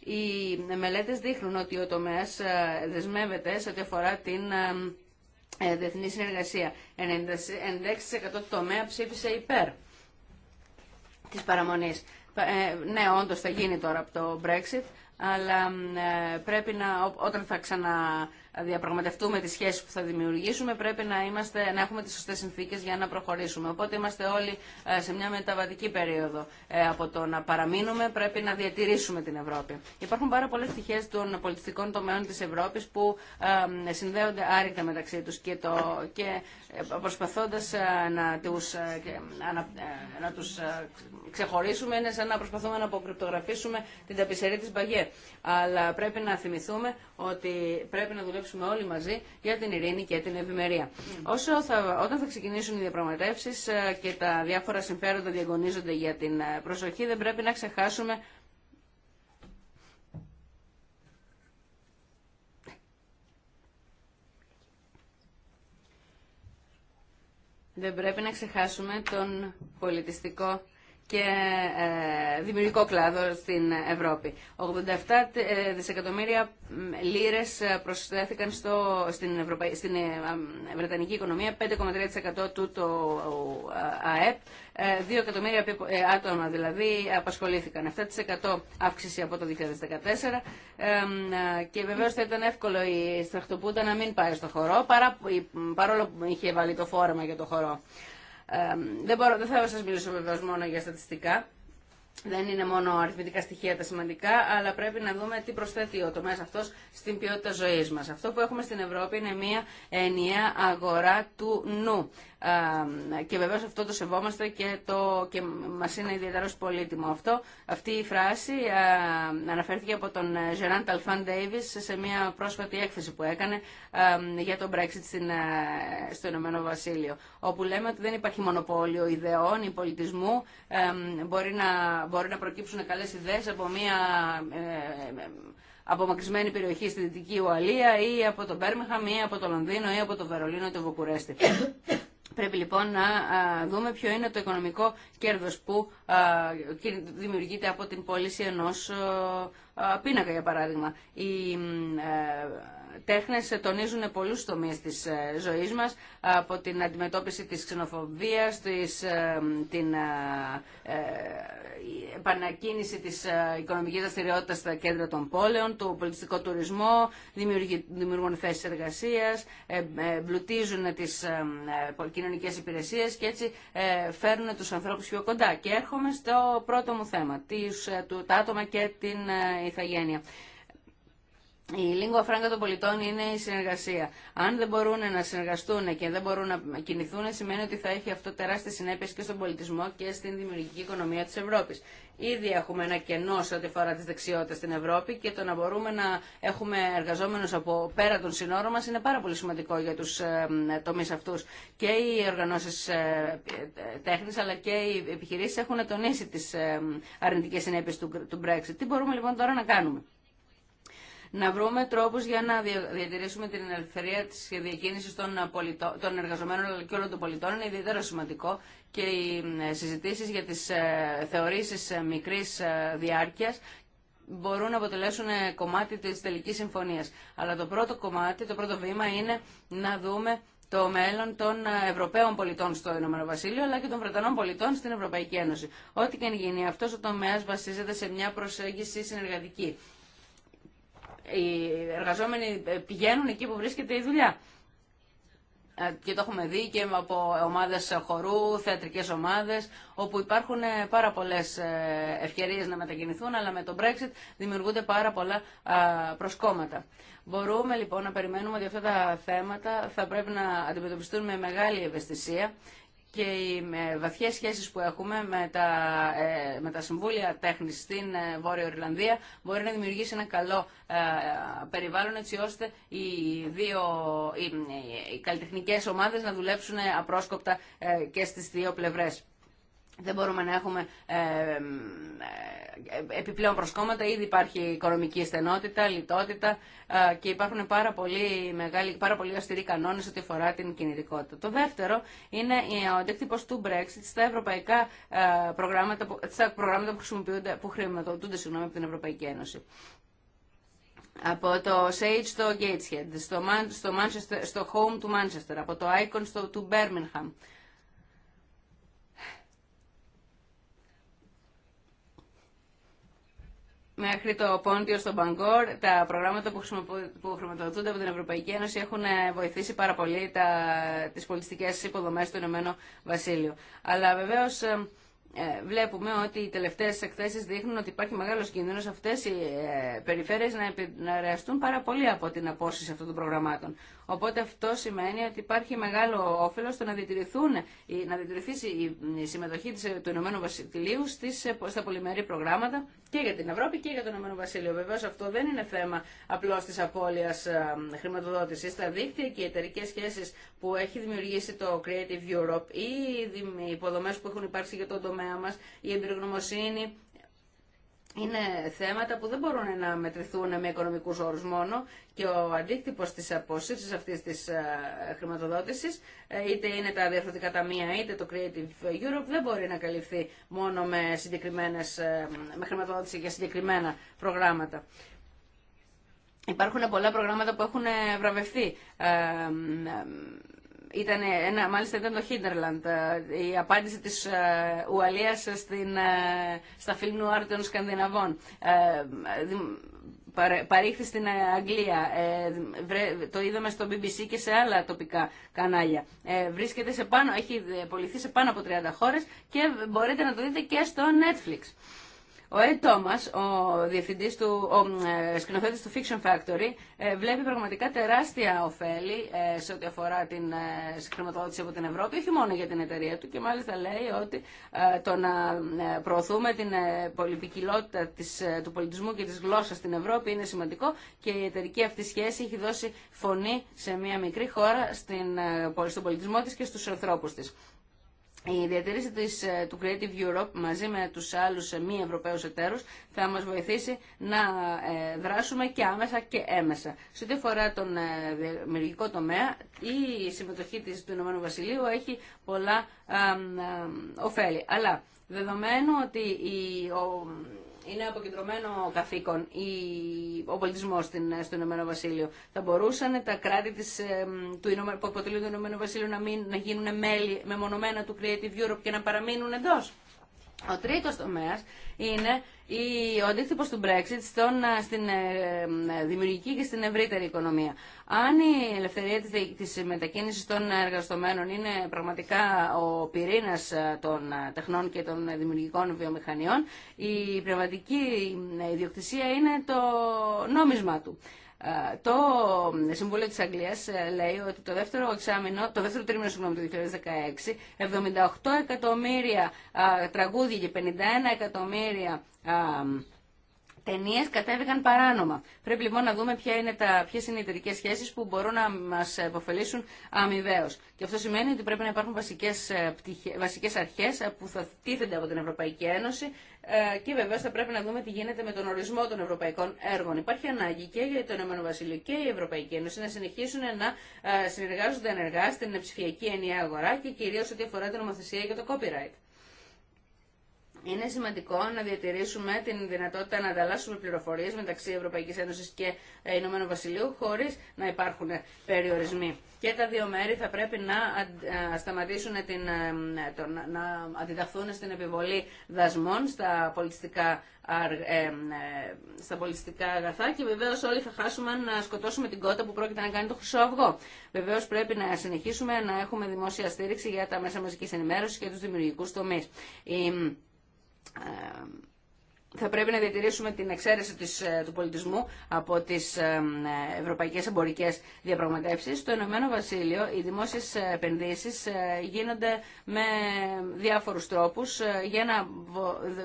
Οι μελέτες δείχνουν ότι ο τομέας ε, δεσμεύεται σε ό,τι αφορά την ε, ε, διεθνή συνεργασία. 96% του τομέα ψήφισε υπέρ της παραμονής. ναι, όντως θα γίνει τώρα από το Brexit, αλλά πρέπει να, όταν θα ξανα διαπραγματευτούμε τις σχέσεις που θα δημιουργήσουμε, πρέπει να, είμαστε, να έχουμε τις σωστές συνθήκες για να προχωρήσουμε. Οπότε είμαστε όλοι ε, σε μια μεταβατική περίοδο. Ε, από το να παραμείνουμε πρέπει να διατηρήσουμε την Ευρώπη. Υπάρχουν πάρα πολλές πτυχές των πολιτιστικών τομέων της Ευρώπης που ε, συνδέονται άρρηκτα μεταξύ τους και, το, και προσπαθώντας να τους, να τους ξεχωρίσουμε είναι σαν να προσπαθούμε να αποκρυπτογραφήσουμε την ταπεισερή της Μπαγιέ. Αλλά πρέπει να θυμηθούμε ότι πρέπει να δουλεύουμε δουλέψουμε όλοι μαζί για την ειρήνη και την ευημερία. Mm. Όσο θα, όταν θα ξεκινήσουν οι διαπραγματεύσει ε, και τα διάφορα συμφέροντα διαγωνίζονται για την ε, προσοχή, δεν πρέπει να ξεχάσουμε Δεν πρέπει να ξεχάσουμε τον πολιτιστικό και ε, δημιουργικό κλάδο στην Ευρώπη. 87 ε, δισεκατομμύρια λίρες ε, προσθέθηκαν στο, στην, Ευρωπαϊ... Βρετανική οικονομία, 5,3% του το ΑΕΠ, 2 εκατομμύρια άτομα δηλαδή απασχολήθηκαν. 7% αύξηση από το 2014 και βεβαίω θα ήταν εύκολο η στραχτοπούτα να μην πάει στο χωρό παρόλο που είχε βάλει το φόρεμα για το χορό δεν, μπορώ, δεν θα σα μιλήσω βεβαίω μόνο για στατιστικά. Δεν είναι μόνο αριθμητικά στοιχεία τα σημαντικά, αλλά πρέπει να δούμε τι προσθέτει ο τομέα αυτό στην ποιότητα ζωή μα. Αυτό που έχουμε στην Ευρώπη είναι μια ενιαία αγορά του νου και βεβαίω αυτό το σεβόμαστε και, το, και μας είναι ιδιαίτερο πολύτιμο αυτό. Αυτή η φράση αναφέρθηκε από τον Γεράν Αλφάν Ντέιβις σε μια πρόσφατη έκθεση που έκανε για τον Brexit στην, ε, στο Ηνωμένο Βασίλειο, όπου λέμε ότι δεν υπάρχει μονοπόλιο ιδεών ή πολιτισμού, μπορεί, να, μπορεί να προκύψουν καλές ιδέες από μια ε, απομακρυσμένη περιοχή στη Δυτική Ουαλία ή από το Μπέρμιχαμ ή από το Λονδίνο ή από το Βερολίνο ή το Βουκουρέστι. Πρέπει λοιπόν να δούμε ποιο είναι το οικονομικό κέρδος που δημιουργείται από την πώληση ενός πίνακα, για παράδειγμα. Ε, τέχνες τονίζουν πολλούς τομείς της ε, ζωής μας, από την αντιμετώπιση της ξενοφοβίας, της, ε, την ε, επανακίνηση της οικονομικής δραστηριότητας στα κέντρα των πόλεων, του πολιτιστικού τουρισμού δημιουργούν θέσεις εργασίας, εμπλουτίζουν τις κοινωνικές υπηρεσίες και έτσι φέρνουν τους ανθρώπους πιο κοντά. Και έρχομαι στο πρώτο μου θέμα, τα άτομα και την ηθαγένεια η λίγο φράγκα των πολιτών είναι η συνεργασία. Αν δεν μπορούν να συνεργαστούν και δεν μπορούν να κινηθούν, σημαίνει ότι θα έχει αυτό τεράστιε συνέπειε και στον πολιτισμό και στην δημιουργική οικονομία τη Ευρώπη. Ήδη έχουμε ένα κενό σε ό,τι αφορά τι δεξιότητε στην Ευρώπη και το να μπορούμε να έχουμε εργαζόμενου από πέρα των συνόρων μα είναι πάρα πολύ σημαντικό για του ε, τομεί αυτού. Και οι οργανώσει ε, τέχνη αλλά και οι επιχειρήσει έχουν τονίσει τι ε, αρνητικέ συνέπειε του Brexit. Τι μπορούμε λοιπόν τώρα να κάνουμε να βρούμε τρόπου για να διατηρήσουμε την ελευθερία τη διακίνηση των, των εργαζομένων αλλά και όλων των πολιτών είναι ιδιαίτερα σημαντικό και οι συζητήσει για τι ε, θεωρήσει ε, μικρή ε, διάρκεια μπορούν να αποτελέσουν κομμάτι της τελικής συμφωνίας. Αλλά το πρώτο κομμάτι, το πρώτο βήμα είναι να δούμε το μέλλον των Ευρωπαίων πολιτών στο Ηνωμένο Βασίλειο αλλά και των Βρετανών πολιτών στην Ευρωπαϊκή Ένωση. Ό,τι και αν γίνει, αυτός ο τομέα βασίζεται σε μια προσέγγιση συνεργατική οι εργαζόμενοι ε, πηγαίνουν εκεί που βρίσκεται η δουλειά. Ε, και το έχουμε δει και από ομάδες χορού, θεατρικές ομάδες, όπου υπάρχουν ε, πάρα πολλές ευκαιρίες να μετακινηθούν, αλλά με το Brexit δημιουργούνται πάρα πολλά προσκόμματα. Μπορούμε λοιπόν να περιμένουμε ότι αυτά τα θέματα θα πρέπει να αντιμετωπιστούν με μεγάλη ευαισθησία και οι ε, βαθιές σχέσεις που έχουμε με τα, ε, με τα Συμβούλια Τέχνης στην ε, Βόρεια Ορλανδία μπορεί να δημιουργήσει ένα καλό περιβάλλον έτσι ώστε οι δύο οι, οι καλλιτεχνικές ομάδες να δουλέψουν απρόσκοπτα και στις δύο πλευρές. Δεν μπορούμε να έχουμε επιπλέον προσκόμματα. Ήδη υπάρχει οικονομική στενότητα, λιτότητα ε, και υπάρχουν πάρα πολύ, μεγάλοι, πάρα πολύ αυστηροί κανόνες ό,τι αφορά την κινητικότητα. Το δεύτερο είναι ο αντίκτυπο του Brexit στα ευρωπαϊκά ε, προγράμματα, στα προγράμματα που, χρησιμοποιούνται, που χρηματοδοτούνται συγγνώμη, από την Ευρωπαϊκή Ένωση. Από το Sage στο Gateshead, στο, στο Home του Manchester, από το Icon στο, του Birmingham μέχρι το Πόντιο στον Μπαγκόρ, τα προγράμματα που, χρηματοδοτούνται από την Ευρωπαϊκή Ένωση έχουν ε, βοηθήσει πάρα πολύ τα, τις πολιτιστικές υποδομές του Ηνωμένου Βασίλειου. Αλλά βεβαίως ε, ε, βλέπουμε ότι οι τελευταίες εκθέσεις δείχνουν ότι υπάρχει μεγάλος κίνδυνος αυτές οι περιφέρειες να επηρεαστούν πάρα πολύ από την απόσυση αυτών των προγραμμάτων. Οπότε αυτό σημαίνει ότι υπάρχει μεγάλο όφελο στο να, να διατηρηθεί η συμμετοχή ε, του Ηνωμένου Βασιλείου ε, στα πολυμερή προγράμματα και για την Ευρώπη και για το Ηνωμένο Βασίλειο. Βεβαίω αυτό δεν είναι θέμα απλώ τη απώλεια ε, χρηματοδότηση. Τα δίκτυα και οι εταιρικέ σχέσει που έχει δημιουργήσει το Creative Europe ή οι υποδομέ που έχουν υπάρξει για τον τομέα μα, η εμπειρογνωμοσύνη είναι θέματα που δεν μπορούν να μετρηθούν με οικονομικούς όρους μόνο και ο αντίκτυπος της απόσυρσης αυτής της ε, χρηματοδότησης, ε, είτε είναι τα διαφορετικά ταμεία είτε το Creative Europe, δεν μπορεί να καλυφθεί μόνο με, συγκεκριμένες, ε, με χρηματοδότηση για συγκεκριμένα προγράμματα. Υπάρχουν πολλά προγράμματα που έχουν βραβευτεί ήταν, μάλιστα ήταν το Hinterland, ε, η απάντηση της ε, Ουαλίας στην, ε, στα φιλμ νουάρ των Σκανδιναβών. Παρήχθη στην Αγγλία, το είδαμε στο BBC και σε άλλα τοπικά κανάλια. Βρίσκεται σε πάνω, έχει πολιθεί σε πάνω από 30 χώρες και μπορείτε να το δείτε και στο Netflix. Ο Ed Thomas, ο, διευθυντής του, ο ε, σκηνοθέτης του Fiction Factory, ε, βλέπει πραγματικά τεράστια ωφέλη ε, σε ό,τι αφορά την χρηματοδότηση από την Ευρώπη, όχι μόνο για την εταιρεία του και μάλιστα λέει ότι το να προωθούμε την πολυπικιλότητα του πολιτισμού και της γλώσσας στην Ευρώπη είναι σημαντικό και η εταιρική αυτή σχέση έχει δώσει φωνή σε μια μικρή χώρα στην, στον πολιτισμό της και στους ανθρώπους της. Η διατήρηση της, ε, του Creative Europe μαζί με τους άλλους ε, μη Ευρωπαίους εταίρους θα μας βοηθήσει να ε, δράσουμε και άμεσα και έμεσα. Σε ό,τι αφορά τον δημιουργικό τομέα, η συμμετοχή της του Ηνωμένου Βασιλείου έχει πολλά ωφέλη. Αλλά δεδομένου ότι η, είναι αποκεντρωμένο καθήκον η, ο πολιτισμό στο Ηνωμένο Βασίλειο. Θα μπορούσαν τα κράτη της, του Ηνωμένου, που αποτελούν το Ηνωμένο Βασίλειο να, μην, να γίνουν μέλη μεμονωμένα του Creative Europe και να παραμείνουν εντό. Ο τρίτος τομέας είναι ο αντίκτυπος του Brexit στον, ε, στην ε, ε, δημιουργική και στην ευρύτερη οικονομία. Αν η ελευθερία της μετακίνησης των εργαζομένων είναι πραγματικά ο πυρήνας των τεχνών και των δημιουργικών βιομηχανιών, η πνευματική ιδιοκτησία είναι το νόμισμα του. Το Συμβούλιο της Αγγλίας ε, λέει ότι το δεύτερο, εξάμηνο, το δεύτερο τρίμηνο συγγνώμη, του 2016 78 εκατομμύρια τραγούδια και 51 εκατομμύρια ταινίε κατέβηκαν παράνομα. Πρέπει λοιπόν να δούμε ποιε είναι, είναι οι εταιρικέ σχέσει που μπορούν να μα υποφελήσουν αμοιβαίω. Και αυτό σημαίνει ότι πρέπει να υπάρχουν βασικέ βασικές ε, αρχέ ε, που θα τίθενται από την Ευρωπαϊκή Ένωση ε, και βεβαίω θα πρέπει να δούμε τι γίνεται με τον ορισμό των ευρωπαϊκών έργων. Υπάρχει ανάγκη και για το ΕΒ και η Ευρωπαϊκή Ένωση να συνεχίσουν να συνεργάζονται ενεργά στην ψηφιακή ενιαία αγορά και κυρίω ό,τι αφορά την νομοθεσία για το copyright. Είναι σημαντικό να διατηρήσουμε την δυνατότητα να ανταλλάσσουμε πληροφορίε μεταξύ Ευρωπαϊκή Ένωση και ε, Ηνωμένου Βασιλείου χωρί να υπάρχουν περιορισμοί. Και τα δύο μέρη θα πρέπει να ε, σταματήσουν την, ε, να αντιταχθούν στην επιβολή δασμών στα πολιτιστικά, στα πολιτιστικά αγαθά και βεβαίω όλοι θα χάσουμε να σκοτώσουμε την κότα που πρόκειται να κάνει το χρυσό αυγό. Βεβαίω πρέπει να συνεχίσουμε να έχουμε δημόσια στήριξη για τα μέσα μαζική ενημέρωση και του δημιουργικού τομεί. Ε, θα πρέπει να διατηρήσουμε την εξαίρεση της, ε, του πολιτισμού από τις ε, ευρωπαϊκές εμπορικές διαπραγματεύσεις. Στο Ηνωμένο Βασίλειο οι δημόσιες επενδύσεις γίνονται με διάφορους τρόπους για να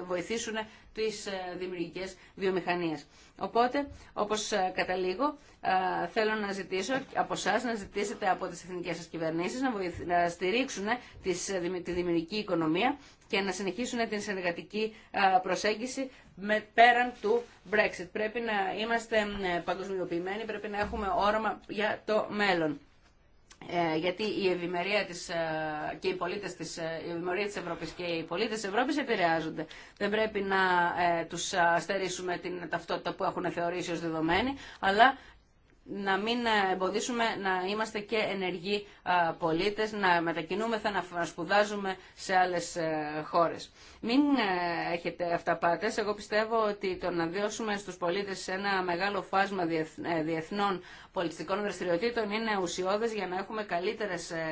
βοηθήσουν τις δημιουργικές βιομηχανίες. Οπότε, όπως καταλήγω, θέλω να ζητήσω από εσά να ζητήσετε από τις εθνικές σας να στηρίξουν τη δημιουργική οικονομία και να συνεχίσουν την συνεργατική προσέγγιση με, πέραν του Brexit. Πρέπει να είμαστε παγκοσμιοποιημένοι, πρέπει να έχουμε όραμα για το μέλλον. Ε, γιατί η ευημερία της, και οι πολίτες της, ε, η ευημερία της Ευρώπης και οι πολίτες της Ευρώπης επηρεάζονται. Δεν πρέπει να ε, τους αστερίσουμε την ταυτότητα που έχουν θεωρήσει ως δεδομένη, αλλά να μην ε, εμποδίσουμε να είμαστε και ενεργοί ε, πολίτες, να μετακινούμεθα, να σπουδάζουμε σε άλλες ε, χώρες. Μην ε, έχετε αυταπάτες. Εγώ πιστεύω ότι το να δώσουμε στους πολίτες ένα μεγάλο φάσμα ε, διεθνών πολιτιστικών δραστηριοτήτων είναι ουσιώδες για να έχουμε καλύτερες ε,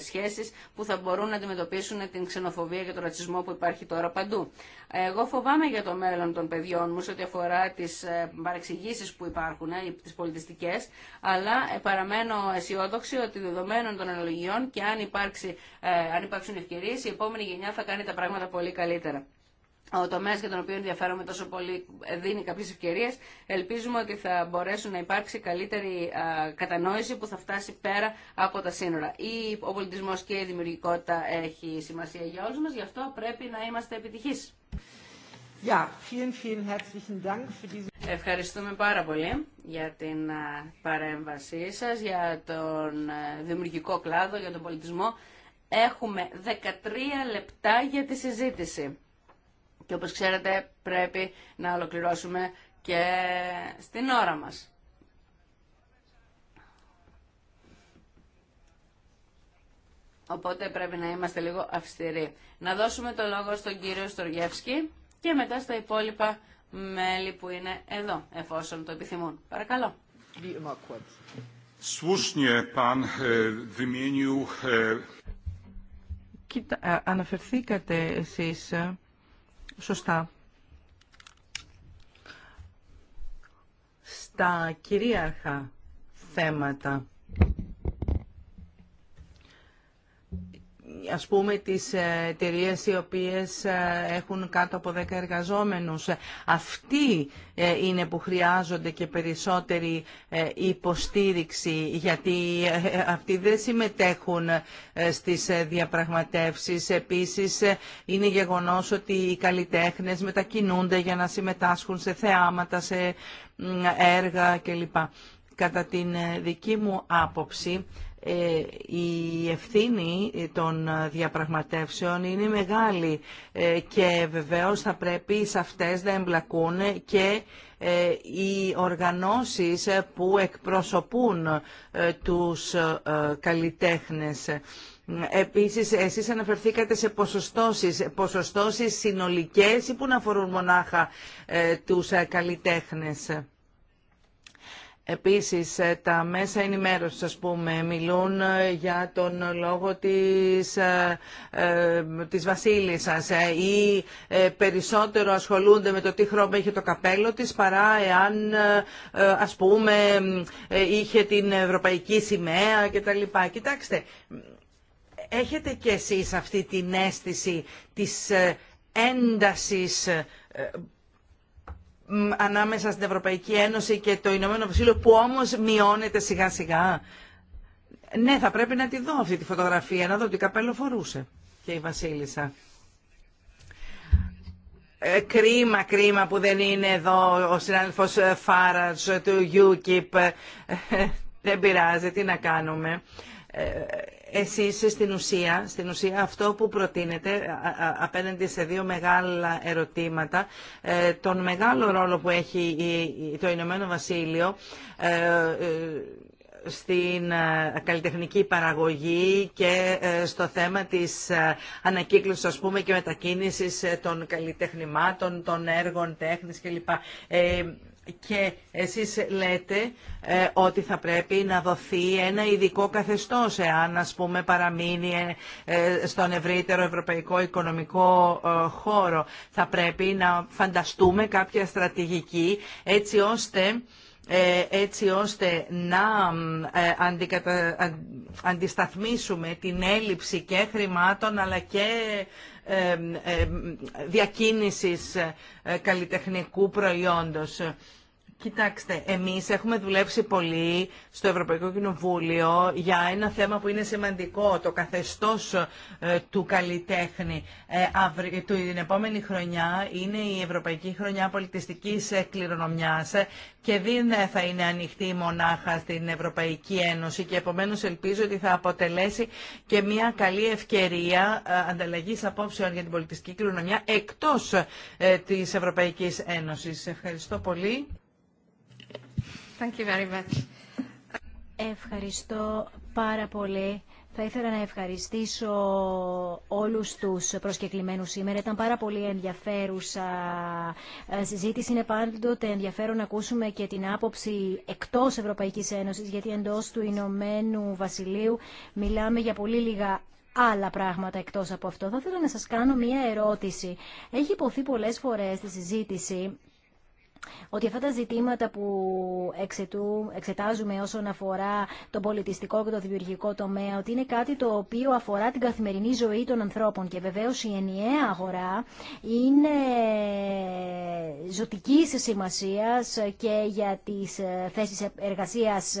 σχέσεις που θα μπορούν να αντιμετωπίσουν την ξενοφοβία και τον ρατσισμό που υπάρχει τώρα παντού. Εγώ φοβάμαι για το μέλλον των παιδιών μου σε ό,τι αφορά τις παρεξηγήσεις που υπάρχουν, τις πολιτιστικές, αλλά παραμένω αισιόδοξη ότι δεδομένων των αναλογιών και αν, υπάρξει, αν υπάρξουν ευκαιρίες, η επόμενη γενιά θα κάνει τα πράγματα πολύ πολύ καλύτερα. Ο τομέα για τον οποίο ενδιαφέρομαι τόσο πολύ ε, δίνει κάποιε ευκαιρίε. Ελπίζουμε ότι θα μπορέσουν να υπάρξει καλύτερη κατανόηση που θα φτάσει πέρα από τα σύνορα. Ή ο πολιτισμό και η δημιουργικότητα έχει σημασία για όλου μα, γι' αυτό πρέπει να είμαστε επιτυχεί. Ja, vielen, vielen herzlichen Dank für Ευχαριστούμε πάρα πολύ για την παρέμβασή σας, για τον ε, δημιουργικό κλάδο, για τον πολιτισμό. Έχουμε 13 λεπτά για τη συζήτηση. Και όπως ξέρετε πρέπει να ολοκληρώσουμε και στην ώρα μας. Οπότε πρέπει να είμαστε λίγο αυστηροί. Να δώσουμε το λόγο στον κύριο Στοργεύσκη και μετά στα υπόλοιπα μέλη που είναι εδώ, εφόσον το επιθυμούν. Παρακαλώ. Κοίτα, αναφερθήκατε εσείς ε, σωστά στα κυρίαρχα θέματα ας πούμε τις ε, εταιρείε οι οποίες ε, έχουν κάτω από 10 εργαζόμενους. Αυτοί ε, είναι που χρειάζονται και περισσότερη υποστήριξη γιατί αυτοί δεν συμμετέχουν στις διαπραγματεύσεις. Επίσης είναι γεγονός ότι οι καλλιτέχνες μετακινούνται για να συμμετάσχουν σε θεάματα, σε έργα κλπ. Κατά την δική μου άποψη, ε, η ευθύνη των διαπραγματεύσεων είναι μεγάλη ε, και βεβαίως θα πρέπει σε αυτές να εμπλακούν και ε, οι οργανώσεις που εκπροσωπούν τους καλλιτέχνες. Επίσης, εσείς αναφερθήκατε σε ποσοστώσεις, ποσοστώσεις συνολικές ή που να αφορούν μονάχα τους καλλιτέχνες. Επίσης, ε, τα μέσα ενημέρωσης, ας πούμε, μιλούν ε, για τον λόγο της, ε, της βασίλισσας ή περισσότερο ασχολούνται με το τι χρώμα είχε το καπέλο της παρά εάν, ας πούμε, είχε την ευρωπαϊκή σημαία κτλ. Κοιτάξτε, έχετε κι εσείς αυτή την αίσθηση της έντασης ανάμεσα στην Ευρωπαϊκή Ένωση και το Ηνωμένο Βασίλειο που όμως μειώνεται σιγά σιγά. Ναι, θα πρέπει να τη δω αυτή τη φωτογραφία, να δω τι καπέλο φορούσε και η Βασίλισσα. Ε, κρίμα, κρίμα που δεν είναι εδώ ο συνάδελφος ε, Φάρατς ε, του UKIP. Ε, δεν πειράζει, τι να κάνουμε. Εσείς στην ουσία, στην ουσία αυτό που προτείνετε απέναντι σε δύο μεγάλα ερωτήματα, ε, τον μεγάλο ρόλο που έχει το Ηνωμένο Βασίλειο ε, ε, στην καλλιτεχνική παραγωγή και στο θέμα της ανακύκλωσης ας πούμε και μετακίνησης των καλλιτεχνημάτων, των έργων τέχνης κλπ και εσείς λέτε ε, ότι θα πρέπει να δοθεί ένα ειδικό καθεστώς εάν ας πούμε παραμείνει ε, ε, στον ευρύτερο ευρωπαϊκό οικονομικό χώρο. Θα πρέπει να φανταστούμε κάποια στρατηγική έτσι ώστε έτσι ώστε να αντικατα... αντισταθμίσουμε την έλλειψη και χρημάτων αλλά και διακίνησης καλλιτεχνικού προϊόντος. Κοιτάξτε, εμείς έχουμε δουλέψει πολύ στο Ευρωπαϊκό Κοινοβούλιο για ένα θέμα που είναι σημαντικό, το καθεστώς ε, του καλλιτέχνη. Ε, την επόμενη χρονιά είναι η Ευρωπαϊκή Χρονιά Πολιτιστικής Κληρονομιάς και δεν θα είναι ανοιχτή μονάχα στην Ευρωπαϊκή Ένωση και επομένως ελπίζω ότι θα αποτελέσει και μια καλή ευκαιρία ε, ανταλλαγής απόψεων για την πολιτιστική κληρονομιά εκτός της Ευρωπαϊκής Ένωσης. Ευχαριστώ πολύ. Thank you very much. Ευχαριστώ πάρα πολύ. Θα ήθελα να ευχαριστήσω όλους τους προσκεκλημένους σήμερα. Ήταν πάρα πολύ ενδιαφέρουσα συζήτηση. Είναι πάντοτε ενδιαφέρον να ακούσουμε και την άποψη εκτός Ευρωπαϊκής Ένωσης, γιατί εντός του Ηνωμένου Βασιλείου μιλάμε για πολύ λίγα άλλα πράγματα εκτός από αυτό. Θα ήθελα να σας κάνω μία ερώτηση. Έχει υποθεί πολλές φορές στη συζήτηση ότι αυτά τα ζητήματα που εξετού, εξετάζουμε όσον αφορά τον πολιτιστικό και το δημιουργικό τομέα, ότι είναι κάτι το οποίο αφορά την καθημερινή ζωή των ανθρώπων. Και βεβαίως η ενιαία αγορά είναι ζωτική σημασίας και για τις θέσεις εργασίας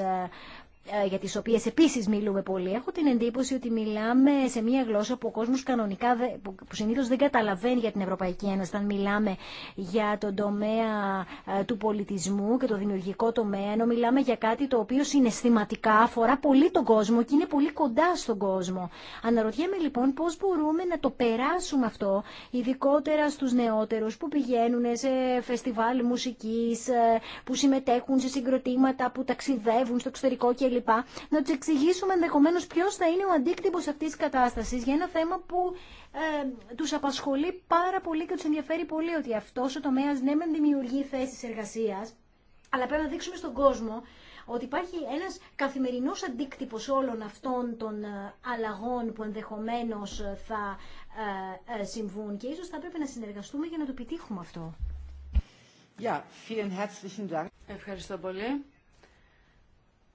ε, για τις οποίες επίσης μιλούμε πολύ, έχω την εντύπωση ότι μιλάμε σε μια γλώσσα που ο κόσμος κανονικά, που συνήθως δεν καταλαβαίνει για την Ευρωπαϊκή Ένωση, όταν μιλάμε για τον τομέα ε, του πολιτισμού και το δημιουργικό τομέα, ενώ μιλάμε για κάτι το οποίο συναισθηματικά αφορά πολύ τον κόσμο και είναι πολύ κοντά στον κόσμο. Αναρωτιέμαι λοιπόν πώς μπορούμε να το περάσουμε αυτό, ειδικότερα στους νεότερους που πηγαίνουν σε φεστιβάλ μουσικής, ε, που συμμετέχουν σε συγκροτήματα, που ταξιδεύουν στο εξωτερικό κλπ να του εξηγήσουμε ενδεχομένω ποιο θα είναι ο αντίκτυπο αυτή τη κατάσταση για ένα θέμα που ε, του απασχολεί πάρα πολύ και του ενδιαφέρει πολύ ότι αυτό ο τομέα ναι, μεν δημιουργεί θέσει εργασία, αλλά πρέπει να δείξουμε στον κόσμο ότι υπάρχει ένας καθημερινός αντίκτυπος όλων αυτών των ε, αλλαγών που ενδεχομένως ε, θα ε, συμβούν και ίσως θα πρέπει να συνεργαστούμε για να το επιτύχουμε αυτό. Ευχαριστώ πολύ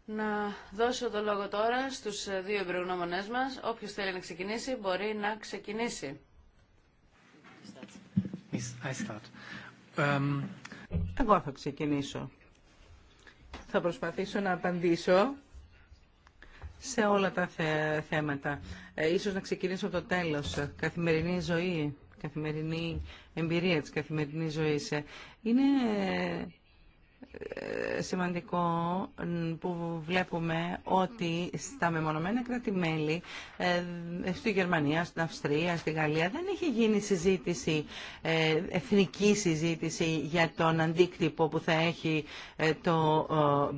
να δώσω το λόγο τώρα στους ε, δύο εμπειρογνώμονές μας. Όποιος θέλει να ξεκινήσει μπορεί να ξεκινήσει. Um, Εγώ θα ξεκινήσω. Θα προσπαθήσω να απαντήσω σε όλα τα θέματα. Ε, ίσως να ξεκινήσω από το τέλος. Καθημερινή ζωή, καθημερινή εμπειρία της καθημερινής ζωής. Ε, είναι σημαντικό που βλέπουμε ότι στα μεμονωμένα κράτη-μέλη, ε, στη Γερμανία, στην Αυστρία, στη Γαλλία, δεν έχει γίνει συζήτηση, ε, εθνική συζήτηση για τον αντίκτυπο που θα έχει ε, το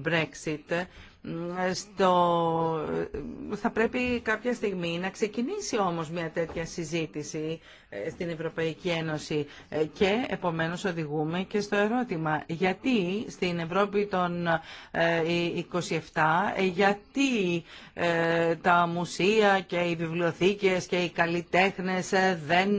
Brexit στο... θα πρέπει κάποια στιγμή να ξεκινήσει όμως μια τέτοια συζήτηση ε, στην Ευρωπαϊκή Ένωση ε, και επομένως οδηγούμε και στο ερώτημα γιατί στην Ευρώπη των 27 ε, γιατί τα μουσεία και οι βιβλιοθήκες και οι καλλιτέχνες δεν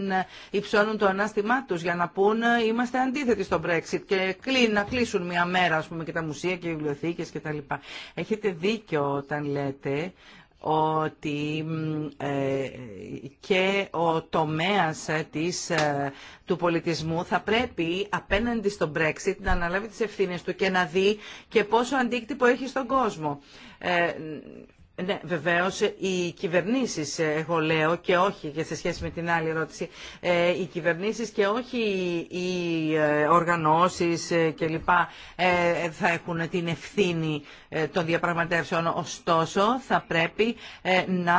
υψώνουν το ανάστημά τους για να πούν είμαστε αντίθετοι στο Brexit και να κλείσουν μια μέρα ας πούμε και τα μουσεία και οι βιβλιοθήκες και τα λοιπά. Έχετε δίκιο όταν λέτε ότι ε, και ο τομέας ε, της, ε, του πολιτισμού θα πρέπει απέναντι στο Brexit να αναλάβει τις ευθύνες του και να δει και πόσο αντίκτυπο έχει στον κόσμο. Ναι, βεβαίω οι κυβερνήσει, ε, εγώ λέω και όχι και σε σχέση με την άλλη ερώτηση, ε, οι κυβερνήσει και όχι οι ε, οργανώσει κλπ. θα έχουν την ευθύνη των διαπραγματεύσεων. Ωστόσο, θα πρέπει να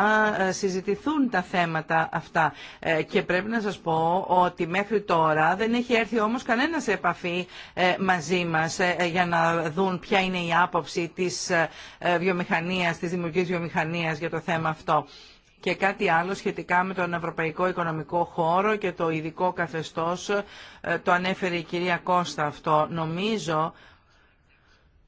συζητηθούν τα θέματα αυτά. Και πρέπει να σας πω ότι μέχρι τώρα δεν έχει έρθει όμω κανένα σε επαφή μαζί μας για να δουν ποια είναι η άποψη της βιομηχανία, τη δημιουργία της για το θέμα αυτό. Και κάτι άλλο σχετικά με τον Ευρωπαϊκό Οικονομικό Χώρο και το ειδικό καθεστώς, ε, το ανέφερε η κυρία Κώστα αυτό. Νομίζω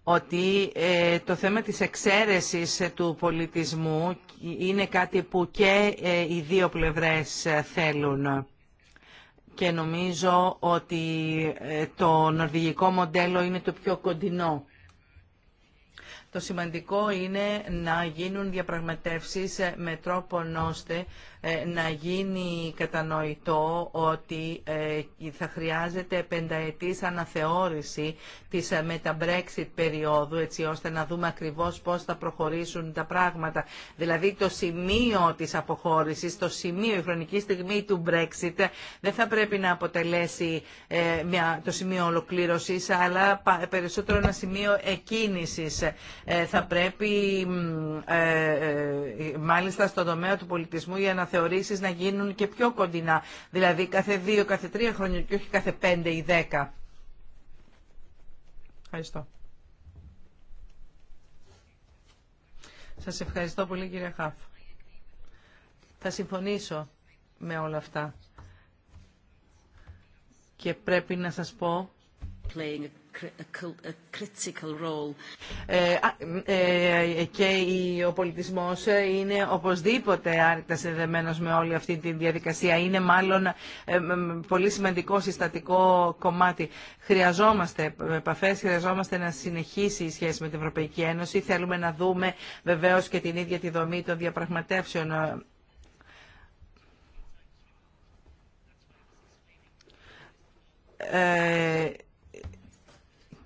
ότι ε, το θέμα της εξαίρεσης ε, του πολιτισμού είναι κάτι που και οι δύο πλευρές θέλουν. Και νομίζω ότι το νορβηγικό μοντέλο είναι το πιο κοντινό. Το σημαντικό είναι να γίνουν διαπραγματεύσεις ε, με τρόπο ώστε ε, να γίνει κατανοητό ότι ε, θα χρειάζεται πενταετής αναθεώρηση της ε, μετα-Brexit περίοδου έτσι ώστε να δούμε ακριβώς πώς θα προχωρήσουν τα πράγματα. Δηλαδή το σημείο της αποχώρησης, το σημείο, η χρονική στιγμή του Brexit δεν θα πρέπει να αποτελέσει το σημείο ολοκλήρωσης αλλά περισσότερο ένα σημείο εκκίνησης. Θα πρέπει μάλιστα στο τομέα του πολιτισμού για να θεωρήσεις να γίνουν και πιο κοντινά, δηλαδή κάθε δύο, κάθε τρία χρόνια και όχι κάθε πέντε ή δέκα. Ευχαριστώ. Σας ευχαριστώ πολύ κύριε Χάφ. Θα συμφωνήσω με όλα αυτά. Και πρέπει να σας πω και ο πολιτισμός είναι οπωσδήποτε άρρηκτα συνδεμένος με όλη αυτή τη διαδικασία. Είναι μάλλον ε, πολύ σημαντικό συστατικό κομμάτι. Χρειαζόμαστε επαφές, χρειαζόμαστε να συνεχίσει η σχέση με την Ευρωπαϊκή Ένωση. Θέλουμε να δούμε βεβαίως και την ίδια τη δομή των διαπραγματεύσεων ε,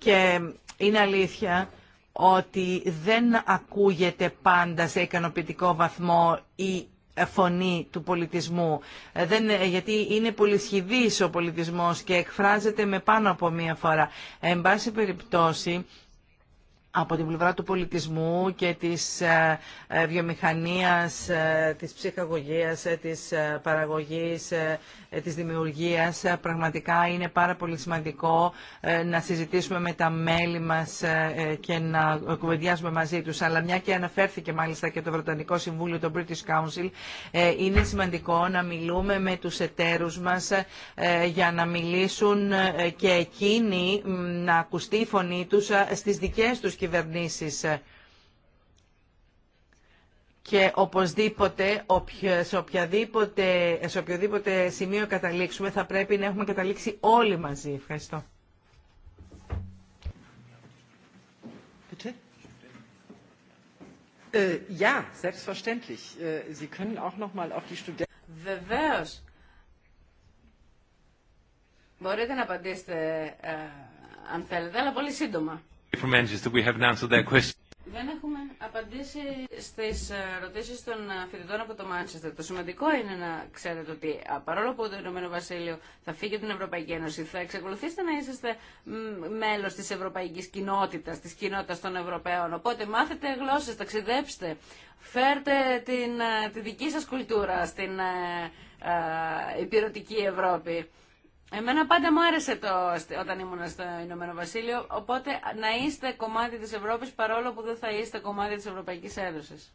και είναι αλήθεια ότι δεν ακούγεται πάντα σε ικανοποιητικό βαθμό η φωνή του πολιτισμού. Δεν, γιατί είναι πολυσχηδής ο πολιτισμός και εκφράζεται με πάνω από μία φορά. Εν πάση περιπτώσει, από την πλευρά του πολιτισμού και της ε, ε, βιομηχανίας, ε, της ψυχαγωγίας, της παραγωγής, της δημιουργίας. Πραγματικά είναι πάρα πολύ σημαντικό να συζητήσουμε με τα μέλη μας και να κουβεντιάσουμε μαζί τους. Αλλά μια και αναφέρθηκε μάλιστα και το Βρετανικό Συμβούλιο, το British Council, είναι σημαντικό να μιλούμε με τους εταίρους μας για να μιλήσουν και εκείνοι να ακουστεί η φωνή τους στις δικές τους κυβερνήσεις και οπωσδήποτε σε, οποιαδήποτε, οποιοδήποτε σημείο καταλήξουμε θα πρέπει να έχουμε καταλήξει όλοι μαζί. Ευχαριστώ. Äh, äh, Βεβαίω. Μπορείτε να απαντήσετε ε, αν θέλετε, αλλά πολύ σύντομα. Δεν έχουμε απαντήσει στις ε, ρωτήσεις των ε, φοιτητών από το Μάντσεστερ. Το σημαντικό είναι να ξέρετε ότι παρόλο που το Ηνωμένο Βασίλειο θα φύγει την Ευρωπαϊκή Ένωση, θα εξακολουθήσετε να είσαστε μέλος της Ευρωπαϊκής Κοινότητας, της κοινότητας των Ευρωπαίων. Οπότε μάθετε γλώσσες, ταξιδέψτε, φέρτε ε, τη δική σα κουλτούρα στην υπηρετική Ευρώπη. Εμένα πάντα μου άρεσε το, όταν ήμουν στο Ηνωμένο Βασίλειο, οπότε να είστε κομμάτι της Ευρώπης παρόλο που δεν θα είστε κομμάτι της Ευρωπαϊκής Ένωσης.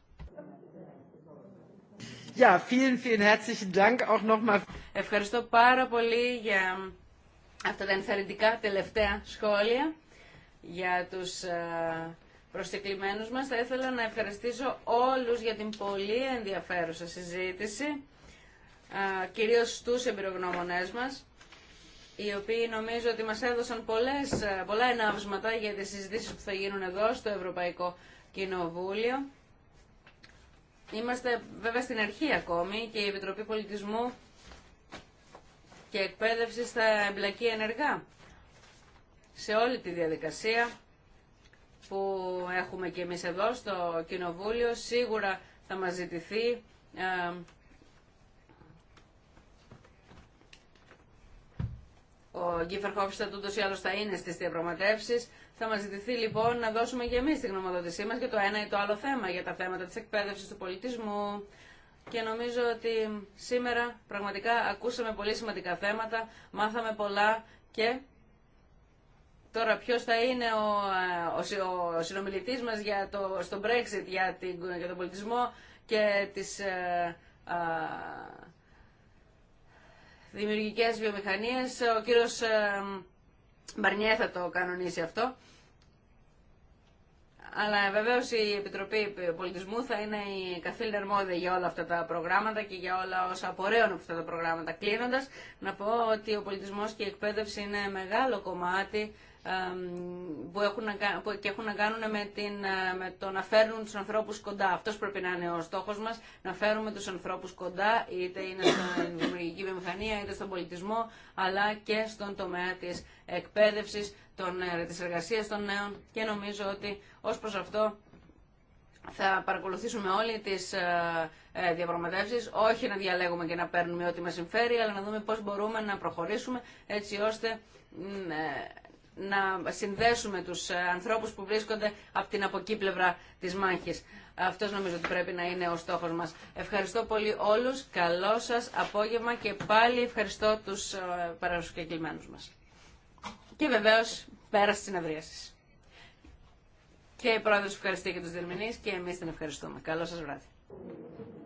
Ευχαριστώ πάρα πολύ για αυτά τα ενθαρρυντικά τελευταία σχόλια για τους ε, προσκεκλημένους μας. Θα ήθελα να ευχαριστήσω όλους για την πολύ ενδιαφέρουσα συζήτηση, ε, κυρίως τους εμπειρογνώμονές μας οι οποίοι νομίζω ότι μας έδωσαν πολλές, πολλά ενάβσματα για τις συζητήσεις που θα γίνουν εδώ στο Ευρωπαϊκό Κοινοβούλιο. Είμαστε βέβαια στην αρχή ακόμη και η Επιτροπή Πολιτισμού και εκπαίδευση θα εμπλακεί ενεργά σε όλη τη διαδικασία που έχουμε και εμείς εδώ στο Κοινοβούλιο. Σίγουρα θα μας ζητηθεί ε, Ο Γκίφερ Χόφστατ ούτω ή άλλω θα είναι στι διαπραγματεύσει. Θα μα ζητηθεί λοιπόν να δώσουμε και εμεί τη γνωμοδότησή μα για το ένα ή το άλλο θέμα, για τα θέματα τη εκπαίδευση, του πολιτισμού. Και νομίζω ότι σήμερα πραγματικά ακούσαμε πολύ σημαντικά θέματα, μάθαμε πολλά και Τώρα ποιο θα είναι ο, ο, ο συνομιλητή μα στο Brexit για, τον πολιτισμό και τις, ε, Δημιουργικέ βιομηχανίε. Ο κύριο ε, Μπαρνιέ θα το κανονίσει αυτό. Αλλά βεβαίω η Επιτροπή Πολιτισμού θα είναι η καθήλυνα αρμόδια για όλα αυτά τα προγράμματα και για όλα όσα απορρέουν από αυτά τα προγράμματα. κλείνοντα να πω ότι ο πολιτισμό και η εκπαίδευση είναι μεγάλο κομμάτι που έχουν, που, και έχουν να κάνουν με, την, ε, με το να φέρνουν τους ανθρώπους κοντά. Αυτός πρέπει να είναι ο στόχος μας, να φέρουμε τους ανθρώπους κοντά, είτε είναι στην δημιουργική βιομηχανία, είτε στον πολιτισμό, αλλά και στον τομέα της εκπαίδευσης, των, ε, της εργασίας των νέων και νομίζω ότι ως προς αυτό θα παρακολουθήσουμε όλοι τις ε, ε, διαπραγματεύσεις, όχι να διαλέγουμε και να παίρνουμε ό,τι μας συμφέρει, αλλά να δούμε πώς μπορούμε να προχωρήσουμε έτσι ώστε να συνδέσουμε τους ε, ανθρώπους που βρίσκονται από την αποκή της μάχης. Αυτός νομίζω ότι πρέπει να είναι ο στόχος μας. Ευχαριστώ πολύ όλους, καλό σας απόγευμα και πάλι ευχαριστώ τους ε, παρασκεκλημένους μας. Και βεβαίως πέρα στις συνεδρίασεις. Και η πρόεδρος ευχαριστεί και τους δερμηνείς και εμείς την ευχαριστούμε. Καλό σας βράδυ.